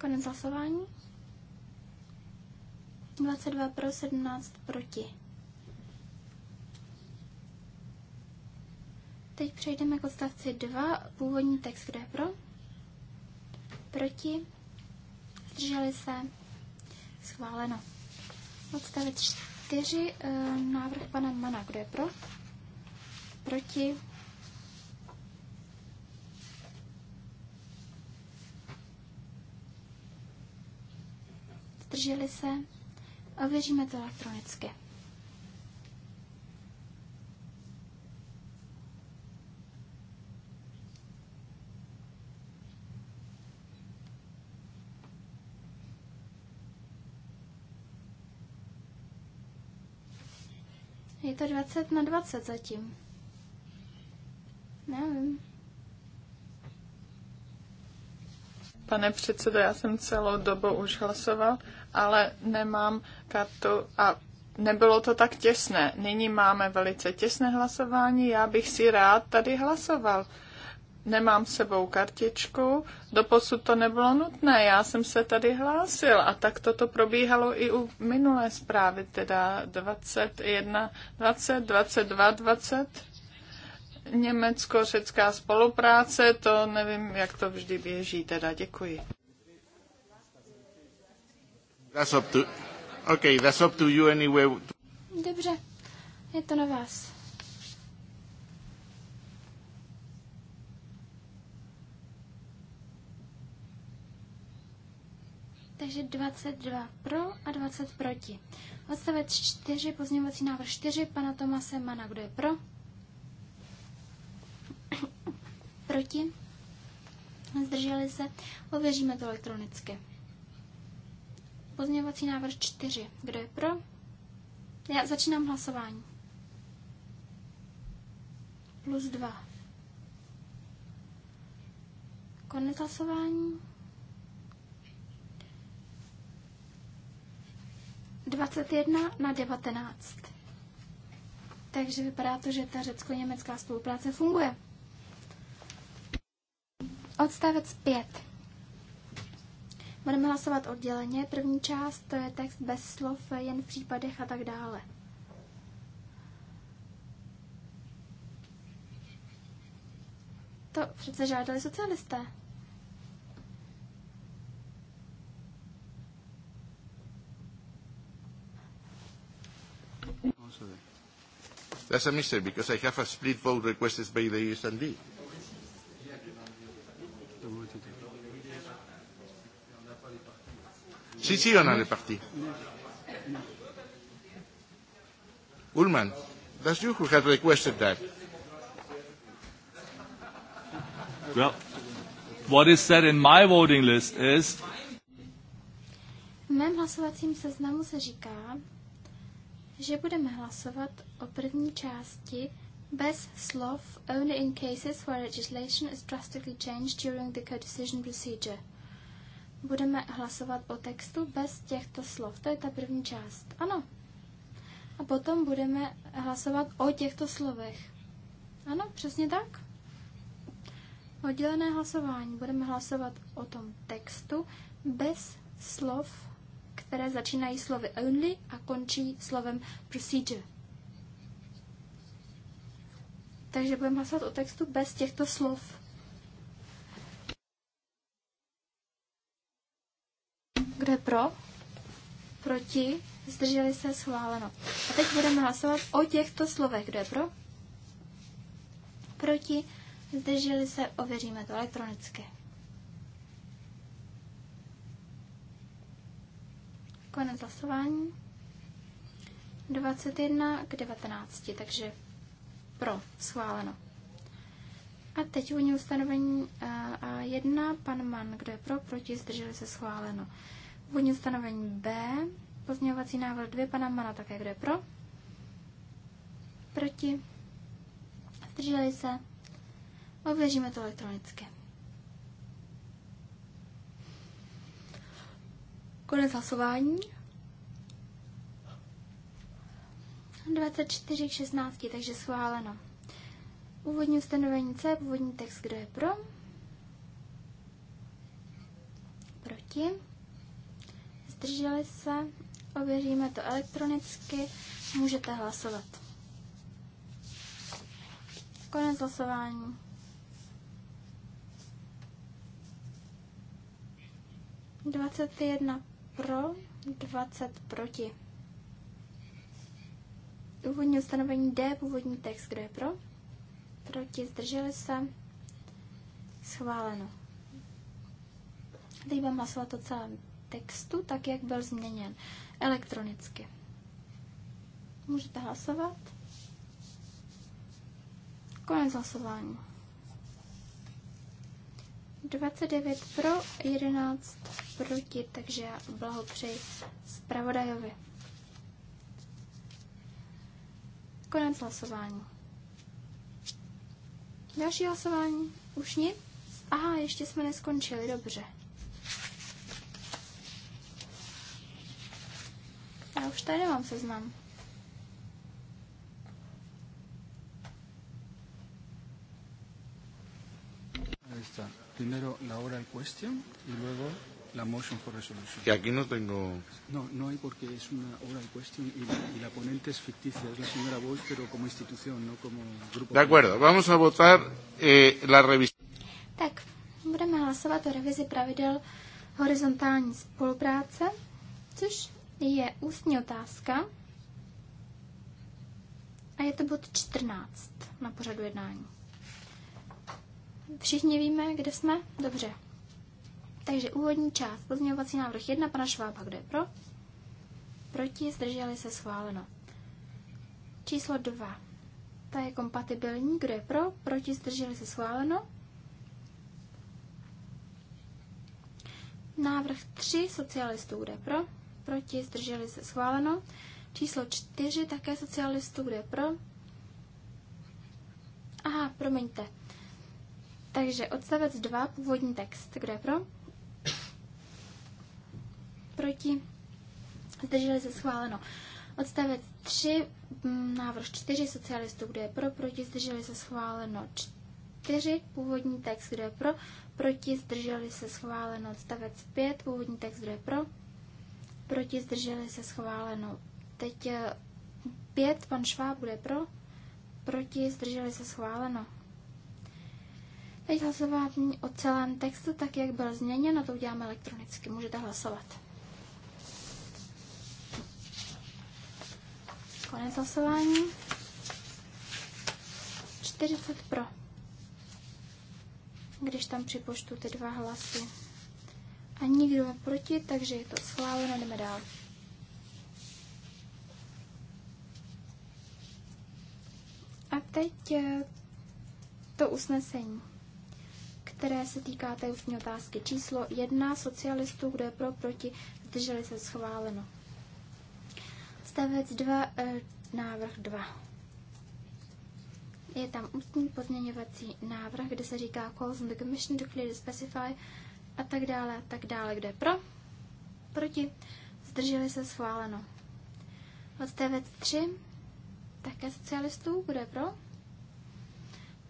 Konec hlasování. 22 pro, 17 proti. Teď přejdeme k odstavci 2, původní text, kde je pro, proti, zdrželi se, schváleno. Odstavec 4, eh, návrh pana Mana, kde je pro, proti, zdrželi se, Ověříme to elektronicky. Je to 20 na 20 zatím. Nevím. Pane předsedo, já jsem celou dobu už hlasoval ale nemám kartu a nebylo to tak těsné. Nyní máme velice těsné hlasování, já bych si rád tady hlasoval. Nemám sebou kartičku, doposud to nebylo nutné, já jsem se tady hlásil a tak toto probíhalo i u minulé zprávy, teda 21, 20, 22, 20. Německo-řecká spolupráce, to nevím, jak to vždy běží, teda děkuji. That's up to... Okay, that's up to you anyway. Dobře, je to na vás. takže 22 pro a 20 proti. Odstavec 4, pozměňovací návrh 4, pana Tomase Mana. Kdo je pro? proti? Zdrželi se? Ověříme to elektronicky. Pozměňovací návrh 4. Kdo je pro? Já začínám hlasování. Plus 2. Konec hlasování. 21 na 19. Takže vypadá to, že ta řecko-německá spolupráce funguje. Odstavec 5. Budeme hlasovat odděleně. První část to je text bez slov, jen v případech a tak dále. To přece žádali socialisté. That's a mistake because I have a split vote requested by the e S&D. Si, si, on en est parti. Ullman, that's you who had requested that. Well, what is said in my voting list is... V mém hlasovacím seznamu se říká, že budeme hlasovat o první části bez slov only in cases where legislation is drastically changed during the co-decision procedure budeme hlasovat o textu bez těchto slov. To je ta první část. Ano. A potom budeme hlasovat o těchto slovech. Ano, přesně tak. Oddělené hlasování. Budeme hlasovat o tom textu bez slov, které začínají slovy only a končí slovem procedure. Takže budeme hlasovat o textu bez těchto slov. je pro? Proti? Zdrželi se? Schváleno. A teď budeme hlasovat o těchto slovech. Kdo je pro? Proti? Zdrželi se? Ověříme to elektronicky. Konec hlasování. 21 k 19, takže pro, schváleno. A teď u ustanovení eh, A1, pan Man, kdo je pro, proti, zdrželi se schváleno. Původní ustanovení B, pozměňovací návrh 2 pana Mana také, kdo je pro? Proti? Zdrželi se? Ověříme to elektronicky. Konec hlasování. 24 k 16, takže schváleno. Úvodní ustanovení C, původní text, kdo je pro? Proti? zdrželi se, ověříme to elektronicky, můžete hlasovat. Konec hlasování. Dvacet jedna pro, dvacet proti. Původní ustanovení D, původní text, kdo je pro? Proti, zdrželi se. Schváleno. Teď budeme hlasovat o celém textu, tak jak byl změněn elektronicky. Můžete hlasovat. Konec hlasování. 29 pro, 11 proti, takže já blahopřeji zpravodajovi. Konec hlasování. Další hlasování? Už nic? Aha, ještě jsme neskončili, dobře. Já už tady nemám seznam. Primero la oral question y luego la motion for resolution. Y aquí no tengo. No, no hay porque es una hora oral cuestión y y la ponente es ficticia, es la señora Boyce, pero como institución, no como grupo. De acuerdo, vamos a votar eh, la revisión. Tak, budeme hlasovat o revizi pravidel horizontální spolupráce, což je ústní otázka a je to bod 14 na pořadu jednání. Všichni víme, kde jsme? Dobře. Takže úvodní část, pozměňovací návrh 1, pana Švába, kde je pro? Proti, zdrželi se schváleno. Číslo 2. Ta je kompatibilní, kdo je pro? Proti, zdrželi se schváleno. Návrh 3 socialistů, kde je pro? proti, zdrželi se schváleno. Číslo čtyři také socialistů, kde pro. Aha, promiňte. Takže odstavec 2, původní text, kdo je pro? Proti, zdrželi se schváleno. Odstavec 3, mm, návrh 4 socialistů, kde je pro, proti, zdrželi se schváleno 4, původní text, kdo je pro, proti, zdrželi se schváleno odstavec 5, původní text, kdo je pro, proti, zdrželi se schváleno. Teď eh, pět, pan Šváb bude pro, proti, zdrželi se schváleno. Teď hlasování o celém textu, tak jak byl změněn, a to uděláme elektronicky. Můžete hlasovat. Konec hlasování. 40 pro. Když tam připoštu ty dva hlasy. A nikdo je proti, takže je to schváleno, jdeme dál. A teď eh, to usnesení, které se týká té ústní otázky. Číslo jedna socialistů, kdo je pro, proti, zdrželi se schváleno. Stavec 2, eh, návrh 2. Je tam ústní pozměňovací návrh, kde se říká calls on the commission to clearly specify a tak dále, a tak dále. Kdo je pro? Proti? Zdrželi se schváleno. Odstavec 3. Také socialistů. Kdo je pro?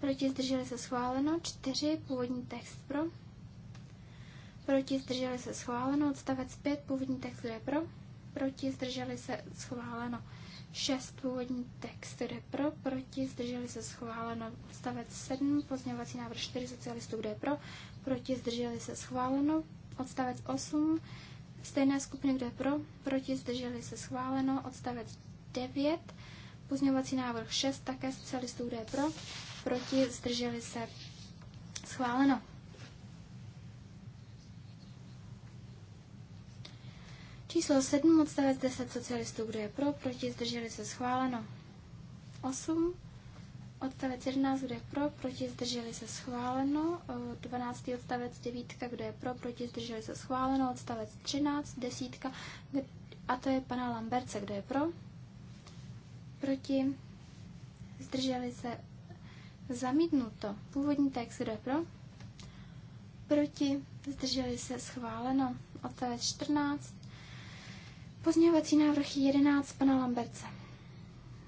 Proti zdrželi se schváleno. 4. Původní text pro. Proti zdrželi se schváleno. Odstavec 5. Původní text. Kdo je pro? Proti zdrželi se schváleno. 6. Původní text. Kdo je pro? Proti zdrželi se schváleno. Odstavec 7. Pozměňovací návrh 4. Socialistů. Kdo je pro? proti, zdrželi se schváleno. Odstavec 8, stejné skupiny, kde pro, proti, zdrželi se schváleno. Odstavec 9, pozměňovací návrh 6, také socialistů, kde pro, proti, zdrželi se schváleno. Číslo 7, odstavec 10 socialistů, kde pro, proti, zdrželi se schváleno. 8, Odstavec 11, kdo je pro, proti, zdrželi se schváleno. 12. Eh, odstavec 9, kdo je pro, proti, zdrželi se schváleno. Odstavec 13, 10, a to je pana Lamberce, kdo je pro, proti, zdrželi se zamítnuto. Původní text, kdo je pro, proti, zdrželi se schváleno. Odstavec 14, pozměňovací návrh 11 pana Lamberce.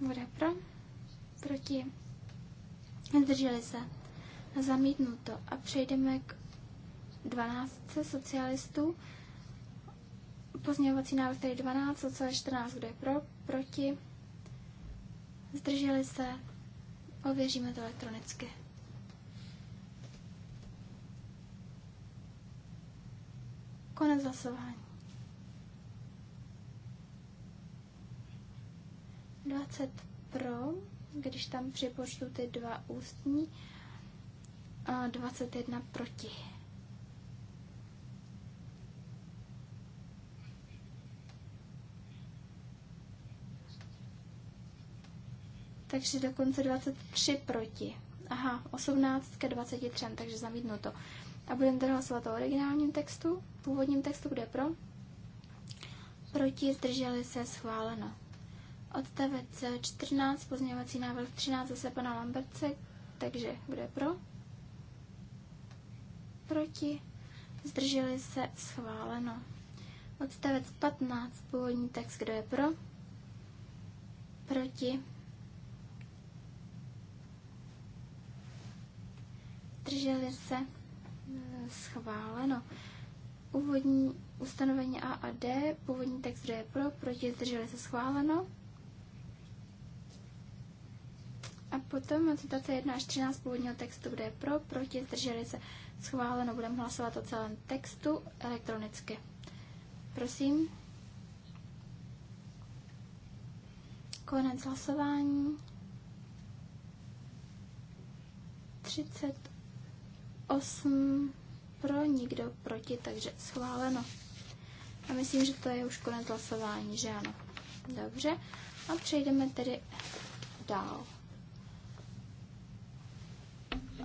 Bude pro, proti, Zdrželi se. Zamítnuto. A přejdeme k 12 socialistů. Pozměňovací návrh tady 12, sociál 14, kdo je pro, proti. Zdrželi se. Ověříme to elektronicky. Konec hlasování. 20 pro, když tam připočtu ty dva ústní, 21 proti. Takže dokonce 23 proti. Aha, 18 ke 23, takže zamítnu to. A budeme tedy hlasovat o originálním textu, původním textu, kde pro? Proti zdrželi se schváleno. Odstavec 14, pozměňovací návrh 13 zase pana Lamberce, takže kdo je pro? Proti? Zdrželi se? Schváleno. Odstavec 15, původní text, kdo je pro? Proti? Zdrželi se? Schváleno. Úvodní ustanovení A a D, původní text, kdo je pro? Proti? Zdrželi se? Schváleno. A potom citace 1 až 13 původního textu, kde je pro, proti, zdrželi se, schváleno, budeme hlasovat o celém textu elektronicky. Prosím. Konec hlasování. 38 pro, nikdo proti, takže schváleno. A myslím, že to je už konec hlasování, že ano. Dobře. A přejdeme tedy dál.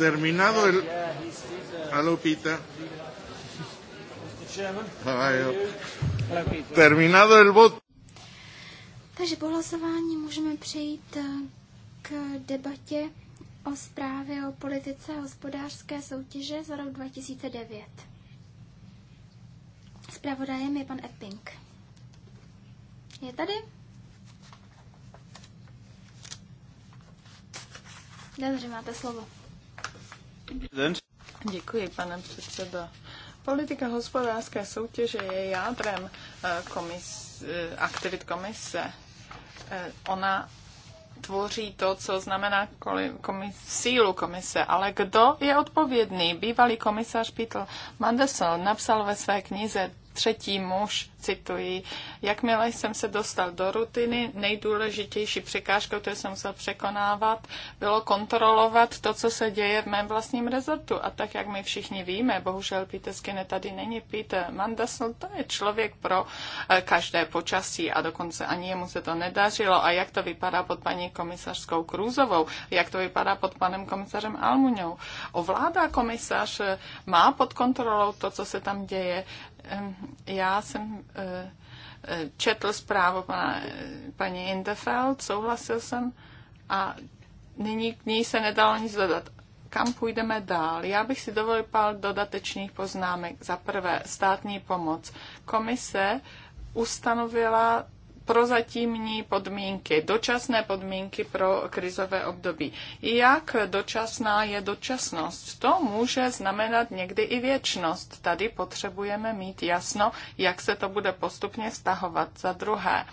terminado el. Hello, Peter. Terminado el voto. Takže po hlasování můžeme přejít eh, k debatě o zprávě o politice a hospodářské soutěže za rok 2009. Zpravodajem je pan Epping. Je tady? Dobře, máte slovo. Děkuji, pane předsedo. Politika hospodářské soutěže je jádrem eh, komis, eh, aktivit komise. Eh, ona tvoří to, co znamená komis, sílu komise. Ale kdo je odpovědný? Bývalý komisař Peter Mandelson napsal ve své knize třetí muž, cituji, jakmile jsem se dostal do rutiny, nejdůležitější překážkou, kterou jsem musel překonávat, bylo kontrolovat to, co se děje v mém vlastním rezortu. A tak, jak my všichni víme, bohužel Peter Skinner tady není Peter Mandelson, to je člověk pro eh, každé počasí a dokonce ani jemu se to nedařilo. A jak to vypadá pod paní komisařskou Krůzovou, jak to vypadá pod panem komisařem Almuňou. Ovládá komisař, eh, má pod kontrolou to, co se tam děje, já jsem eh, eh, četl zprávu pana, paní Indefeld, souhlasil jsem a nyní k ní se nedalo nic dodat. Kam půjdeme dál? Já bych si dovolil pár dodatečných poznámek. Za prvé, státní pomoc. Komise ustanovila prozatímní podmínky, dočasné podmínky pro krizové období. Jak dočasná je dočasnost? To může znamenat někdy i věčnost. Tady potřebujeme mít jasno, jak se to bude postupně stahovat. Za druhé,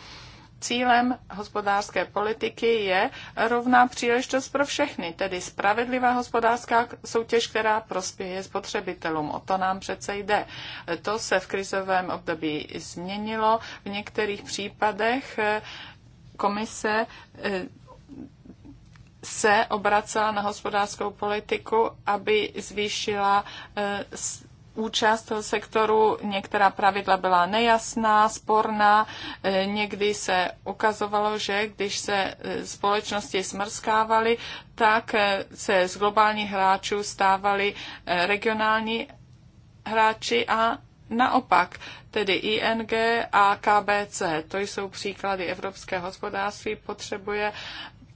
Cílem hospodářské politiky je rovná příležitost pro všechny, tedy spravedlivá hospodářská soutěž, která prospěje spotřebitelům. O to nám přece jde. To se v krizovém období změnilo. V některých případech eh, komise eh, se obracela na hospodářskou politiku, aby zvýšila eh, účast sektoru, některá pravidla byla nejasná, sporná, e, někdy se ukazovalo, že když se e, společnosti smrskávaly, tak e, se z globálních hráčů stávali regionální hráči a naopak, tedy ING a KBC, to jsou příklady evropské hospodářství, potřebuje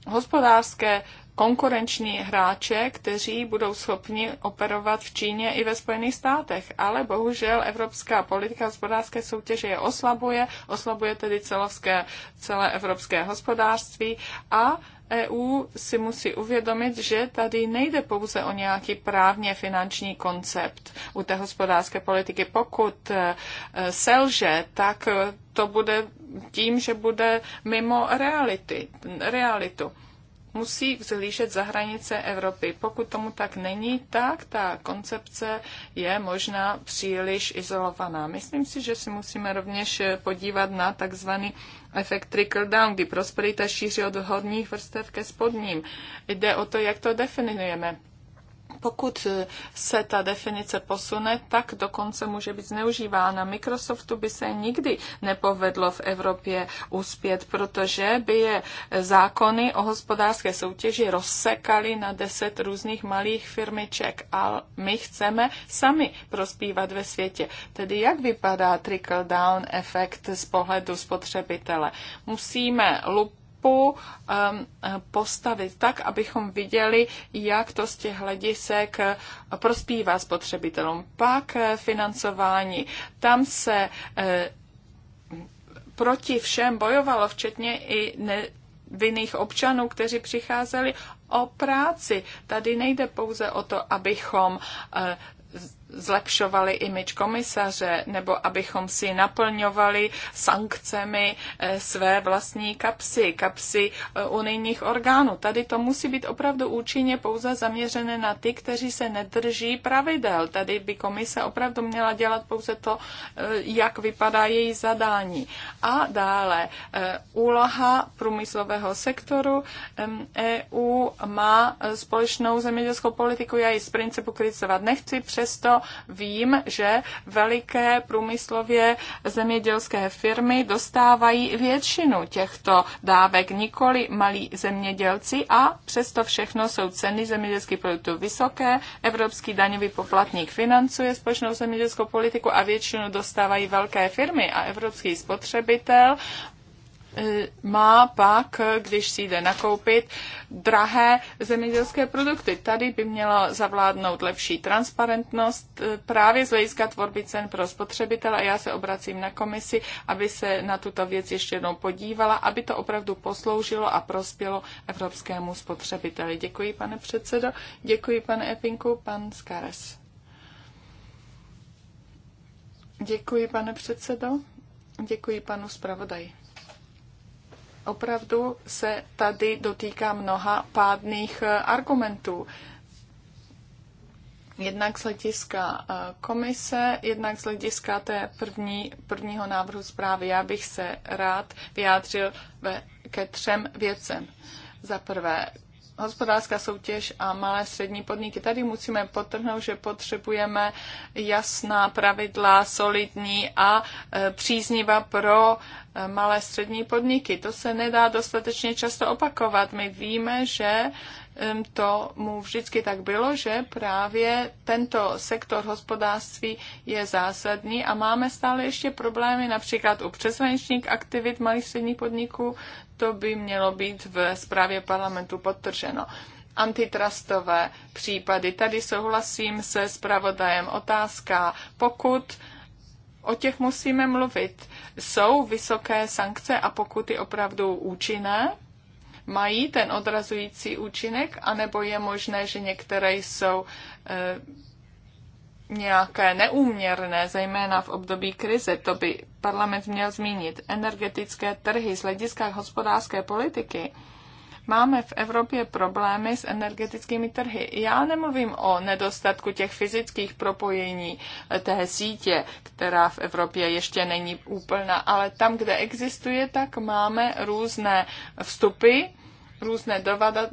hospodářské konkurenční hráče, kteří budou schopni operovat v Číně i ve Spojených státech. Ale bohužel evropská politika hospodářské soutěže je oslabuje, oslabuje tedy celovské, celé evropské hospodářství a EU si musí uvědomit, že tady nejde pouze o nějaký právně finanční koncept u té hospodářské politiky. Pokud e, selže, tak to bude tím, že bude mimo reality, realitu musí vzhlížet za hranice Evropy. Pokud tomu tak není, tak ta koncepce je možná příliš izolovaná. Myslím si, že si musíme rovněž podívat na takzvaný efekt trickle-down, kdy prosperita šíří od horních vrstev ke spodním. Jde o to, jak to definujeme pokud eh, se ta definice posune, tak dokonce může být zneužívána. Microsoftu by se nikdy nepovedlo v Evropě uspět, protože by je zákony o hospodářské soutěži rozsekaly na deset různých malých firmiček a my chceme sami prospívat ve světě. Tedy jak vypadá trickle-down efekt z pohledu spotřebitele? Musíme lup mapu um, postavit tak, abychom viděli, jak to z těch hledisek prospívá spotřebitelům. Pak eh, financování. Tam se eh, proti všem bojovalo, včetně i vinných občanů, kteří přicházeli o práci. Tady nejde pouze o to, abychom eh, zlepšovali imič komisaře nebo abychom si naplňovali sankcemi eh, své vlastní kapsy, kapsy eh, unijních orgánů. Tady to musí být opravdu účinně pouze zaměřené na ty, kteří se nedrží pravidel. Tady by komise opravdu měla dělat pouze to, eh, jak vypadá její zadání. A dále úloha průmyslového sektoru. EU e má společnou zemědělskou politiku, já ji z principu kritizovat nechci, přesto vím, že veliké průmyslově zemědělské firmy dostávají většinu těchto dávek, nikoli malí zemědělci a přesto všechno jsou ceny zemědělských produktů vysoké. Evropský daňový poplatník financuje společnou zemědělskou politiku a většinu dostávají velké firmy a evropský spotřebitel E, má pak, když si jde nakoupit, drahé zemědělské produkty. Tady by měla zavládnout lepší transparentnost e, právě z hlediska tvorby cen pro spotřebitele a já se obracím na komisi, aby se na tuto věc ještě jednou podívala, aby to opravdu posloužilo a prospělo evropskému spotřebiteli. Děkuji, pane předsedo. Děkuji, pane Epinku. Pan Skares. Děkuji, pane předsedo. Děkuji panu zpravodaji opravdu se tady dotýká mnoha pádných eh, argumentů. Jednak z hlediska eh, komise, jednak z hlediska té první, prvního návrhu zprávy. Já bych se rád vyjádřil ve, ke třem věcem. Za prvé, hospodářská soutěž a malé střední podniky. Tady musíme potrhnout, že potřebujeme jasná pravidla, solidní a e, příznivá pro e, malé střední podniky. To se nedá dostatečně často opakovat. My víme, že e, to mu vždycky tak bylo, že právě tento sektor hospodářství je zásadní a máme stále ještě problémy například u přeshraničních aktivit malých středních podniků, to by mělo být v zprávě parlamentu podtrženo. Antitrustové případy. Tady souhlasím se zpravodajem. Otázka, pokud o těch musíme mluvit, jsou vysoké sankce a pokuty opravdu účinné? Mají ten odrazující účinek, anebo je možné, že některé jsou eh, nějaké neúměrné, zejména v období krize, to by parlament měl zmínit, energetické trhy z hlediska hospodářské politiky, máme v Evropě problémy s energetickými trhy. Já nemluvím o nedostatku těch fyzických propojení eh, té sítě, která v Evropě ještě není úplná, ale tam, kde existuje, tak máme různé vstupy, různé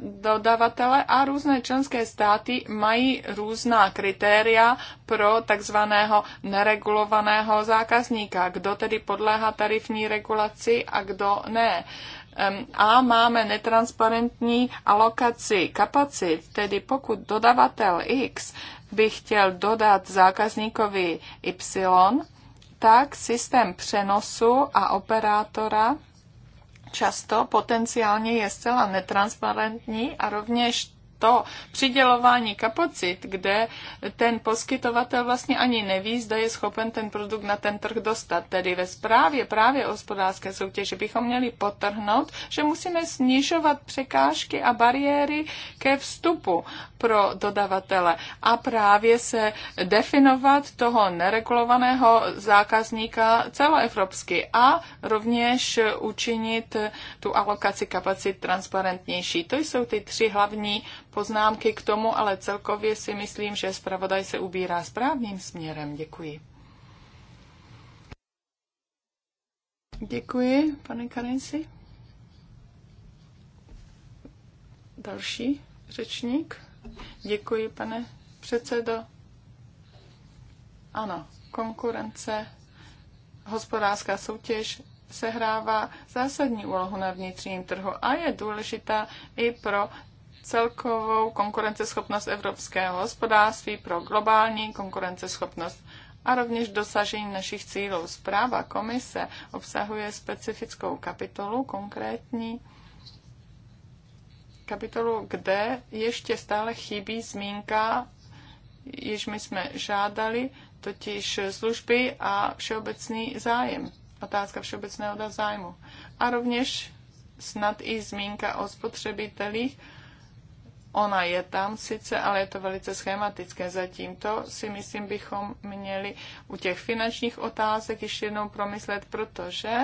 dodavatele a různé členské státy mají různá kritéria pro takzvaného neregulovaného zákazníka, kdo tedy podléhá tarifní regulaci a kdo ne. A máme netransparentní alokaci kapacit, tedy pokud dodavatel X by chtěl dodat zákazníkovi Y, tak systém přenosu a operátora často potenciálně je zcela netransparentní a rovněž to přidělování kapacit, kde ten poskytovatel vlastně ani neví, zda je schopen ten produkt na ten trh dostat. Tedy ve zprávě právě o hospodářské soutěži bychom měli potrhnout, že musíme snižovat překážky a bariéry ke vstupu pro dodavatele a právě se definovat toho neregulovaného zákazníka celoevropsky a rovněž učinit tu alokaci kapacit transparentnější. To jsou ty tři hlavní poznámky k tomu, ale celkově si myslím, že zpravodaj se ubírá správným směrem. Děkuji. Děkuji, pane Karenci. Další řečník. Děkuji, pane předsedo. Ano, konkurence, hospodářská soutěž sehrává zásadní úlohu na vnitřním trhu a je důležitá i pro celkovou konkurenceschopnost evropského hospodářství pro globální konkurenceschopnost a rovněž dosažení našich cílů. Zpráva komise obsahuje specifickou kapitolu, konkrétní kapitolu, kde ještě stále chybí zmínka, již my jsme žádali, totiž služby a všeobecný zájem. Otázka všeobecného zájmu. A rovněž snad i zmínka o spotřebitelích, Ona je tam sice, ale je to velice schematické. Zatím to si myslím, bychom měli u těch finančních otázek ještě jednou promyslet, protože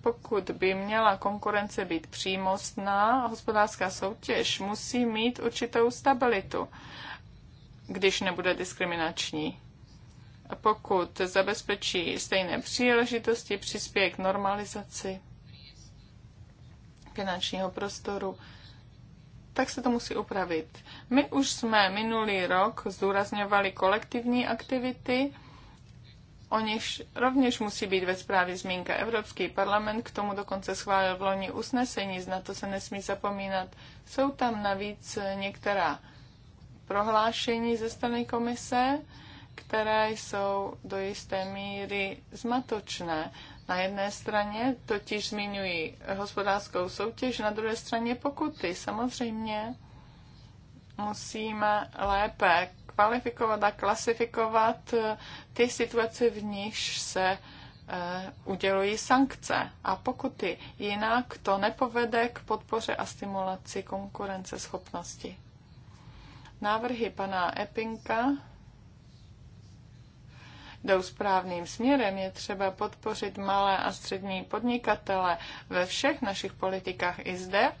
pokud by měla konkurence být přímostná, hospodářská soutěž musí mít určitou stabilitu, když nebude diskriminační. Pokud zabezpečí stejné příležitosti, přispěje k normalizaci finančního prostoru, tak se to musí upravit. My už jsme minulý rok zdůrazňovali kolektivní aktivity, o nichž rovněž musí být ve zprávě zmínka. Evropský parlament k tomu dokonce schválil v loni usnesení, na to se nesmí zapomínat. Jsou tam navíc některá prohlášení ze strany komise, které jsou do jisté míry zmatočné. Na jedné straně totiž zmiňují hospodářskou soutěž, na druhé straně pokuty. Samozřejmě musíme lépe kvalifikovat a klasifikovat eh, ty situace, v nichž se eh, udělují sankce a pokuty. Jinak to nepovede k podpoře a stimulaci konkurenceschopnosti. Návrhy pana Epinka jdou správným směrem. Je třeba podpořit malé a střední podnikatele ve všech našich politikách i zde.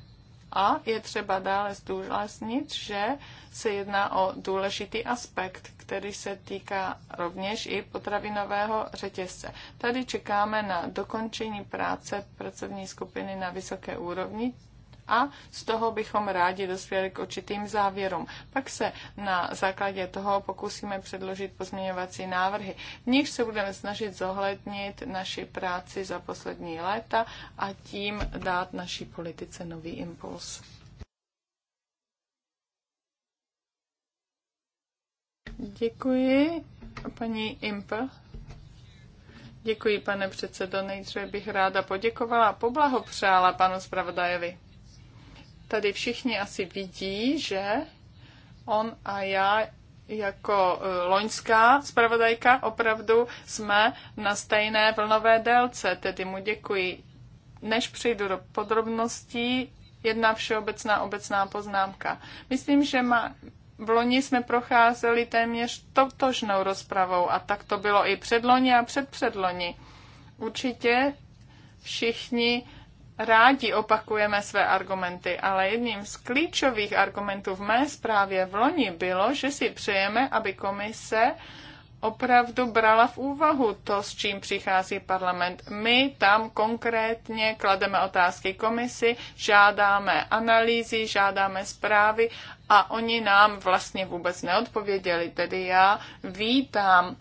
A je třeba dále zdůraznit, že se jedná o důležitý aspekt, který se týká rovněž i potravinového řetězce. Tady čekáme na dokončení práce pracovní skupiny na vysoké úrovni, a z toho bychom rádi dospěli k určitým závěrům. Pak se na základě toho pokusíme předložit pozměňovací návrhy. V nich se budeme snažit zohlednit naši práci za poslední léta a tím dát naší politice nový impuls. Děkuji, paní Imp. Děkuji, pane předsedo. Nejdříve bych ráda poděkovala a poblahopřála panu zpravodajovi tady všichni asi vidí, že on a já jako e, loňská zpravodajka opravdu jsme na stejné vlnové délce, tedy mu děkuji. Než přejdu do podrobností, jedna všeobecná obecná poznámka. Myslím, že má, v loni jsme procházeli téměř totožnou rozpravou a tak to bylo i předloni a předpředloni. Určitě všichni rádi opakujeme své argumenty, ale jedním z klíčových argumentů v mé zprávě v loni bylo, že si přejeme, aby komise opravdu brala v úvahu to, s čím přichází parlament. My tam konkrétně klademe otázky komisi, žádáme analýzy, žádáme zprávy a oni nám vlastně vůbec neodpověděli. Tedy já vítám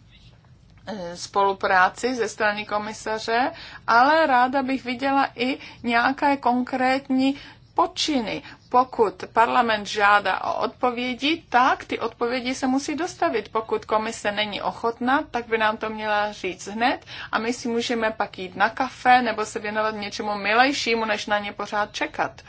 Eh, spolupráci ze strany komisaře, ale ráda bych viděla i nějaké konkrétní počiny. Pokud parlament žádá o odpovědi, tak ty odpovědi se musí dostavit. Pokud komise není ochotná, tak by nám to měla říct hned a my si můžeme pak jít na kafe nebo se věnovat něčemu milejšímu, než na ně pořád čekat.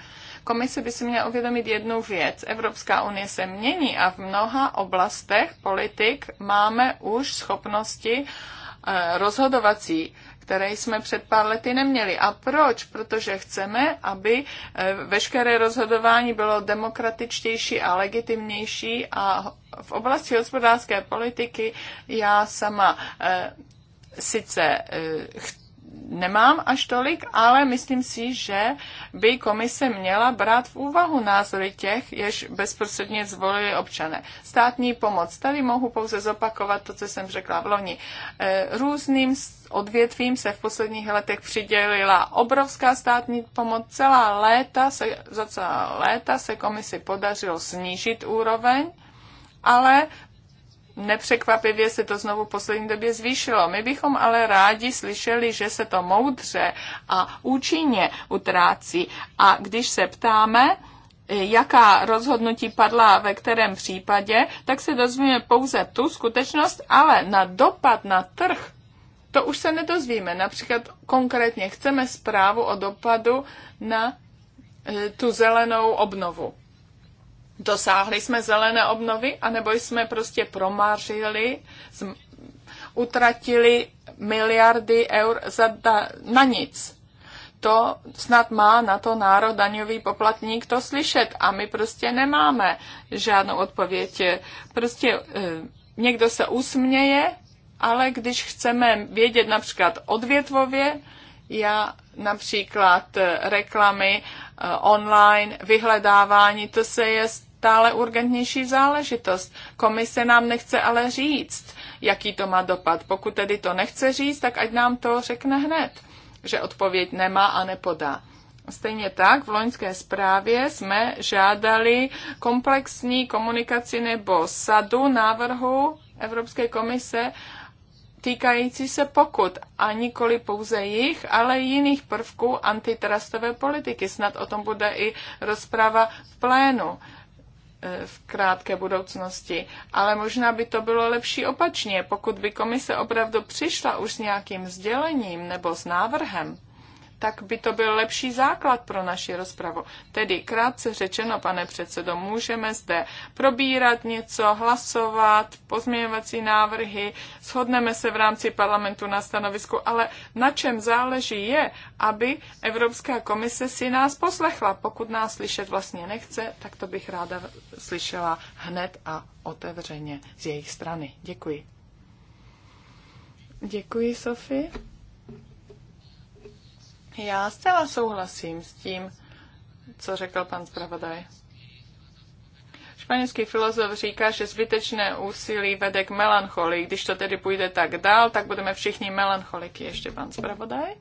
Komise by si měla uvědomit jednu věc. Evropská unie se mění a v mnoha oblastech politik máme už schopnosti eh, rozhodovací, které jsme před pár lety neměli. A proč? Protože chceme, aby eh, veškeré rozhodování bylo demokratičtější a legitimnější a v oblasti hospodářské politiky já sama eh, sice chci nemám až tolik, ale myslím si, že by komise měla brát v úvahu názory těch, jež bezprostředně zvolili občané. Státní pomoc. Tady mohu pouze zopakovat to, co jsem řekla v loni. Eh, různým odvětvím se v posledních letech přidělila obrovská státní pomoc. Celá léta se, za celá léta se komisi podařilo snížit úroveň ale nepřekvapivě se to znovu v poslední době zvýšilo. My bychom ale rádi slyšeli, že se to moudře a účinně utrácí. A když se ptáme, jaká rozhodnutí padla ve kterém případě, tak se dozvíme pouze tu skutečnost, ale na dopad na trh to už se nedozvíme. Například konkrétně chceme zprávu o dopadu na eh, tu zelenou obnovu Dosáhli jsme zelené obnovy, anebo jsme prostě promařili, utratili miliardy eur za na nic. To snad má na to národ daňový poplatník to slyšet a my prostě nemáme žádnou odpověď. Prostě eh, někdo se usměje, ale když chceme vědět například odvětvově, já například reklamy Eh, online, vyhledávání, to se je stále urgentnější záležitost. Komise nám nechce ale říct, jaký to má dopad. Pokud tedy to nechce říct, tak ať nám to řekne hned, že odpověď nemá a nepodá. Stejně tak v loňské zprávě jsme žádali komplexní komunikaci nebo sadu návrhu Evropské komise týkající se pokud a nikoli pouze jich, ale jiných prvků antitrustové politiky. Snad o tom bude i rozprava v plénu eh, v krátké budoucnosti. Ale možná by to bylo lepší opačně, pokud by komise opravdu přišla už s nějakým sdělením nebo s návrhem tak by to byl lepší základ pro naši rozpravu. Tedy krátce řečeno, pane předsedo, můžeme zde probírat něco, hlasovat, pozměňovací návrhy, shodneme se v rámci parlamentu na stanovisku, ale na čem záleží je, aby Evropská komise si nás poslechla. Pokud nás slyšet vlastně nechce, tak to bych ráda slyšela hned a otevřeně z jejich strany. Děkuji. Děkuji, Sofie. Já zcela souhlasím s tím, co řekl pan zpravodaj. Španělský filozof říká, že zbytečné úsilí vede k melancholii. Když to tedy půjde tak dál, tak budeme všichni melancholiky. Ještě pan zpravodaj?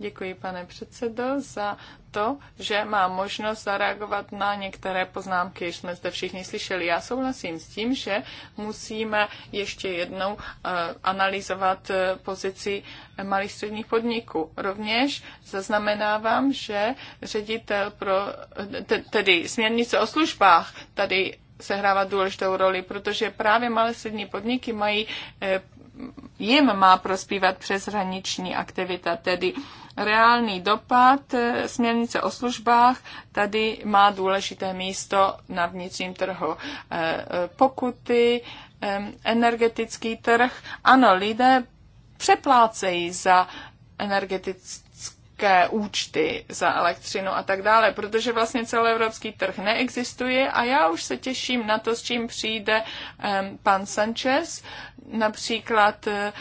Děkuji, pane předsedo, za to, že má možnost zareagovat na některé poznámky, jsme zde všichni slyšeli. Já souhlasím s tím, že musíme ještě jednou eh, analyzovat eh, pozici malých středních podniků. Rovněž zaznamenávám, že ředitel pro, eh, tedy směrnice o službách, tady sehrává důležitou roli, protože právě malé střední podniky mají jim má prospívat přeshraniční aktivita, tedy reálný dopad eh, směrnice o službách tady má důležité místo na vnitřním trhu. Eh, pokuty, energetický trh, ano, lidé přeplácejí za energetické účty za elektřinu a tak dále, protože vlastně celoevropský trh neexistuje a já už se těším na to, s čím přijde um, pan Sanchez například eh,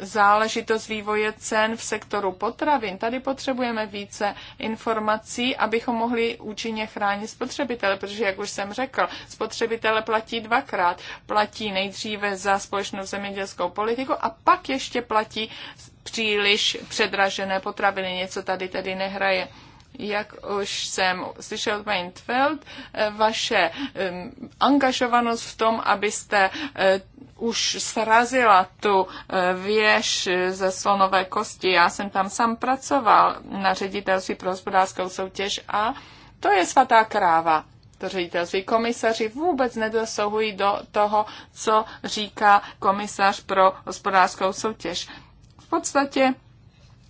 záležitost vývoje cen v sektoru potravin. Tady potřebujeme více informací, abychom mohli účinně chránit spotřebitele, protože, jak už jsem řekl, spotřebitele platí dvakrát. Platí nejdříve za společnou zemědělskou politiku a pak ještě platí příliš předražené potraviny. Něco tady tedy nehraje jak už jsem slyšel, paní Tveld, eh, vaše angažovanost v tom, abyste eh, už srazila tu eh, věž ze slonové kosti. Já jsem tam sám pracoval na ředitelství pro hospodářskou soutěž a to je svatá kráva. To ředitelství komisaři vůbec nedosahují do toho, co říká komisař pro hospodářskou soutěž. V podstatě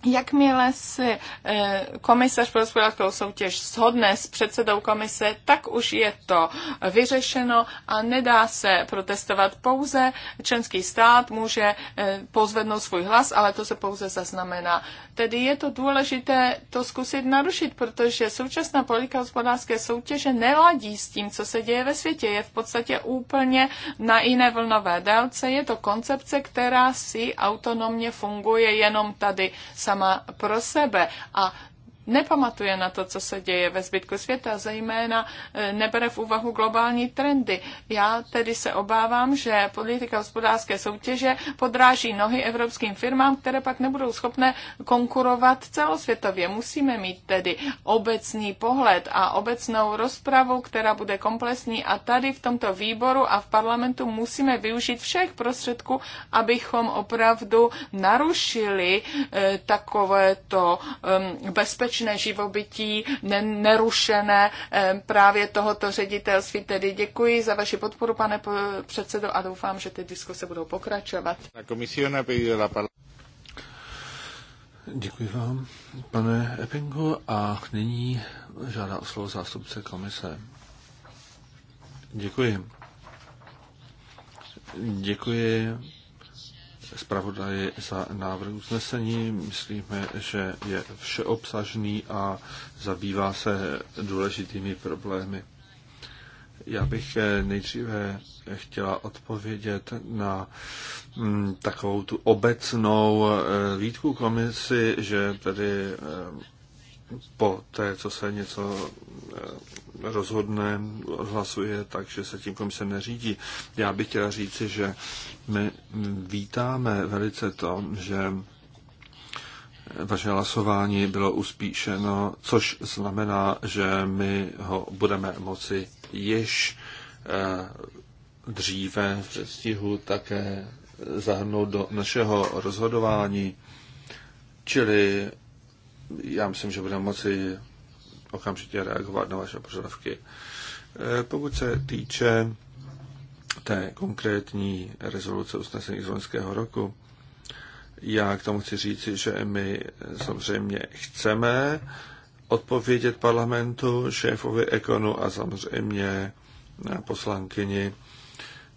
Jakmile si eh, komisař pro hospodářskou soutěž shodne s předsedou komise, tak už je to vyřešeno a nedá se protestovat pouze. Členský stát může eh, pozvednout svůj hlas, ale to se pouze zaznamená. Tedy je to důležité to zkusit narušit, protože současná politika hospodářské soutěže neladí s tím, co se děje ve světě. Je v podstatě úplně na jiné vlnové délce. Je to koncepce, která si autonomně funguje jenom tady sama pro sebe. A nepamatuje na to, co se děje ve zbytku světa, zejména eh, nebere v úvahu globální trendy. Já tedy se obávám, že politika hospodářské soutěže podráží nohy evropským firmám, které pak nebudou schopné konkurovat celosvětově. Musíme mít tedy obecný pohled a obecnou rozpravu, která bude komplexní a tady v tomto výboru a v parlamentu musíme využít všech prostředků, abychom opravdu narušili eh, takovéto bezpečnost věčné živobytí nerušené eh, právě tohoto ředitelství. Tedy děkuji za vaši podporu, pane předsedo, a doufám, že ty diskuse budou pokračovat. Děkuji vám, pane Eppingu, a nyní žádá o slovo zástupce komise. Děkuji. Děkuji zpravodaji za návrh usnesení. Myslíme, že je všeobsažný a zabývá se důležitými problémy. Já bych eh, nejdříve chtěla odpovědět na mm, takovou tu obecnou eh, výtku komisi, že tedy eh, po té, co se něco rozhodne, hlasuje, takže se tím komise neřídí. Já bych chtěla říci, že my vítáme velice to, že vaše hlasování bylo uspíšeno, což znamená, že my ho budeme moci již eh, dříve v předstihu také zahrnout do našeho rozhodování. Čili já myslím, že budeme moci okamžitě reagovat na vaše požadavky. E, pokud se týče té konkrétní rezoluce usnesení z loňského roku, já k tomu chci říci, že my samozřejmě chceme odpovědět parlamentu, šéfovi Ekonu a samozřejmě poslankyni,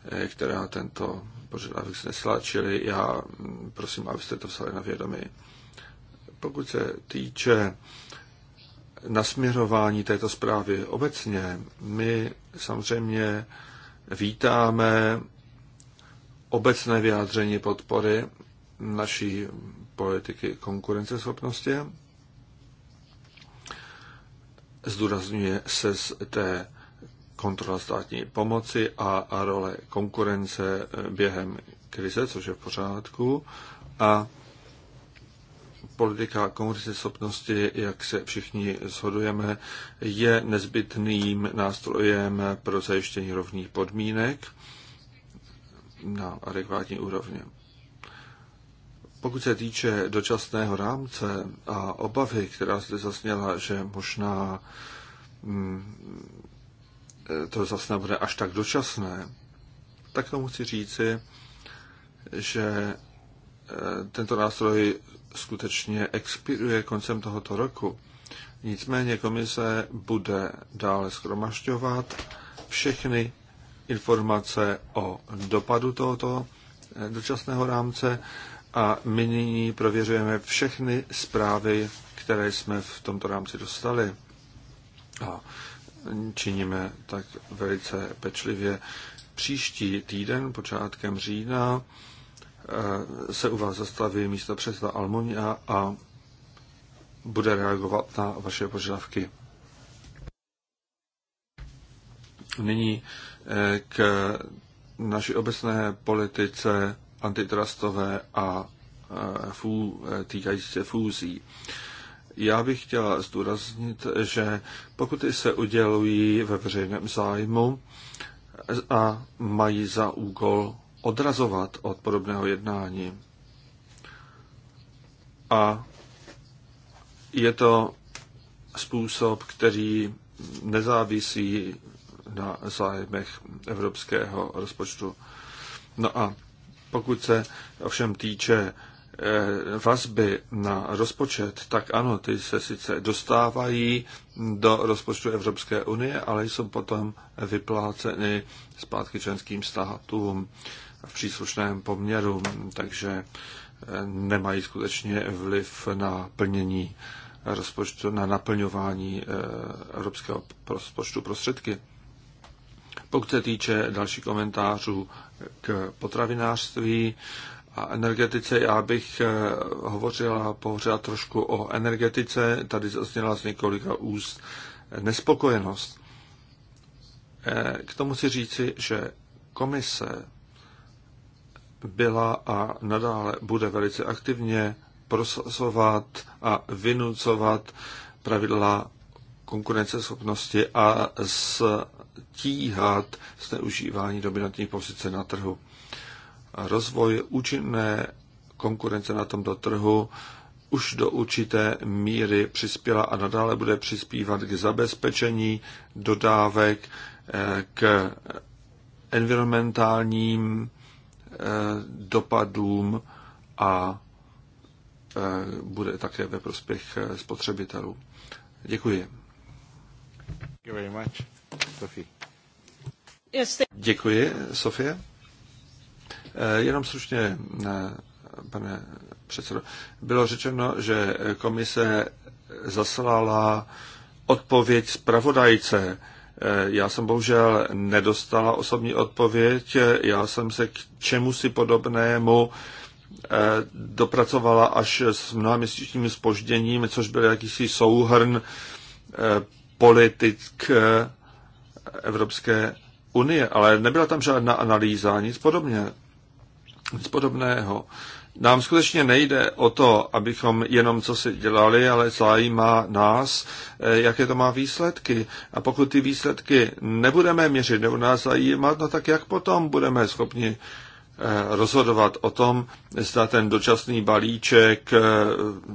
e, která tento požadavek snesla, čili já mm, prosím, abyste to vzali na vědomí. Pokud se týče nasměrování této zprávy obecně, my samozřejmě vítáme obecné vyjádření podpory naší politiky konkurenceschopnosti. Zdůrazňuje se z té kontrola státní pomoci a a role konkurence během krize, což je v pořádku. A politika schopnosti, jak se všichni shodujeme, je nezbytným nástrojem pro zajištění rovných podmínek na adekvátní úrovni. Pokud se týče dočasného rámce a obavy, která zde zasněla, že možná mm, to zase nebude až tak dočasné, tak tomu chci říci, že e, tento nástroj skutečně expiruje koncem tohoto roku. Nicméně komise bude dále schromažďovat všechny informace o dopadu tohoto eh, dočasného rámce a my nyní prověřujeme všechny zprávy, které jsme v tomto rámci dostali. A činíme tak velice pečlivě. Příští týden, počátkem října, Eh, se u vás zastaví místo předseda Almonia a bude reagovat na vaše požadavky. Nyní eh, k naší obecné politice antitrustové a eh, fů, týkající se fúzí. Já bych chtěl zdůraznit, že pokud se udělují ve veřejném zájmu a mají za úkol odrazovat od podobného jednání. A je to způsob, který nezávisí na zájmech evropského rozpočtu. No a pokud se ovšem týče eh, vazby na rozpočet, tak ano, ty se sice dostávají do rozpočtu Evropské unie, ale jsou potom vypláceny zpátky členským státům v příslušném poměru, takže eh, nemají skutečně vliv na plnění rozpočtu, na naplňování eh, evropského rozpočtu prostředky. Pokud se týče dalších komentářů k potravinářství a energetice, já bych eh, hovořila pořád trošku o energetice. Tady zazněla z několika úst nespokojenost. K tomu si říci, že komise byla a nadále bude velice aktivně prosazovat a vynucovat pravidla konkurenceschopnosti a stíhat zneužívání dominantních pozice na trhu. Rozvoj účinné konkurence na tomto trhu už do určité míry přispěla a nadále bude přispívat k zabezpečení dodávek, eh, k environmentálním Eh, dopadům a eh, bude také ve prospěch eh, spotřebitelů. Děkuji. Děkuji, Sofie. Jenom slušně, pane předsedo. Bylo řečeno, že komise zaslala odpověď zpravodajce Eh, já jsem bohužel nedostala osobní odpověď. Já jsem se k čemu si podobnému eh, dopracovala až s mnoha měsíčními spožděním, což byl jakýsi souhrn eh, politik Evropské unie, ale nebyla tam žádná analýza, nic podobně, nic podobného. Nám skutečně nejde o to, abychom jenom co si dělali, ale zajímá nás, eh, jaké to má výsledky. A pokud ty výsledky nebudeme měřit, nebo nás zajímat, no tak jak potom budeme schopni eh, rozhodovat o tom, zda ten dočasný balíček eh,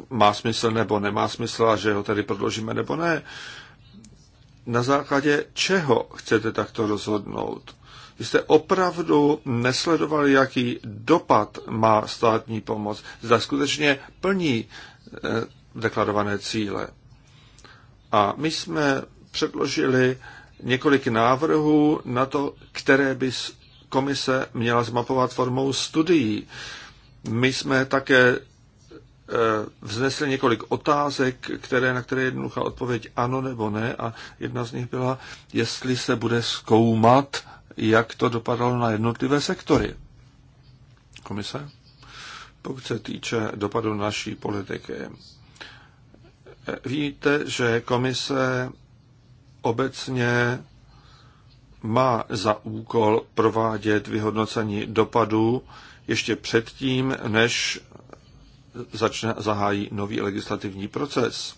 má smysl nebo nemá smysl a že ho tady prodloužíme nebo ne. Na základě čeho chcete takto rozhodnout? Vy jste opravdu nesledovali, jaký dopad má státní pomoc. Zda skutečně plní eh, deklarované cíle. A my jsme předložili několik návrhů na to, které by komise měla zmapovat formou studií. My jsme také eh, vznesli několik otázek, které, na které jednoduchá odpověď ano nebo ne a jedna z nich byla, jestli se bude zkoumat jak to dopadalo na jednotlivé sektory. Komise? Pokud se týče dopadu naší politiky, víte, že komise obecně má za úkol provádět vyhodnocení dopadů ještě předtím, než začne, zahájí nový legislativní proces.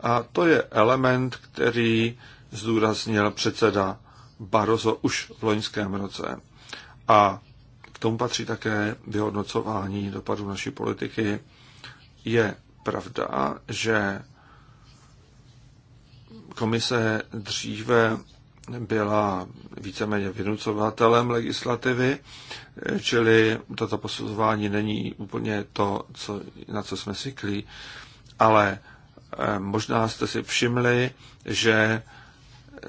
A to je element, který zdůraznil předseda Barozo už v loňském roce. A k tomu patří také vyhodnocování dopadu naší politiky. Je pravda, že komise dříve byla víceméně vynucovatelem legislativy, čili toto posuzování není úplně to, co, na co jsme syklí, ale eh, možná jste si všimli, že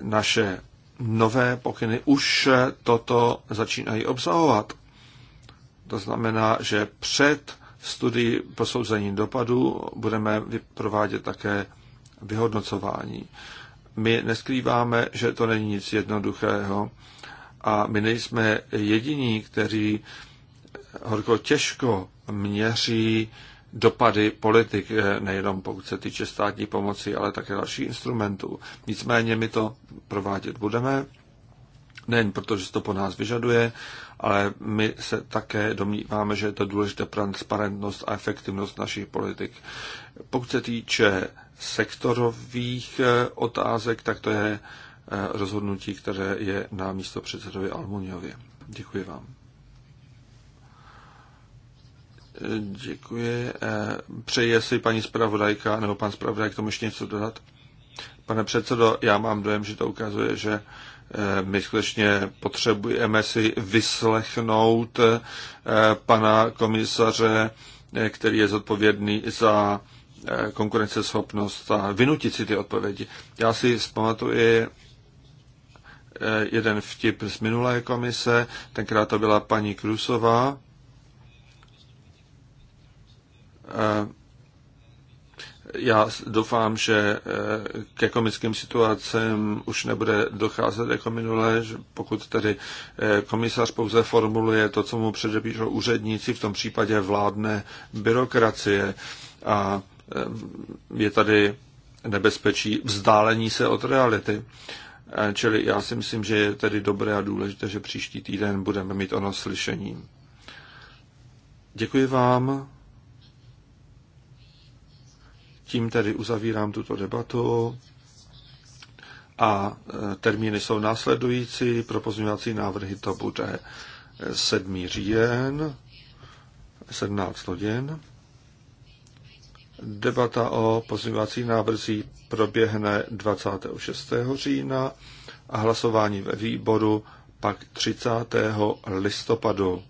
naše nové pokyny už toto začínají obsahovat. To znamená, že před studií posouzení dopadu budeme provádět také vyhodnocování. My neskrýváme, že to není nic jednoduchého a my nejsme jediní, kteří horko těžko měří dopady politik, eh, nejenom pokud se týče státní pomoci, ale také dalších instrumentů. Nicméně my to provádět budeme, nejen protože se to po nás vyžaduje, ale my se také domníváme, že je to důležité transparentnost a efektivnost našich politik. Pokud se týče sektorových eh, otázek, tak to je eh, rozhodnutí, které je na místo předsedovi Almuniově. Děkuji vám. Děkuji. Eh, Přeje si paní zpravodajka nebo pan zpravodaj k tomu ještě něco dodat? Pane předsedo, já mám dojem, že to ukazuje, že eh, my skutečně potřebujeme si vyslechnout eh, pana komisaře, který je zodpovědný za konkurenceschopnost a vynutit si ty odpovědi. Já si vzpamatuji jeden vtip z minulé komise, tenkrát to byla paní Krusová, Eh, já doufám, že eh, ke komickým situacím už nebude docházet jako minule, že pokud tedy eh, komisař pouze formuluje to, co mu předepíšou úředníci, v tom případě vládne byrokracie a je tady nebezpečí vzdálení se od reality. Čili já si myslím, že je tedy dobré a důležité, že příští týden budeme mít ono slyšení. Děkuji vám. Tím tedy uzavírám tuto debatu a e, termíny jsou následující. Pro pozměňovací návrhy to bude 7. říjen, 17 hodin. Debata o pozměňovací návrzí proběhne 26. října a hlasování ve výboru pak 30. listopadu.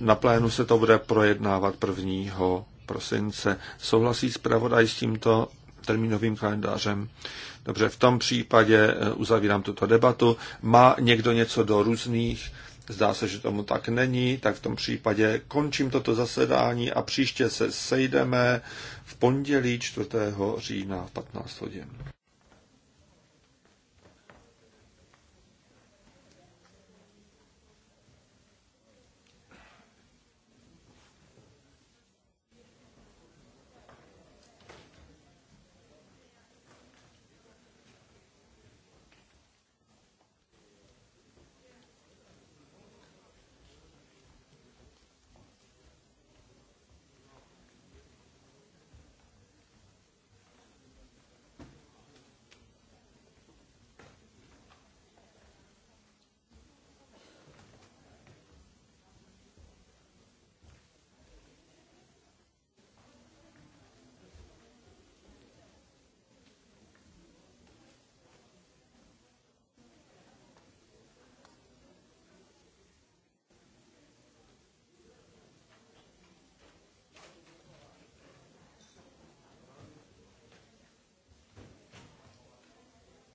Na plénu se to bude projednávat 1 prosince. Souhlasí zpravodaj s tímto termínovým kalendářem? Dobře, v tom případě e, uzavírám tuto debatu. Má někdo něco do různých? Zdá se, že tomu tak není, tak v tom případě končím toto zasedání a příště se sejdeme v pondělí 4. října v 15 hodin.